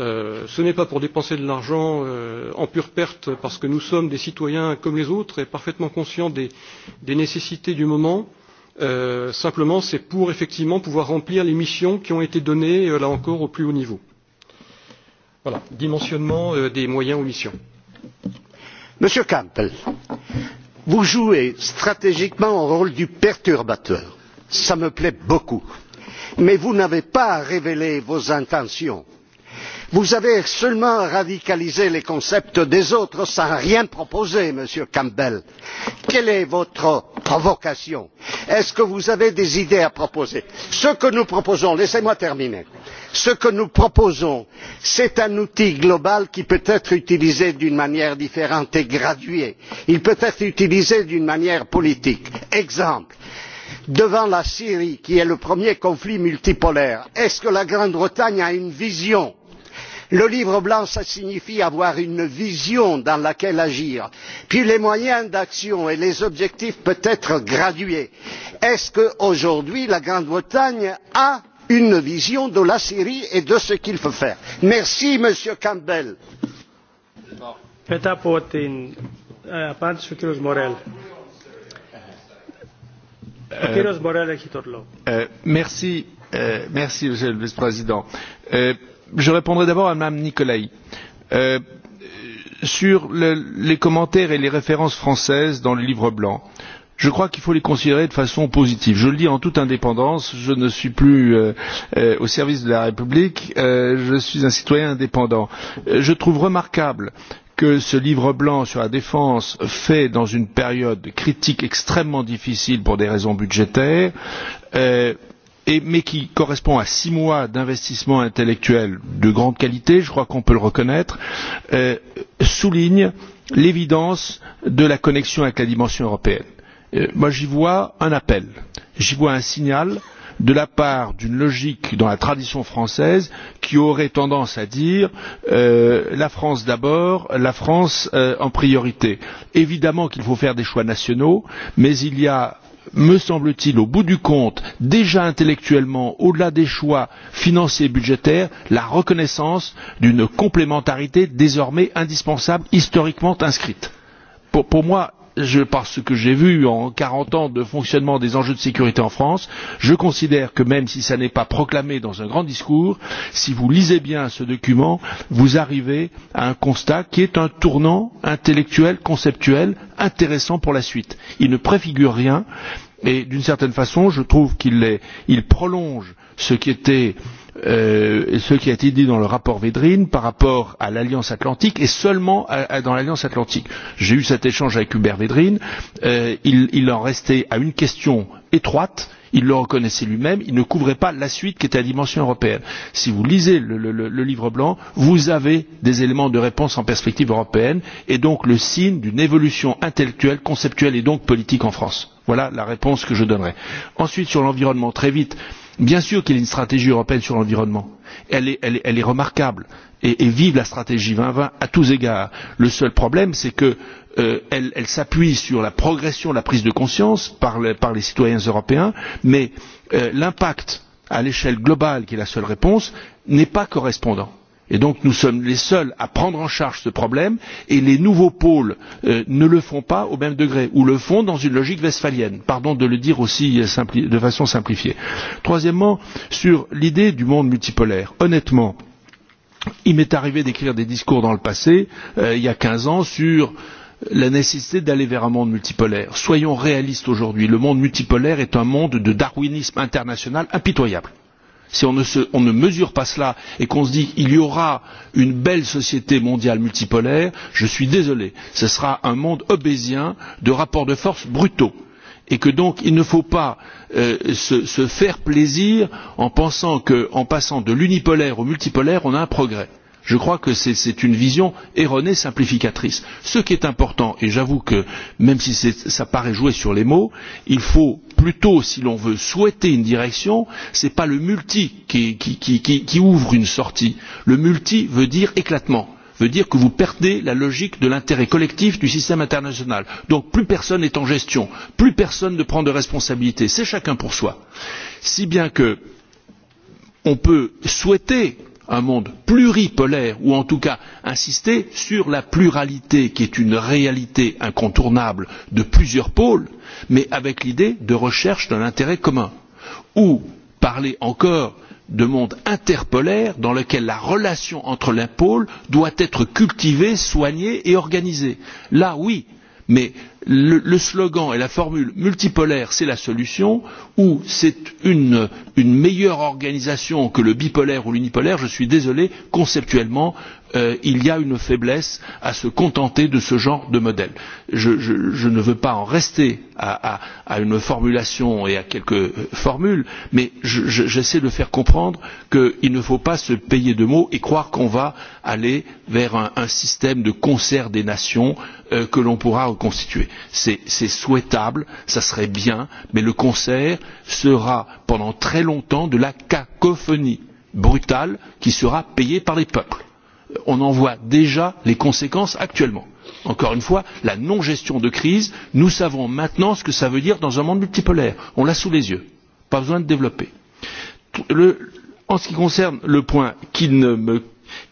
euh, ce n'est pas pour dépenser de l'argent euh, en pure perte parce que nous sommes des citoyens comme les autres et parfaitement conscients des, des nécessités du moment euh, simplement c'est pour effectivement pouvoir remplir les missions qui ont été données euh, là encore au plus haut niveau voilà dimensionnement euh, des moyens aux missions monsieur Campbell vous jouez stratégiquement le rôle du perturbateur cela me plaît beaucoup mais vous n'avez pas révélé vos intentions vous avez seulement radicalisé les concepts des autres sans rien proposer monsieur campbell. quelle est votre provocation? est ce que vous avez des idées à proposer? ce que nous proposons laissez moi terminer c'est un outil global qui peut être utilisé d'une manière différente et graduée. il peut être utilisé d'une manière politique. exemple devant la syrie qui est le premier conflit multipolaire est ce que la grande bretagne a une vision? Le livre blanc, ça signifie avoir une vision dans laquelle agir, puis les moyens d'action et les objectifs peuvent être gradués. Est ce qu'aujourd'hui la Grande Bretagne a une vision de la Syrie et de ce qu'il faut faire? Merci, Monsieur Campbell. Bon. Euh, euh, merci, euh, merci, Monsieur le Vice-président. Euh, je répondrai d'abord à mme nicolai euh, sur les commentaires et les références françaises dans le livre blanc je crois qu'il faut les considérer de façon positive. je le dis en toute indépendance je ne suis plus euh, euh, au service de la république je suis un citoyen indépendant. je trouve remarquable que ce livre blanc sur la défense fait dans une période critique extrêmement difficile pour des raisons budgétaires mais qui correspond à six mois d'investissement intellectuel de grande qualité je crois qu'on peut le reconnaître euh, souligne l'évidence de la connexion avec la dimension européenne. Euh, j'y vois un appel j'y vois un signal de la part d'une logique dans la tradition française qui aurait tendance à dire euh, la france d'abord la france en priorité. évidemment qu'il faut faire des choix nationaux mais il y a me semble t il au bout du compte déjà intellectuellement au delà des choix financiers et budgétaires la reconnaissance d'une complémentarité désormais indispensable historiquement inscrite. pour moi par ce que j'ai vu en quarante ans de fonctionnement des enjeux de sécurité en france je considère que même si ce n'est pas proclamé dans un grand discours si vous lisez bien ce document vous arrivez à un constat qui est un tournant intellectuel conceptuel intéressant pour la suite. il ne préfigure rien et d'une certaine façon je trouve qu'il prolonge ce qui était Euh, ce qui a été dit dans le rapport Védrine par rapport à l'Alliance Atlantique et seulement à, à, dans l'Alliance Atlantique. J'ai eu cet échange avec Hubert Védrine, euh, il, il en restait à une question étroite, il le reconnaissait lui-même, il ne couvrait pas la suite qui était à dimension européenne. Si vous lisez le, le, le, le livre blanc, vous avez des éléments de réponse en perspective européenne et donc le signe d'une évolution intellectuelle, conceptuelle et donc politique en France. Voilà la réponse que je donnerai. Ensuite, sur l'environnement, très vite, euh, Bien sûr qu'il y a une stratégie européenne sur l'environnement. Elle est, elle, est, elle est remarquable et, et vive la stratégie 2020 à tous égards. Le seul problème, c'est qu'elle euh, elle, s'appuie sur la progression de la prise de conscience par, le, par les citoyens européens, mais euh, l'impact à l'échelle globale, qui est la seule réponse, n'est pas correspondant et donc nous sommes les seuls à prendre en charge ce problème et les nouveaux pôles euh, ne le font pas au même degré ou le font dans une logique westphalienne pardon de le dire aussi euh, de façon simplifiée. troisièmement sur l'idée du monde multipolaire honnêtement il m'est arrivé d'écrire des discours dans le passé euh, il y a quinze ans sur la nécessité d'aller vers un monde multipolaire. soyons réalistes aujourd'hui le monde multipolaire est un monde de darwinisme international impitoyable si on ne, se, on ne mesure pas cela et qu'on se dit qu'il y aura une belle société mondiale multipolaire, je suis désolé, ce sera un monde obésien de rapports de force brutaux. Et que donc il ne faut pas euh, se, se faire plaisir en pensant qu'en passant de l'unipolaire au multipolaire, on a un progrès. Je crois que c'est une vision erronée, simplificatrice. Ce qui est important, et j'avoue que même si ça paraît jouer sur les mots, il faut plutôt, si l'on veut souhaiter une direction, ce n'est pas le multi qui, qui, qui, qui, qui ouvre une sortie. Le multi veut dire éclatement veut dire que vous perdez la logique de l'intérêt collectif du système international. Donc plus personne n'est en gestion, plus personne ne prend de responsabilités, c'est chacun pour soi. Si bien que on peut souhaiter un monde pluripolaire ou en tout cas insister sur la pluralité qui est une réalité incontournable de plusieurs pôles mais avec l'idée de recherche d'un intérêt commun ou parler encore de monde interpolaire dans lequel la relation entre les pôles doit être cultivée soignée et organisée. là oui mais le slogan et la formule multipolaire c'est la solution ou c'est une meilleure organisation que le bipolaire ou l'unipolaire je suis désolé conceptuellement je Euh, il y a une faiblesse à se contenter de ce genre de modèle. je ne veux pas en rester à une formulation et à quelques formules mais j'essaie de faire comprendre qu'il ne faut pas se payer de mots et croire qu'on va aller vers un système de concert des nations euh, que l'on pourra reconstituer. c'est souhaitable ce serait bien mais le concert sera pendant très longtemps de la cacophonie brutale qui sera payée par les peuples on en voit déjà les conséquences actuellement. encore une fois la non gestion de crise nous savons maintenant ce que cela veut dire dans un monde multipolaire on l'a sous les yeux pas besoin de développer. en ce qui concerne le point qui ne me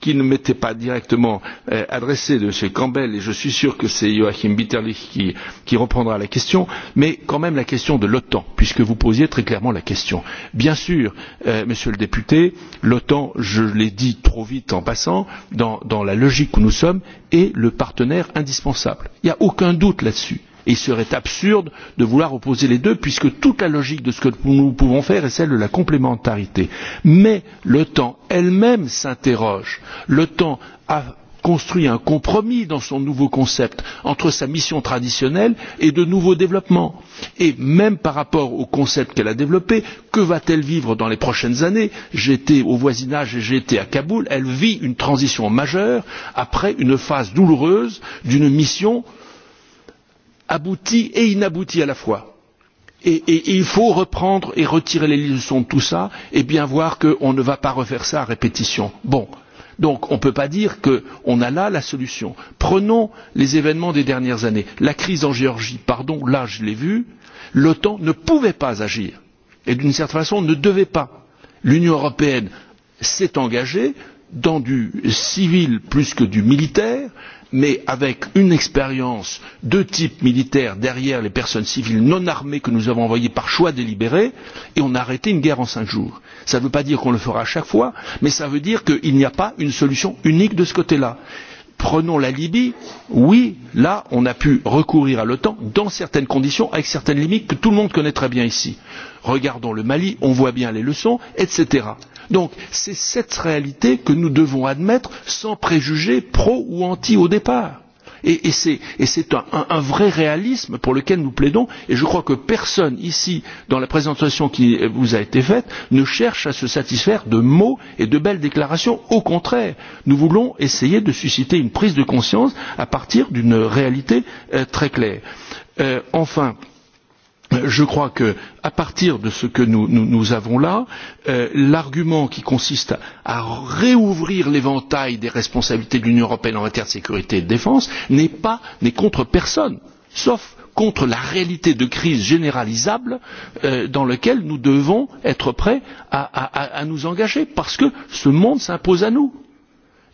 qui ne m'était pas directement euh, adressée de M. Campbell, et je suis sûr que c'est Joachim Bitterlich qui, qui reprendra la question, mais quand même la question de l'OTAN, puisque vous posiez très clairement la question. Bien sûr, euh, Monsieur le député, l'OTAN, je l'ai dit trop vite en passant, dans, dans la logique où nous sommes, est le partenaire indispensable. Il n'y a aucun doute là-dessus et il serait absurde de vouloir opposer les deux puisque toute la logique de ce que nous pouvons faire est celle de la complémentarité. mais l'otan elle même s'interroge l'otan a construit un compromis dans son nouveau concept entre sa mission traditionnelle et de nouveaux développements et même par rapport au concept qu'elle a développé que va t elle vivre dans les prochaines années? j'étais au voisinage et j'étais à kaboul elle vit une transition majeure après une phase douloureuse d'une mission qui abouti et inabouti à la fois. Et, et, et il faut reprendre et retirer les leçons de tout ça et bien voir qu'on ne va pas refaire ça à répétition. Bon, donc on ne peut pas dire qu'on a là la solution. Prenons les événements des dernières années. La crise en Géorgie, pardon, là je l'ai vu, l'OTAN ne pouvait pas agir et d'une certaine façon ne devait pas. L'Union européenne s'est engagée dans du civil plus que du militaire, mais avec une expérience de type militaire derrière les personnes civiles non armées que nous avons envoyées par choix délibéré et on a arrêté une guerre en cinq jours. cela ne veut pas dire qu'on le fera à chaque fois mais cela veut dire qu'il n'y a pas une solution unique de ce côté là prenons la libye oui là on a pu recourir à l'otan dans certaines conditions avec certaines limites que tout le monde connaît très bien ici. regardons le mali on voit bien les leçons etc. donc c'est cette réalité que nous devons admettre sans préjuger pro ou anti au départ. Et, et c'est un, un, un vrai réalisme pour lequel nous plaidons. Et je crois que personne ici, dans la présentation qui vous a été faite, ne cherche à se satisfaire de mots et de belles déclarations. Au contraire, nous voulons essayer de susciter une prise de conscience à partir d'une réalité euh, très claire. Euh, enfin, euh, je crois que à partir de ce que nous nous avons là euh, l'argument qui consiste à rouvrir l'éventail des responsabilités de l'union européenne en matière de sécurité et de défense n'est pas n'est contre personne sauf contre la réalité de crise généralisable euh, dans laquelle nous devons être prêts à nous engager parce que ce monde s'impose à nous.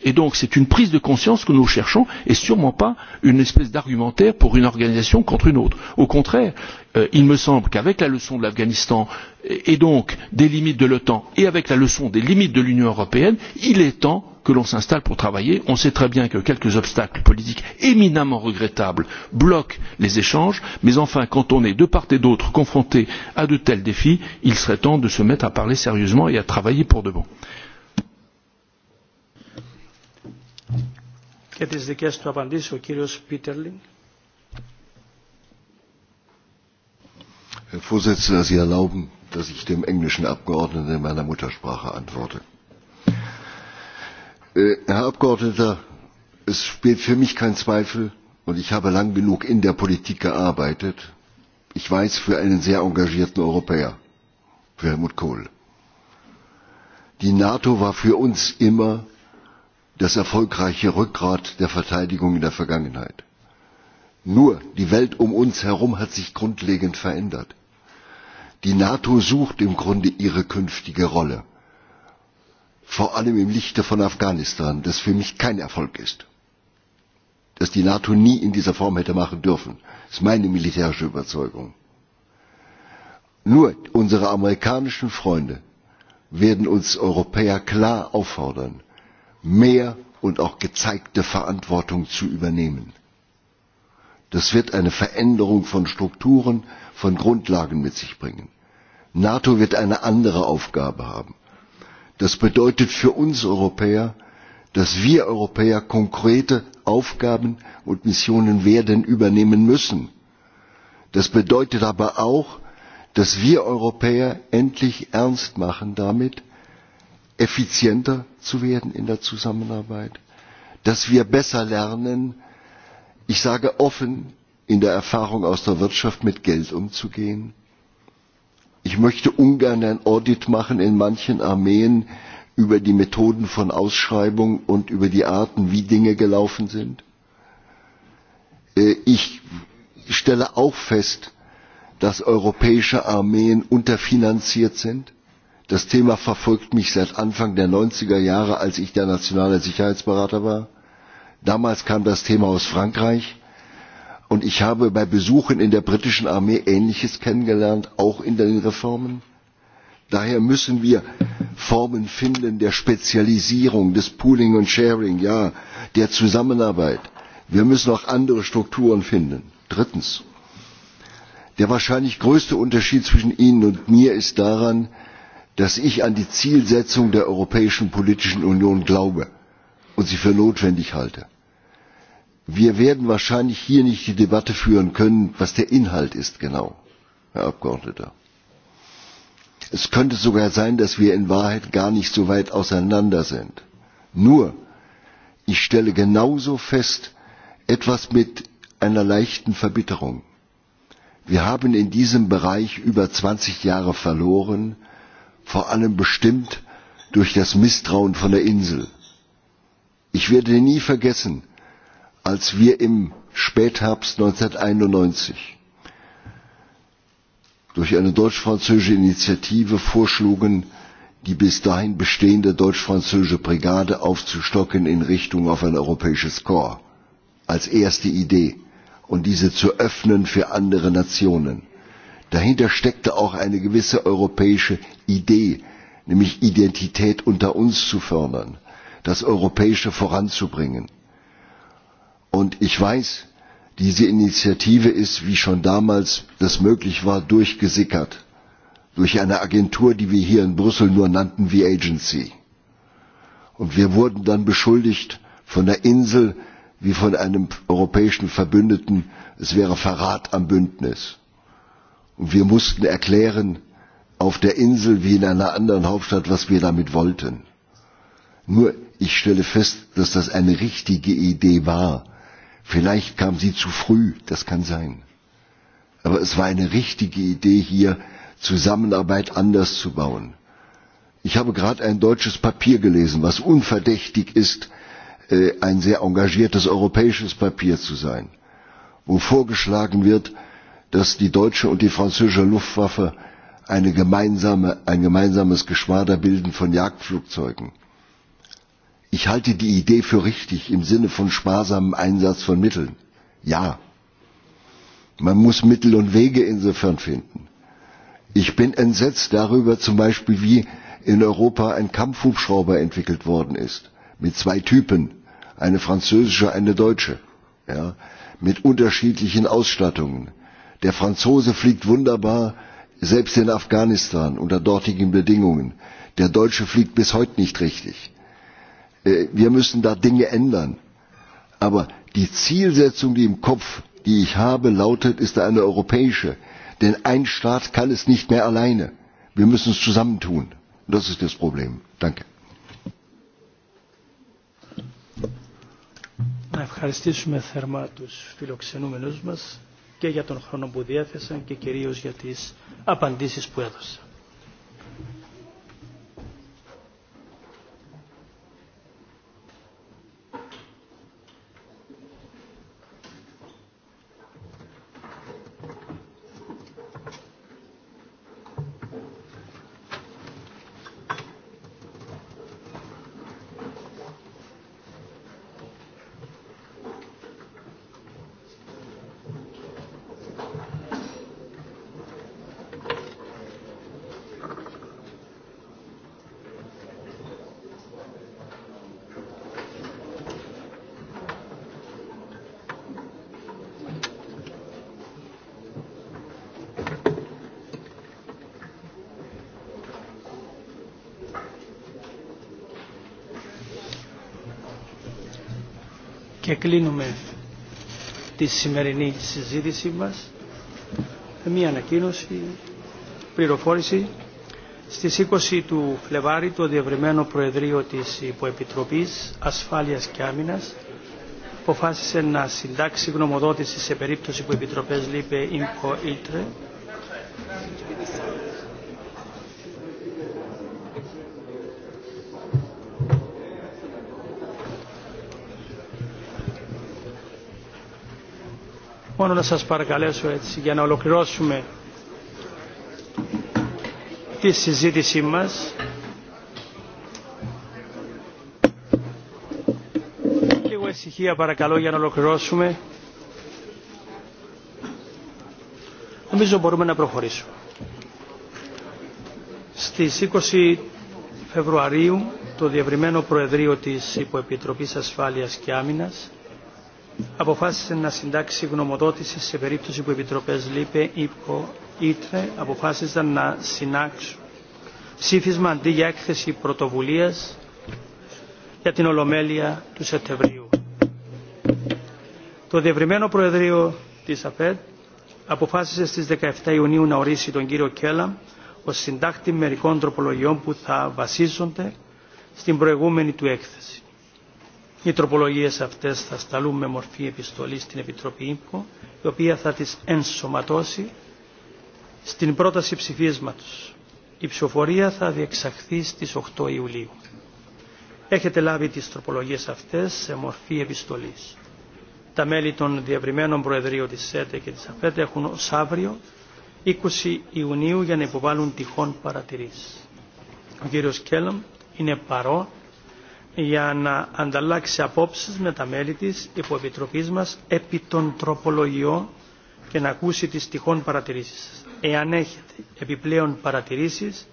Et donc c'est une prise de conscience que nous cherchons et sûrement pas une espèce d'argumentaire pour une organisation contre une autre. Au contraire, euh, il me semble qu'avec la leçon de l'Afghanistan et, et donc des limites de l'OTAN et avec la leçon des limites de l'Union européenne, il est temps que l'on s'installe pour travailler. On sait très bien que quelques obstacles politiques éminemment regrettables bloquent les échanges, mais enfin, quand on est de part et d'autre confronté à de tels défis, il serait temps de se mettre à parler sérieusement et à travailler pour de bon. και τις δικές του απαντήσεις ο κύριος Πίτερλινγκ. Herr Vorsitzender, Sie erlauben, dass ich dem englischen Abgeordneten in meiner Muttersprache antworte. Äh, Herr Abgeordneter, es spielt für mich kein Zweifel, und ich habe lang genug in der Politik gearbeitet, ich weiß für einen sehr engagierten Europäer, für Helmut Kohl. Die NATO war für uns immer das erfolgreiche Rückgrat der Verteidigung in der Vergangenheit. Nur die Welt um uns herum hat sich grundlegend verändert. Die NATO sucht im Grunde ihre künftige Rolle, vor allem im Lichte von Afghanistan, das für mich kein Erfolg ist, das die NATO nie in dieser Form hätte machen dürfen, das ist meine militärische Überzeugung. Nur unsere amerikanischen Freunde werden uns Europäer klar auffordern, mehr und auch gezeigte Verantwortung zu übernehmen. Das wird eine Veränderung von Strukturen, von Grundlagen mit sich bringen. NATO wird eine andere Aufgabe haben. Das bedeutet für uns Europäer, dass wir Europäer konkrete Aufgaben und Missionen werden übernehmen müssen. Das bedeutet aber auch, dass wir Europäer endlich ernst machen damit, effizienter zu werden in der Zusammenarbeit, dass wir besser lernen, ich sage offen, in der Erfahrung aus der Wirtschaft mit Geld umzugehen. Ich möchte ungern ein Audit machen in manchen Armeen über die Methoden von Ausschreibung und über die Arten, wie Dinge gelaufen sind. Äh, ich stelle auch fest, dass europäische Armeen unterfinanziert sind. Das Thema verfolgt mich seit Anfang der 90er Jahre, als ich der nationale Sicherheitsberater war. Damals kam das Thema aus Frankreich. Und ich habe bei Besuchen in der britischen Armee Ähnliches kennengelernt, auch in den Reformen. Daher müssen wir Formen finden der Spezialisierung, des Pooling und Sharing, ja, der Zusammenarbeit. Wir müssen auch andere Strukturen finden. Drittens. Der wahrscheinlich größte Unterschied zwischen Ihnen und mir ist daran, dass ich an die Zielsetzung der Europäischen Politischen Union glaube und sie für notwendig halte. Wir werden wahrscheinlich hier nicht die Debatte führen können, was der Inhalt ist, genau, Herr Abgeordneter. Es könnte sogar sein, dass wir in Wahrheit gar nicht so weit auseinander sind. Nur, ich stelle genauso fest, etwas mit einer leichten Verbitterung. Wir haben in diesem Bereich über 20 Jahre verloren, vor allem bestimmt durch das Misstrauen von der Insel. Ich werde nie vergessen, als wir im Spätherbst 1991 durch eine deutsch-französische Initiative vorschlugen, die bis dahin bestehende deutsch-französische Brigade aufzustocken in Richtung auf ein europäisches Korps, als erste Idee, und diese zu öffnen für andere Nationen. Dahinter steckte auch eine gewisse europäische Idee, nämlich Identität unter uns zu fördern, das Europäische voranzubringen. Und ich weiß, diese Initiative ist, wie schon damals das möglich war, durchgesickert durch eine Agentur, die wir hier in Brüssel nur nannten wie Agency. Und wir wurden dann beschuldigt von der Insel wie von einem europäischen Verbündeten, es wäre Verrat am Bündnis. Wir mussten erklären auf der Insel wie in einer anderen Hauptstadt, was wir damit wollten. Nur ich stelle fest, dass das eine richtige Idee war. Vielleicht kam sie zu früh, das kann sein. Aber es war eine richtige Idee hier, Zusammenarbeit anders zu bauen. Ich habe gerade ein deutsches Papier gelesen, was unverdächtig ist, äh, ein sehr engagiertes europäisches Papier zu sein, wo vorgeschlagen wird, dass die deutsche und die französische Luftwaffe eine gemeinsame, ein gemeinsames Geschwader bilden von Jagdflugzeugen. Ich halte die Idee für richtig im Sinne von sparsamem Einsatz von Mitteln. Ja, man muss Mittel und Wege insofern finden. Ich bin entsetzt darüber, zum Beispiel, wie in Europa ein Kampfhubschrauber entwickelt worden ist, mit zwei Typen, eine französische, eine deutsche, ja, mit unterschiedlichen Ausstattungen. Der Franzose fliegt wunderbar, selbst in Afghanistan unter dortigen Bedingungen. Der Deutsche fliegt bis heute nicht richtig. Äh, wir müssen da Dinge ändern. Aber die Zielsetzung, die im Kopf, die ich habe, lautet, ist eine europäische. Denn ein Staat kann es nicht mehr alleine. Wir müssen es zusammentun. Das ist das Problem. Danke. Ευχαριστήσουμε θερμά τους φιλοξενούμενους μας και για τον χρόνο που διέθεσαν και κυρίως για τις απαντήσεις που έδωσαν. κλείνουμε τη σημερινή συζήτησή μας με μια ανακοίνωση, πληροφόρηση. Στις 20 του Φλεβάρι το Διευρυμένο Προεδρείο της Υποεπιτροπής Ασφάλειας και Άμυνας αποφάσισε να συντάξει γνωμοδότηση σε περίπτωση που η Επιτροπές λείπε ή ΙΤΡΕ χρόνο να σας παρακαλέσω έτσι για να ολοκληρώσουμε τη συζήτησή μας. Λίγο ησυχία παρακαλώ για να ολοκληρώσουμε. Νομίζω μπορούμε να προχωρήσουμε. Στις 20 Φεβρουαρίου το διευρυμένο Προεδρείο της Υποεπιτροπής Ασφάλειας και Άμυνας αποφάσισε να συντάξει γνωμοδότηση σε περίπτωση που οι επιτροπέ ΛΥΠΕ ή ΙΤΡΕ αποφάσισαν να συνάξουν ψήφισμα αντί για έκθεση πρωτοβουλία για την ολομέλεια του Σεπτεμβρίου. Το διευρυμένο Προεδρείο της ΑΠΕΤ αποφάσισε στις 17 Ιουνίου να ορίσει τον κύριο Κέλλα ως συντάκτη μερικών τροπολογιών που θα βασίζονται στην προηγούμενη του έκθεση. Οι τροπολογίε αυτέ θα σταλούν με μορφή επιστολή στην Επιτροπή ΥΠΚΟ, η οποία θα τι ενσωματώσει στην πρόταση ψηφίσματο. Η ψηφοφορία θα διεξαχθεί στι 8 Ιουλίου. Έχετε λάβει τι τροπολογίε αυτέ σε μορφή επιστολή. Τα μέλη των διευρυμένων Προεδρείων τη ΣΕΤΕ και τη ΑΦΕΤΕ έχουν ω αύριο 20 Ιουνίου για να υποβάλουν τυχόν παρατηρήσει. Ο κύριος Κέλλον είναι παρό για να ανταλλάξει απόψεις με τα μέλη της υποεπιτροπής μας επί των τροπολογιών και να ακούσει τις τυχόν παρατηρήσεις σας. Εάν έχετε επιπλέον παρατηρήσεις,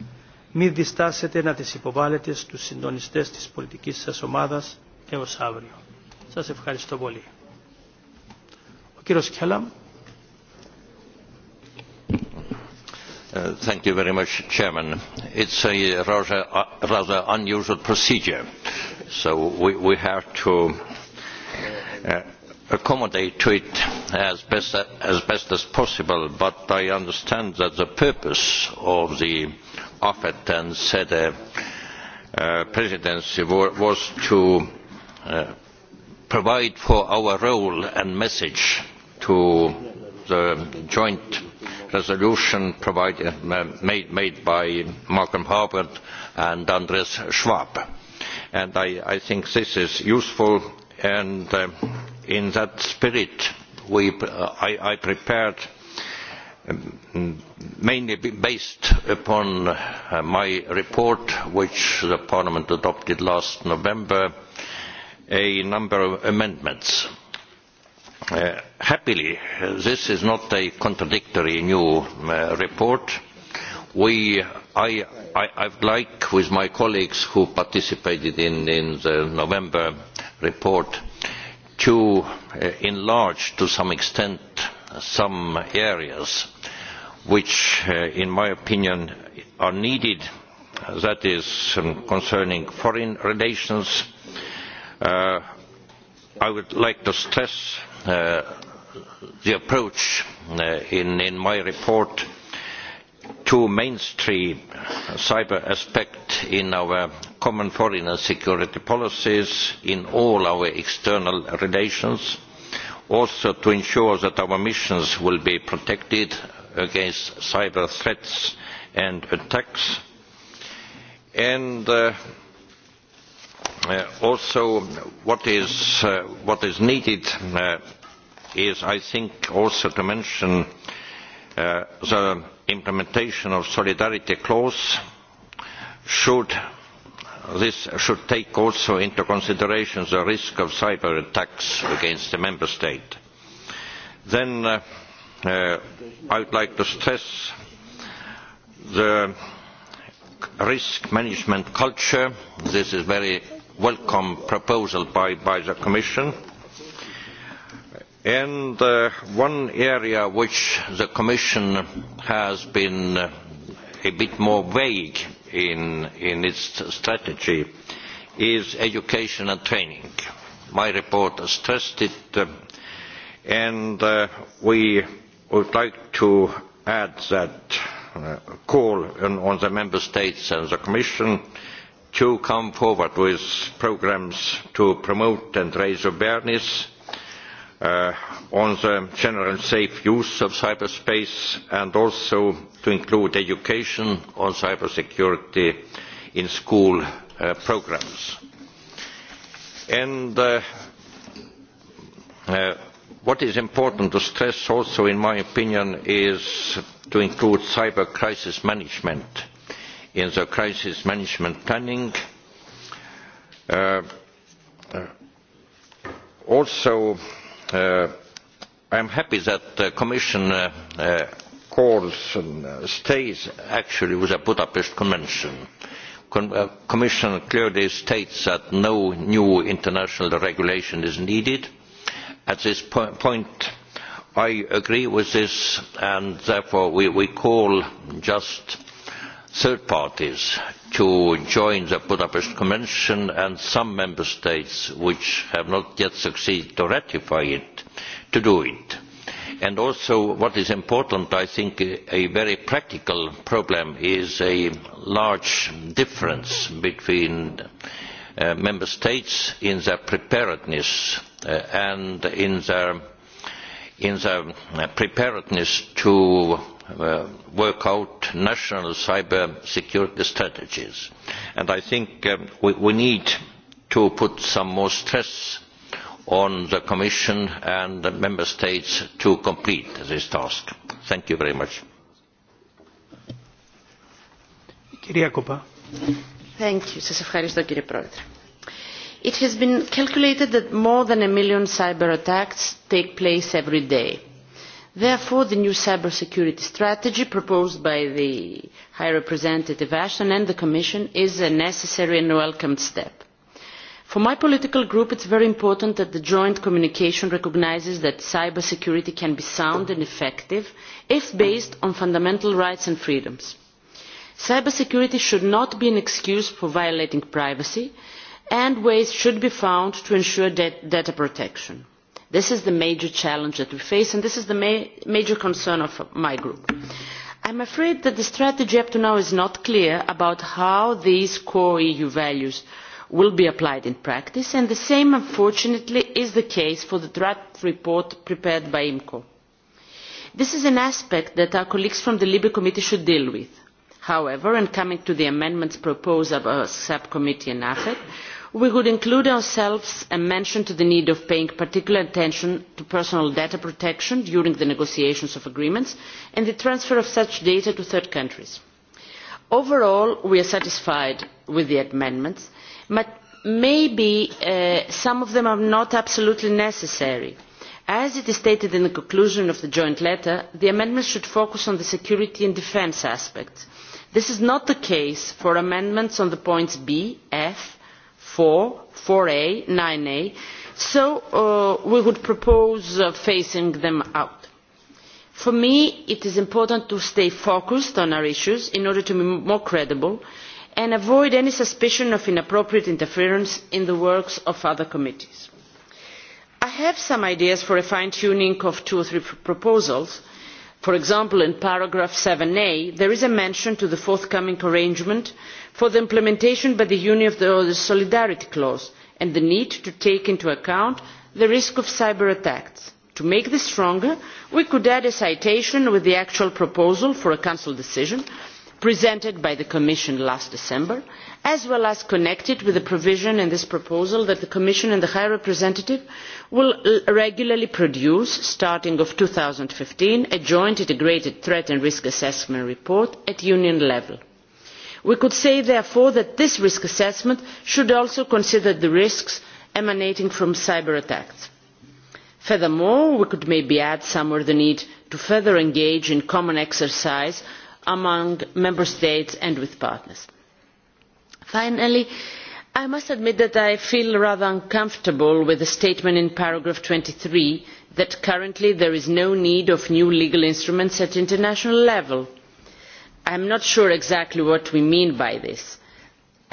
μη διστάσετε να τις υποβάλλετε στους συντονιστές της πολιτικής σας ομάδας έως αύριο. Σας ευχαριστώ πολύ. Ο κύριος Κιάλαμ. Uh, thank you very much, Chairman. It's a rather, uh, rather unusual procedure, so we, we have to uh, accommodate to it as best, uh, as best as possible, but I understand that the purpose of the Offit and said uh, uh, presidency was to uh, provide for our role and message to the joint resolution uh, made by malcolm harbour and andreas schwab and i think this is useful and uh, in that spirit uh, i prepared um, mainly based upon my report which parliament adopted last november a number of amendments. Uh, happily this is not a contradictory new uh, report. We, I, I, I'd like with my colleagues who participated in, in the November report to uh, enlarge to some extent some areas which uh, in my opinion are needed that is um, concerning foreign relations. Uh, I would like to stress Uh, the approach uh, in, in my report to mainstream cyber aspect in our common foreign and security policies in all our external relations, also to ensure that our missions will be protected against cyber threats and attacks. And uh, Uh, also what is uh, needed uh, is I think also to mention the implementation of solidarity clause should this should take also into consideration the risk of cyber attacks against a member state. Then uh, I would like to stress the risk management culture. This is very welcome proposal by the commission and uh, one area which the commission has been uh, a bit more vague in in its strategy is education and training my report has stressed it uh, and we would like to add that call on the member states and the commission to come forward with programmes to promote and raise awareness uh, on the general safe use of cyberspace and also to include education on cybersecurity in school uh, programmes. Uh, what is important to stress also in my opinion is to include cyber crisis management in the crisis management planning. Uh, uh also, uh, I am happy that the Commission uh, uh, calls and uh, stays actually with the Budapest Convention. Con uh, Commission clearly states that no new international regulation is needed. At this po point, I agree with this, and therefore we, we call just third parties to join the budapest convention and some member states which have not yet succeeded to ratify it to do it. and also what is important i think a very practical problem is a large difference between uh, member states in their preparedness uh, and in their, in their uh, preparedness to Uh, work out national cyber security strategies. And I think um, we, we need to put some more stress on the Commission and the Member States to complete this task. Thank you very much. Thank you. It has been calculated that more than a million cyber attacks take place every day therefore the new cyber security strategy proposed by the high representative ashton and the commission is a necessary and welcomed step. for my political group it is very important that the joint communication recognises that cyber security can be sound and effective if based on fundamental rights and freedoms. cyber security should not be an excuse for violating privacy and ways should be found to ensure data protection this is the major challenge that we face and this is the ma major concern of my group. i am afraid that the strategy up to now is not clear about how these core eu values will be applied in practice and the same unfortunately is the case for the draft report prepared by imco. this is an aspect that our colleagues from the libe committee should deal with. however and coming to the amendments proposed by our uh, subcommittee in afet we would include ourselves a mention of the need to pay particular attention to personal data protection during the negotiations of agreements and the transfer of such data to third countries. overall we are satisfied with the amendments but maybe uh, some of them are not absolutely necessary. as is stated in the conclusion of the joint letter the amendments should focus on the security and defence aspects. this is not the case for amendments on the points b f four four a and nine a so uh, we would propose uh, phasing them out. for me it is important to stay focused on our issues in order to be more credible and avoid any suspicion of inappropriate interference in the work of other committees. i have some ideas for a fine tuning of two or three proposals for example in paragraph seven a there is a mention of the forthcoming arrangement for the implementation by the union of the solidarity clause and the need to take into account the risk of cyber attacks. to make this stronger we could add a citation with the actual proposal for a council decision presented by the commission last december as well as connected with the provision in this proposal that the commission and the high representative will regularly produce starting in two thousand and fifteen a joint integrated threat and risk assessment report at union level. we could say therefore that this risk assessment should also consider the risks emanating from cyber attacks. furthermore we could maybe add somewhere the need to further engage in common exercise among member states and with partners finally i must admit that i feel rather uncomfortable with the statement in paragraph twenty three that currently there is no need for new legal instruments at international level. i am not sure exactly what we mean by this.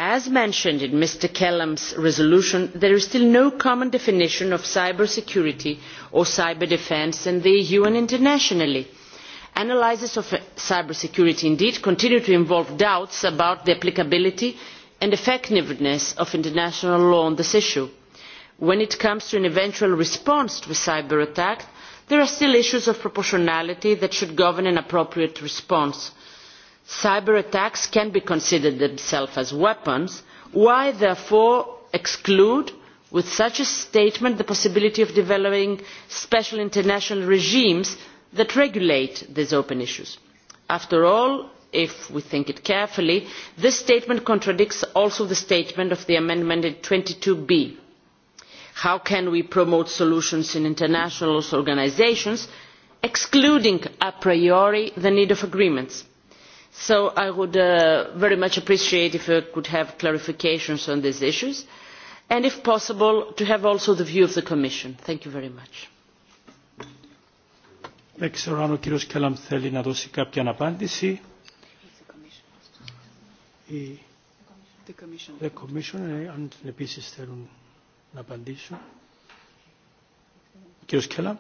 as mentioned in mr kelam's resolution there is still no common definition of cyber security or cyber defence in the eu and internationally. analyses of cyber security indeed continue to involve doubts about the applicability and effectiveness of international law on this issue. when it comes to an eventual response to a cyber attack there are still issues of proportionality that should govern an appropriate response. cyber attacks can be considered themselves as weapons. why therefore exclude with such a statement the possibility of developing special international regimes that regulate these open issues? after all if we think it carefully this statement also contradicts the statement of the amendment in twenty two b how can we promote solutions in international organisations excluding a priori the need of agreements? so i would uh, very much appreciate if we could have clarifications on these issues and if possible to have also the view of the commission. thank you very much the, the, commission. the commission eh, and the pieces there an appendition. Mr. Keller.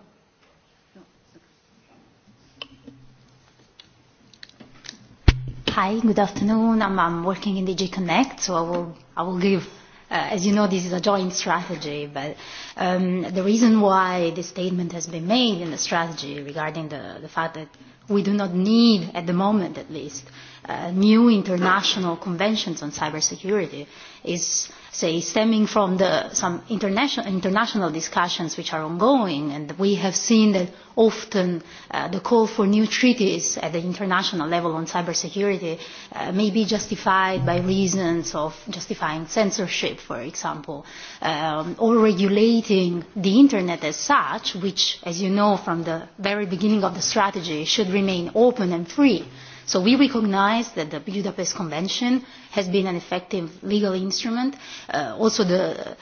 Hi, good afternoon. I'm, I'm working in DG Connect, so I will, I will give, uh, as you know, this is a joint strategy, but um, the reason why the statement has been made in the strategy regarding the, the fact that we do not need, at the moment at least, uh, uh, new international conventions on cybersecurity is, say, stemming from the, some international, international discussions which are ongoing, and we have seen that often uh, the call for new treaties at the international level on cybersecurity uh, may be justified by reasons of justifying censorship, for example, um, or regulating the internet as such, which, as you know from the very beginning of the strategy, should remain open and free. Mm-hmm. So we recognize that the Budapest Convention has been an effective legal instrument. Uh, also, the,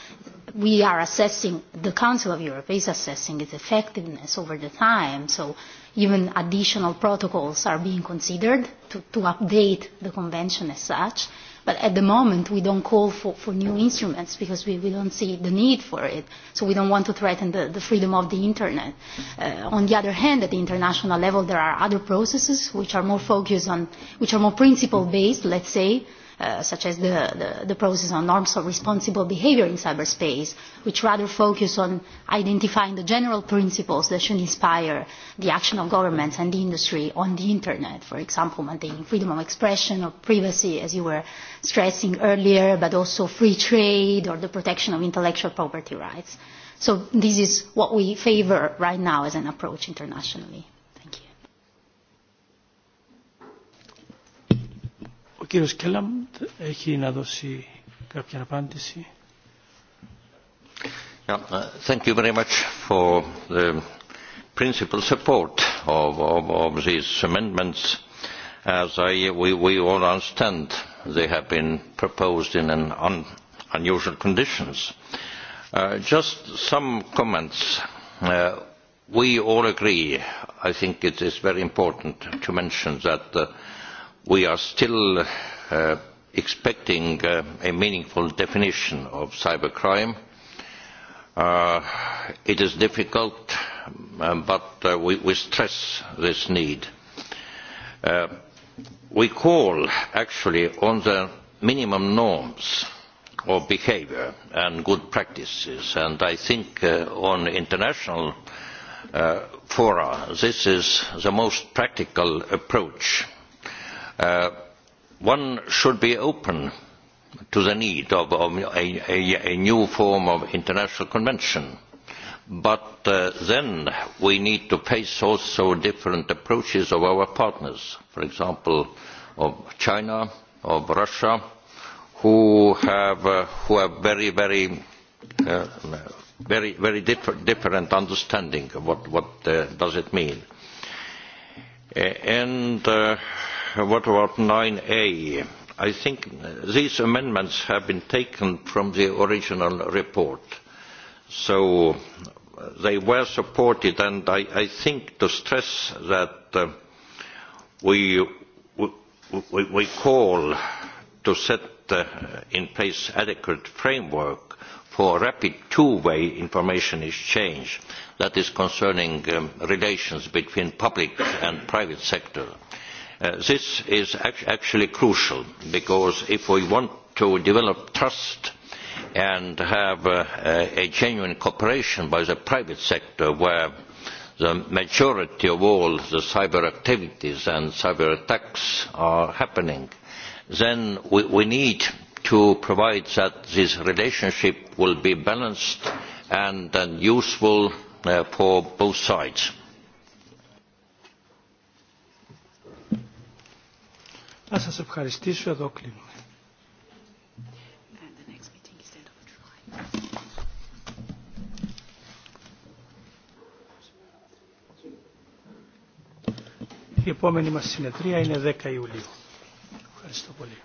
we are assessing, the Council of Europe is assessing its effectiveness over the time. So even additional protocols are being considered to, to update the convention as such. But at the moment, we don't call for, for new instruments because we, we don't see the need for it. So we don't want to threaten the, the freedom of the Internet. Uh, on the other hand, at the international level, there are other processes which are more focused on, which are more principle-based, let's say, uh, Uh, such as the, the, the process on norms of responsible behavior in cyberspace, which rather focus on identifying the general principles that should inspire the action of governments and the industry on the internet, for example, maintaining freedom of expression or privacy, as you were stressing earlier, but also free trade or the protection of intellectual property rights. So this is what we favor right now as an approach internationally. Ο κύριος Κέλαμ έχει να δώσει κάποια απάντηση. Yeah, uh, thank you very much for the principal support of, of, of these amendments. As I, we, we all understand, they have been proposed in an un, unusual conditions. Uh, just some comments. Uh, we all agree, I think it is very important to mention that uh, we are still uh, expecting uh, a meaningful definition of cybercrime. Uh, it is difficult um, but we stress this need. we call actually on the minimum norms of behaviour and good practices and i think on international fora this is the most practical approach. Uh, one should be open to the need of, of a, a, a new form of international convention. But uh, then we need to face also different approaches of our partners, for example, of China, of Russia, who have, uh, who have very, very, uh, very, very diff different understanding of what, what uh, does it mean. And uh, what about nine a? I think these amendments have been taken from the original report, so they were supported. And I, I think to stress that uh, we, we we call to set uh, in place adequate framework for rapid two-way information exchange, that is concerning um, relations between public and private sector. Uh, this is actually crucial because if we want to develop trust and have uh, a genuine cooperation by the private sector where the majority of all the cyber activities and cyber attacks are happening then we need to provide that this relationship will be balanced and useful uh, for both sides. να σας ευχαριστήσω εδώ κλείνουμε. Η επόμενη μας συνεδρία είναι 10 Ιουλίου. Ευχαριστώ πολύ.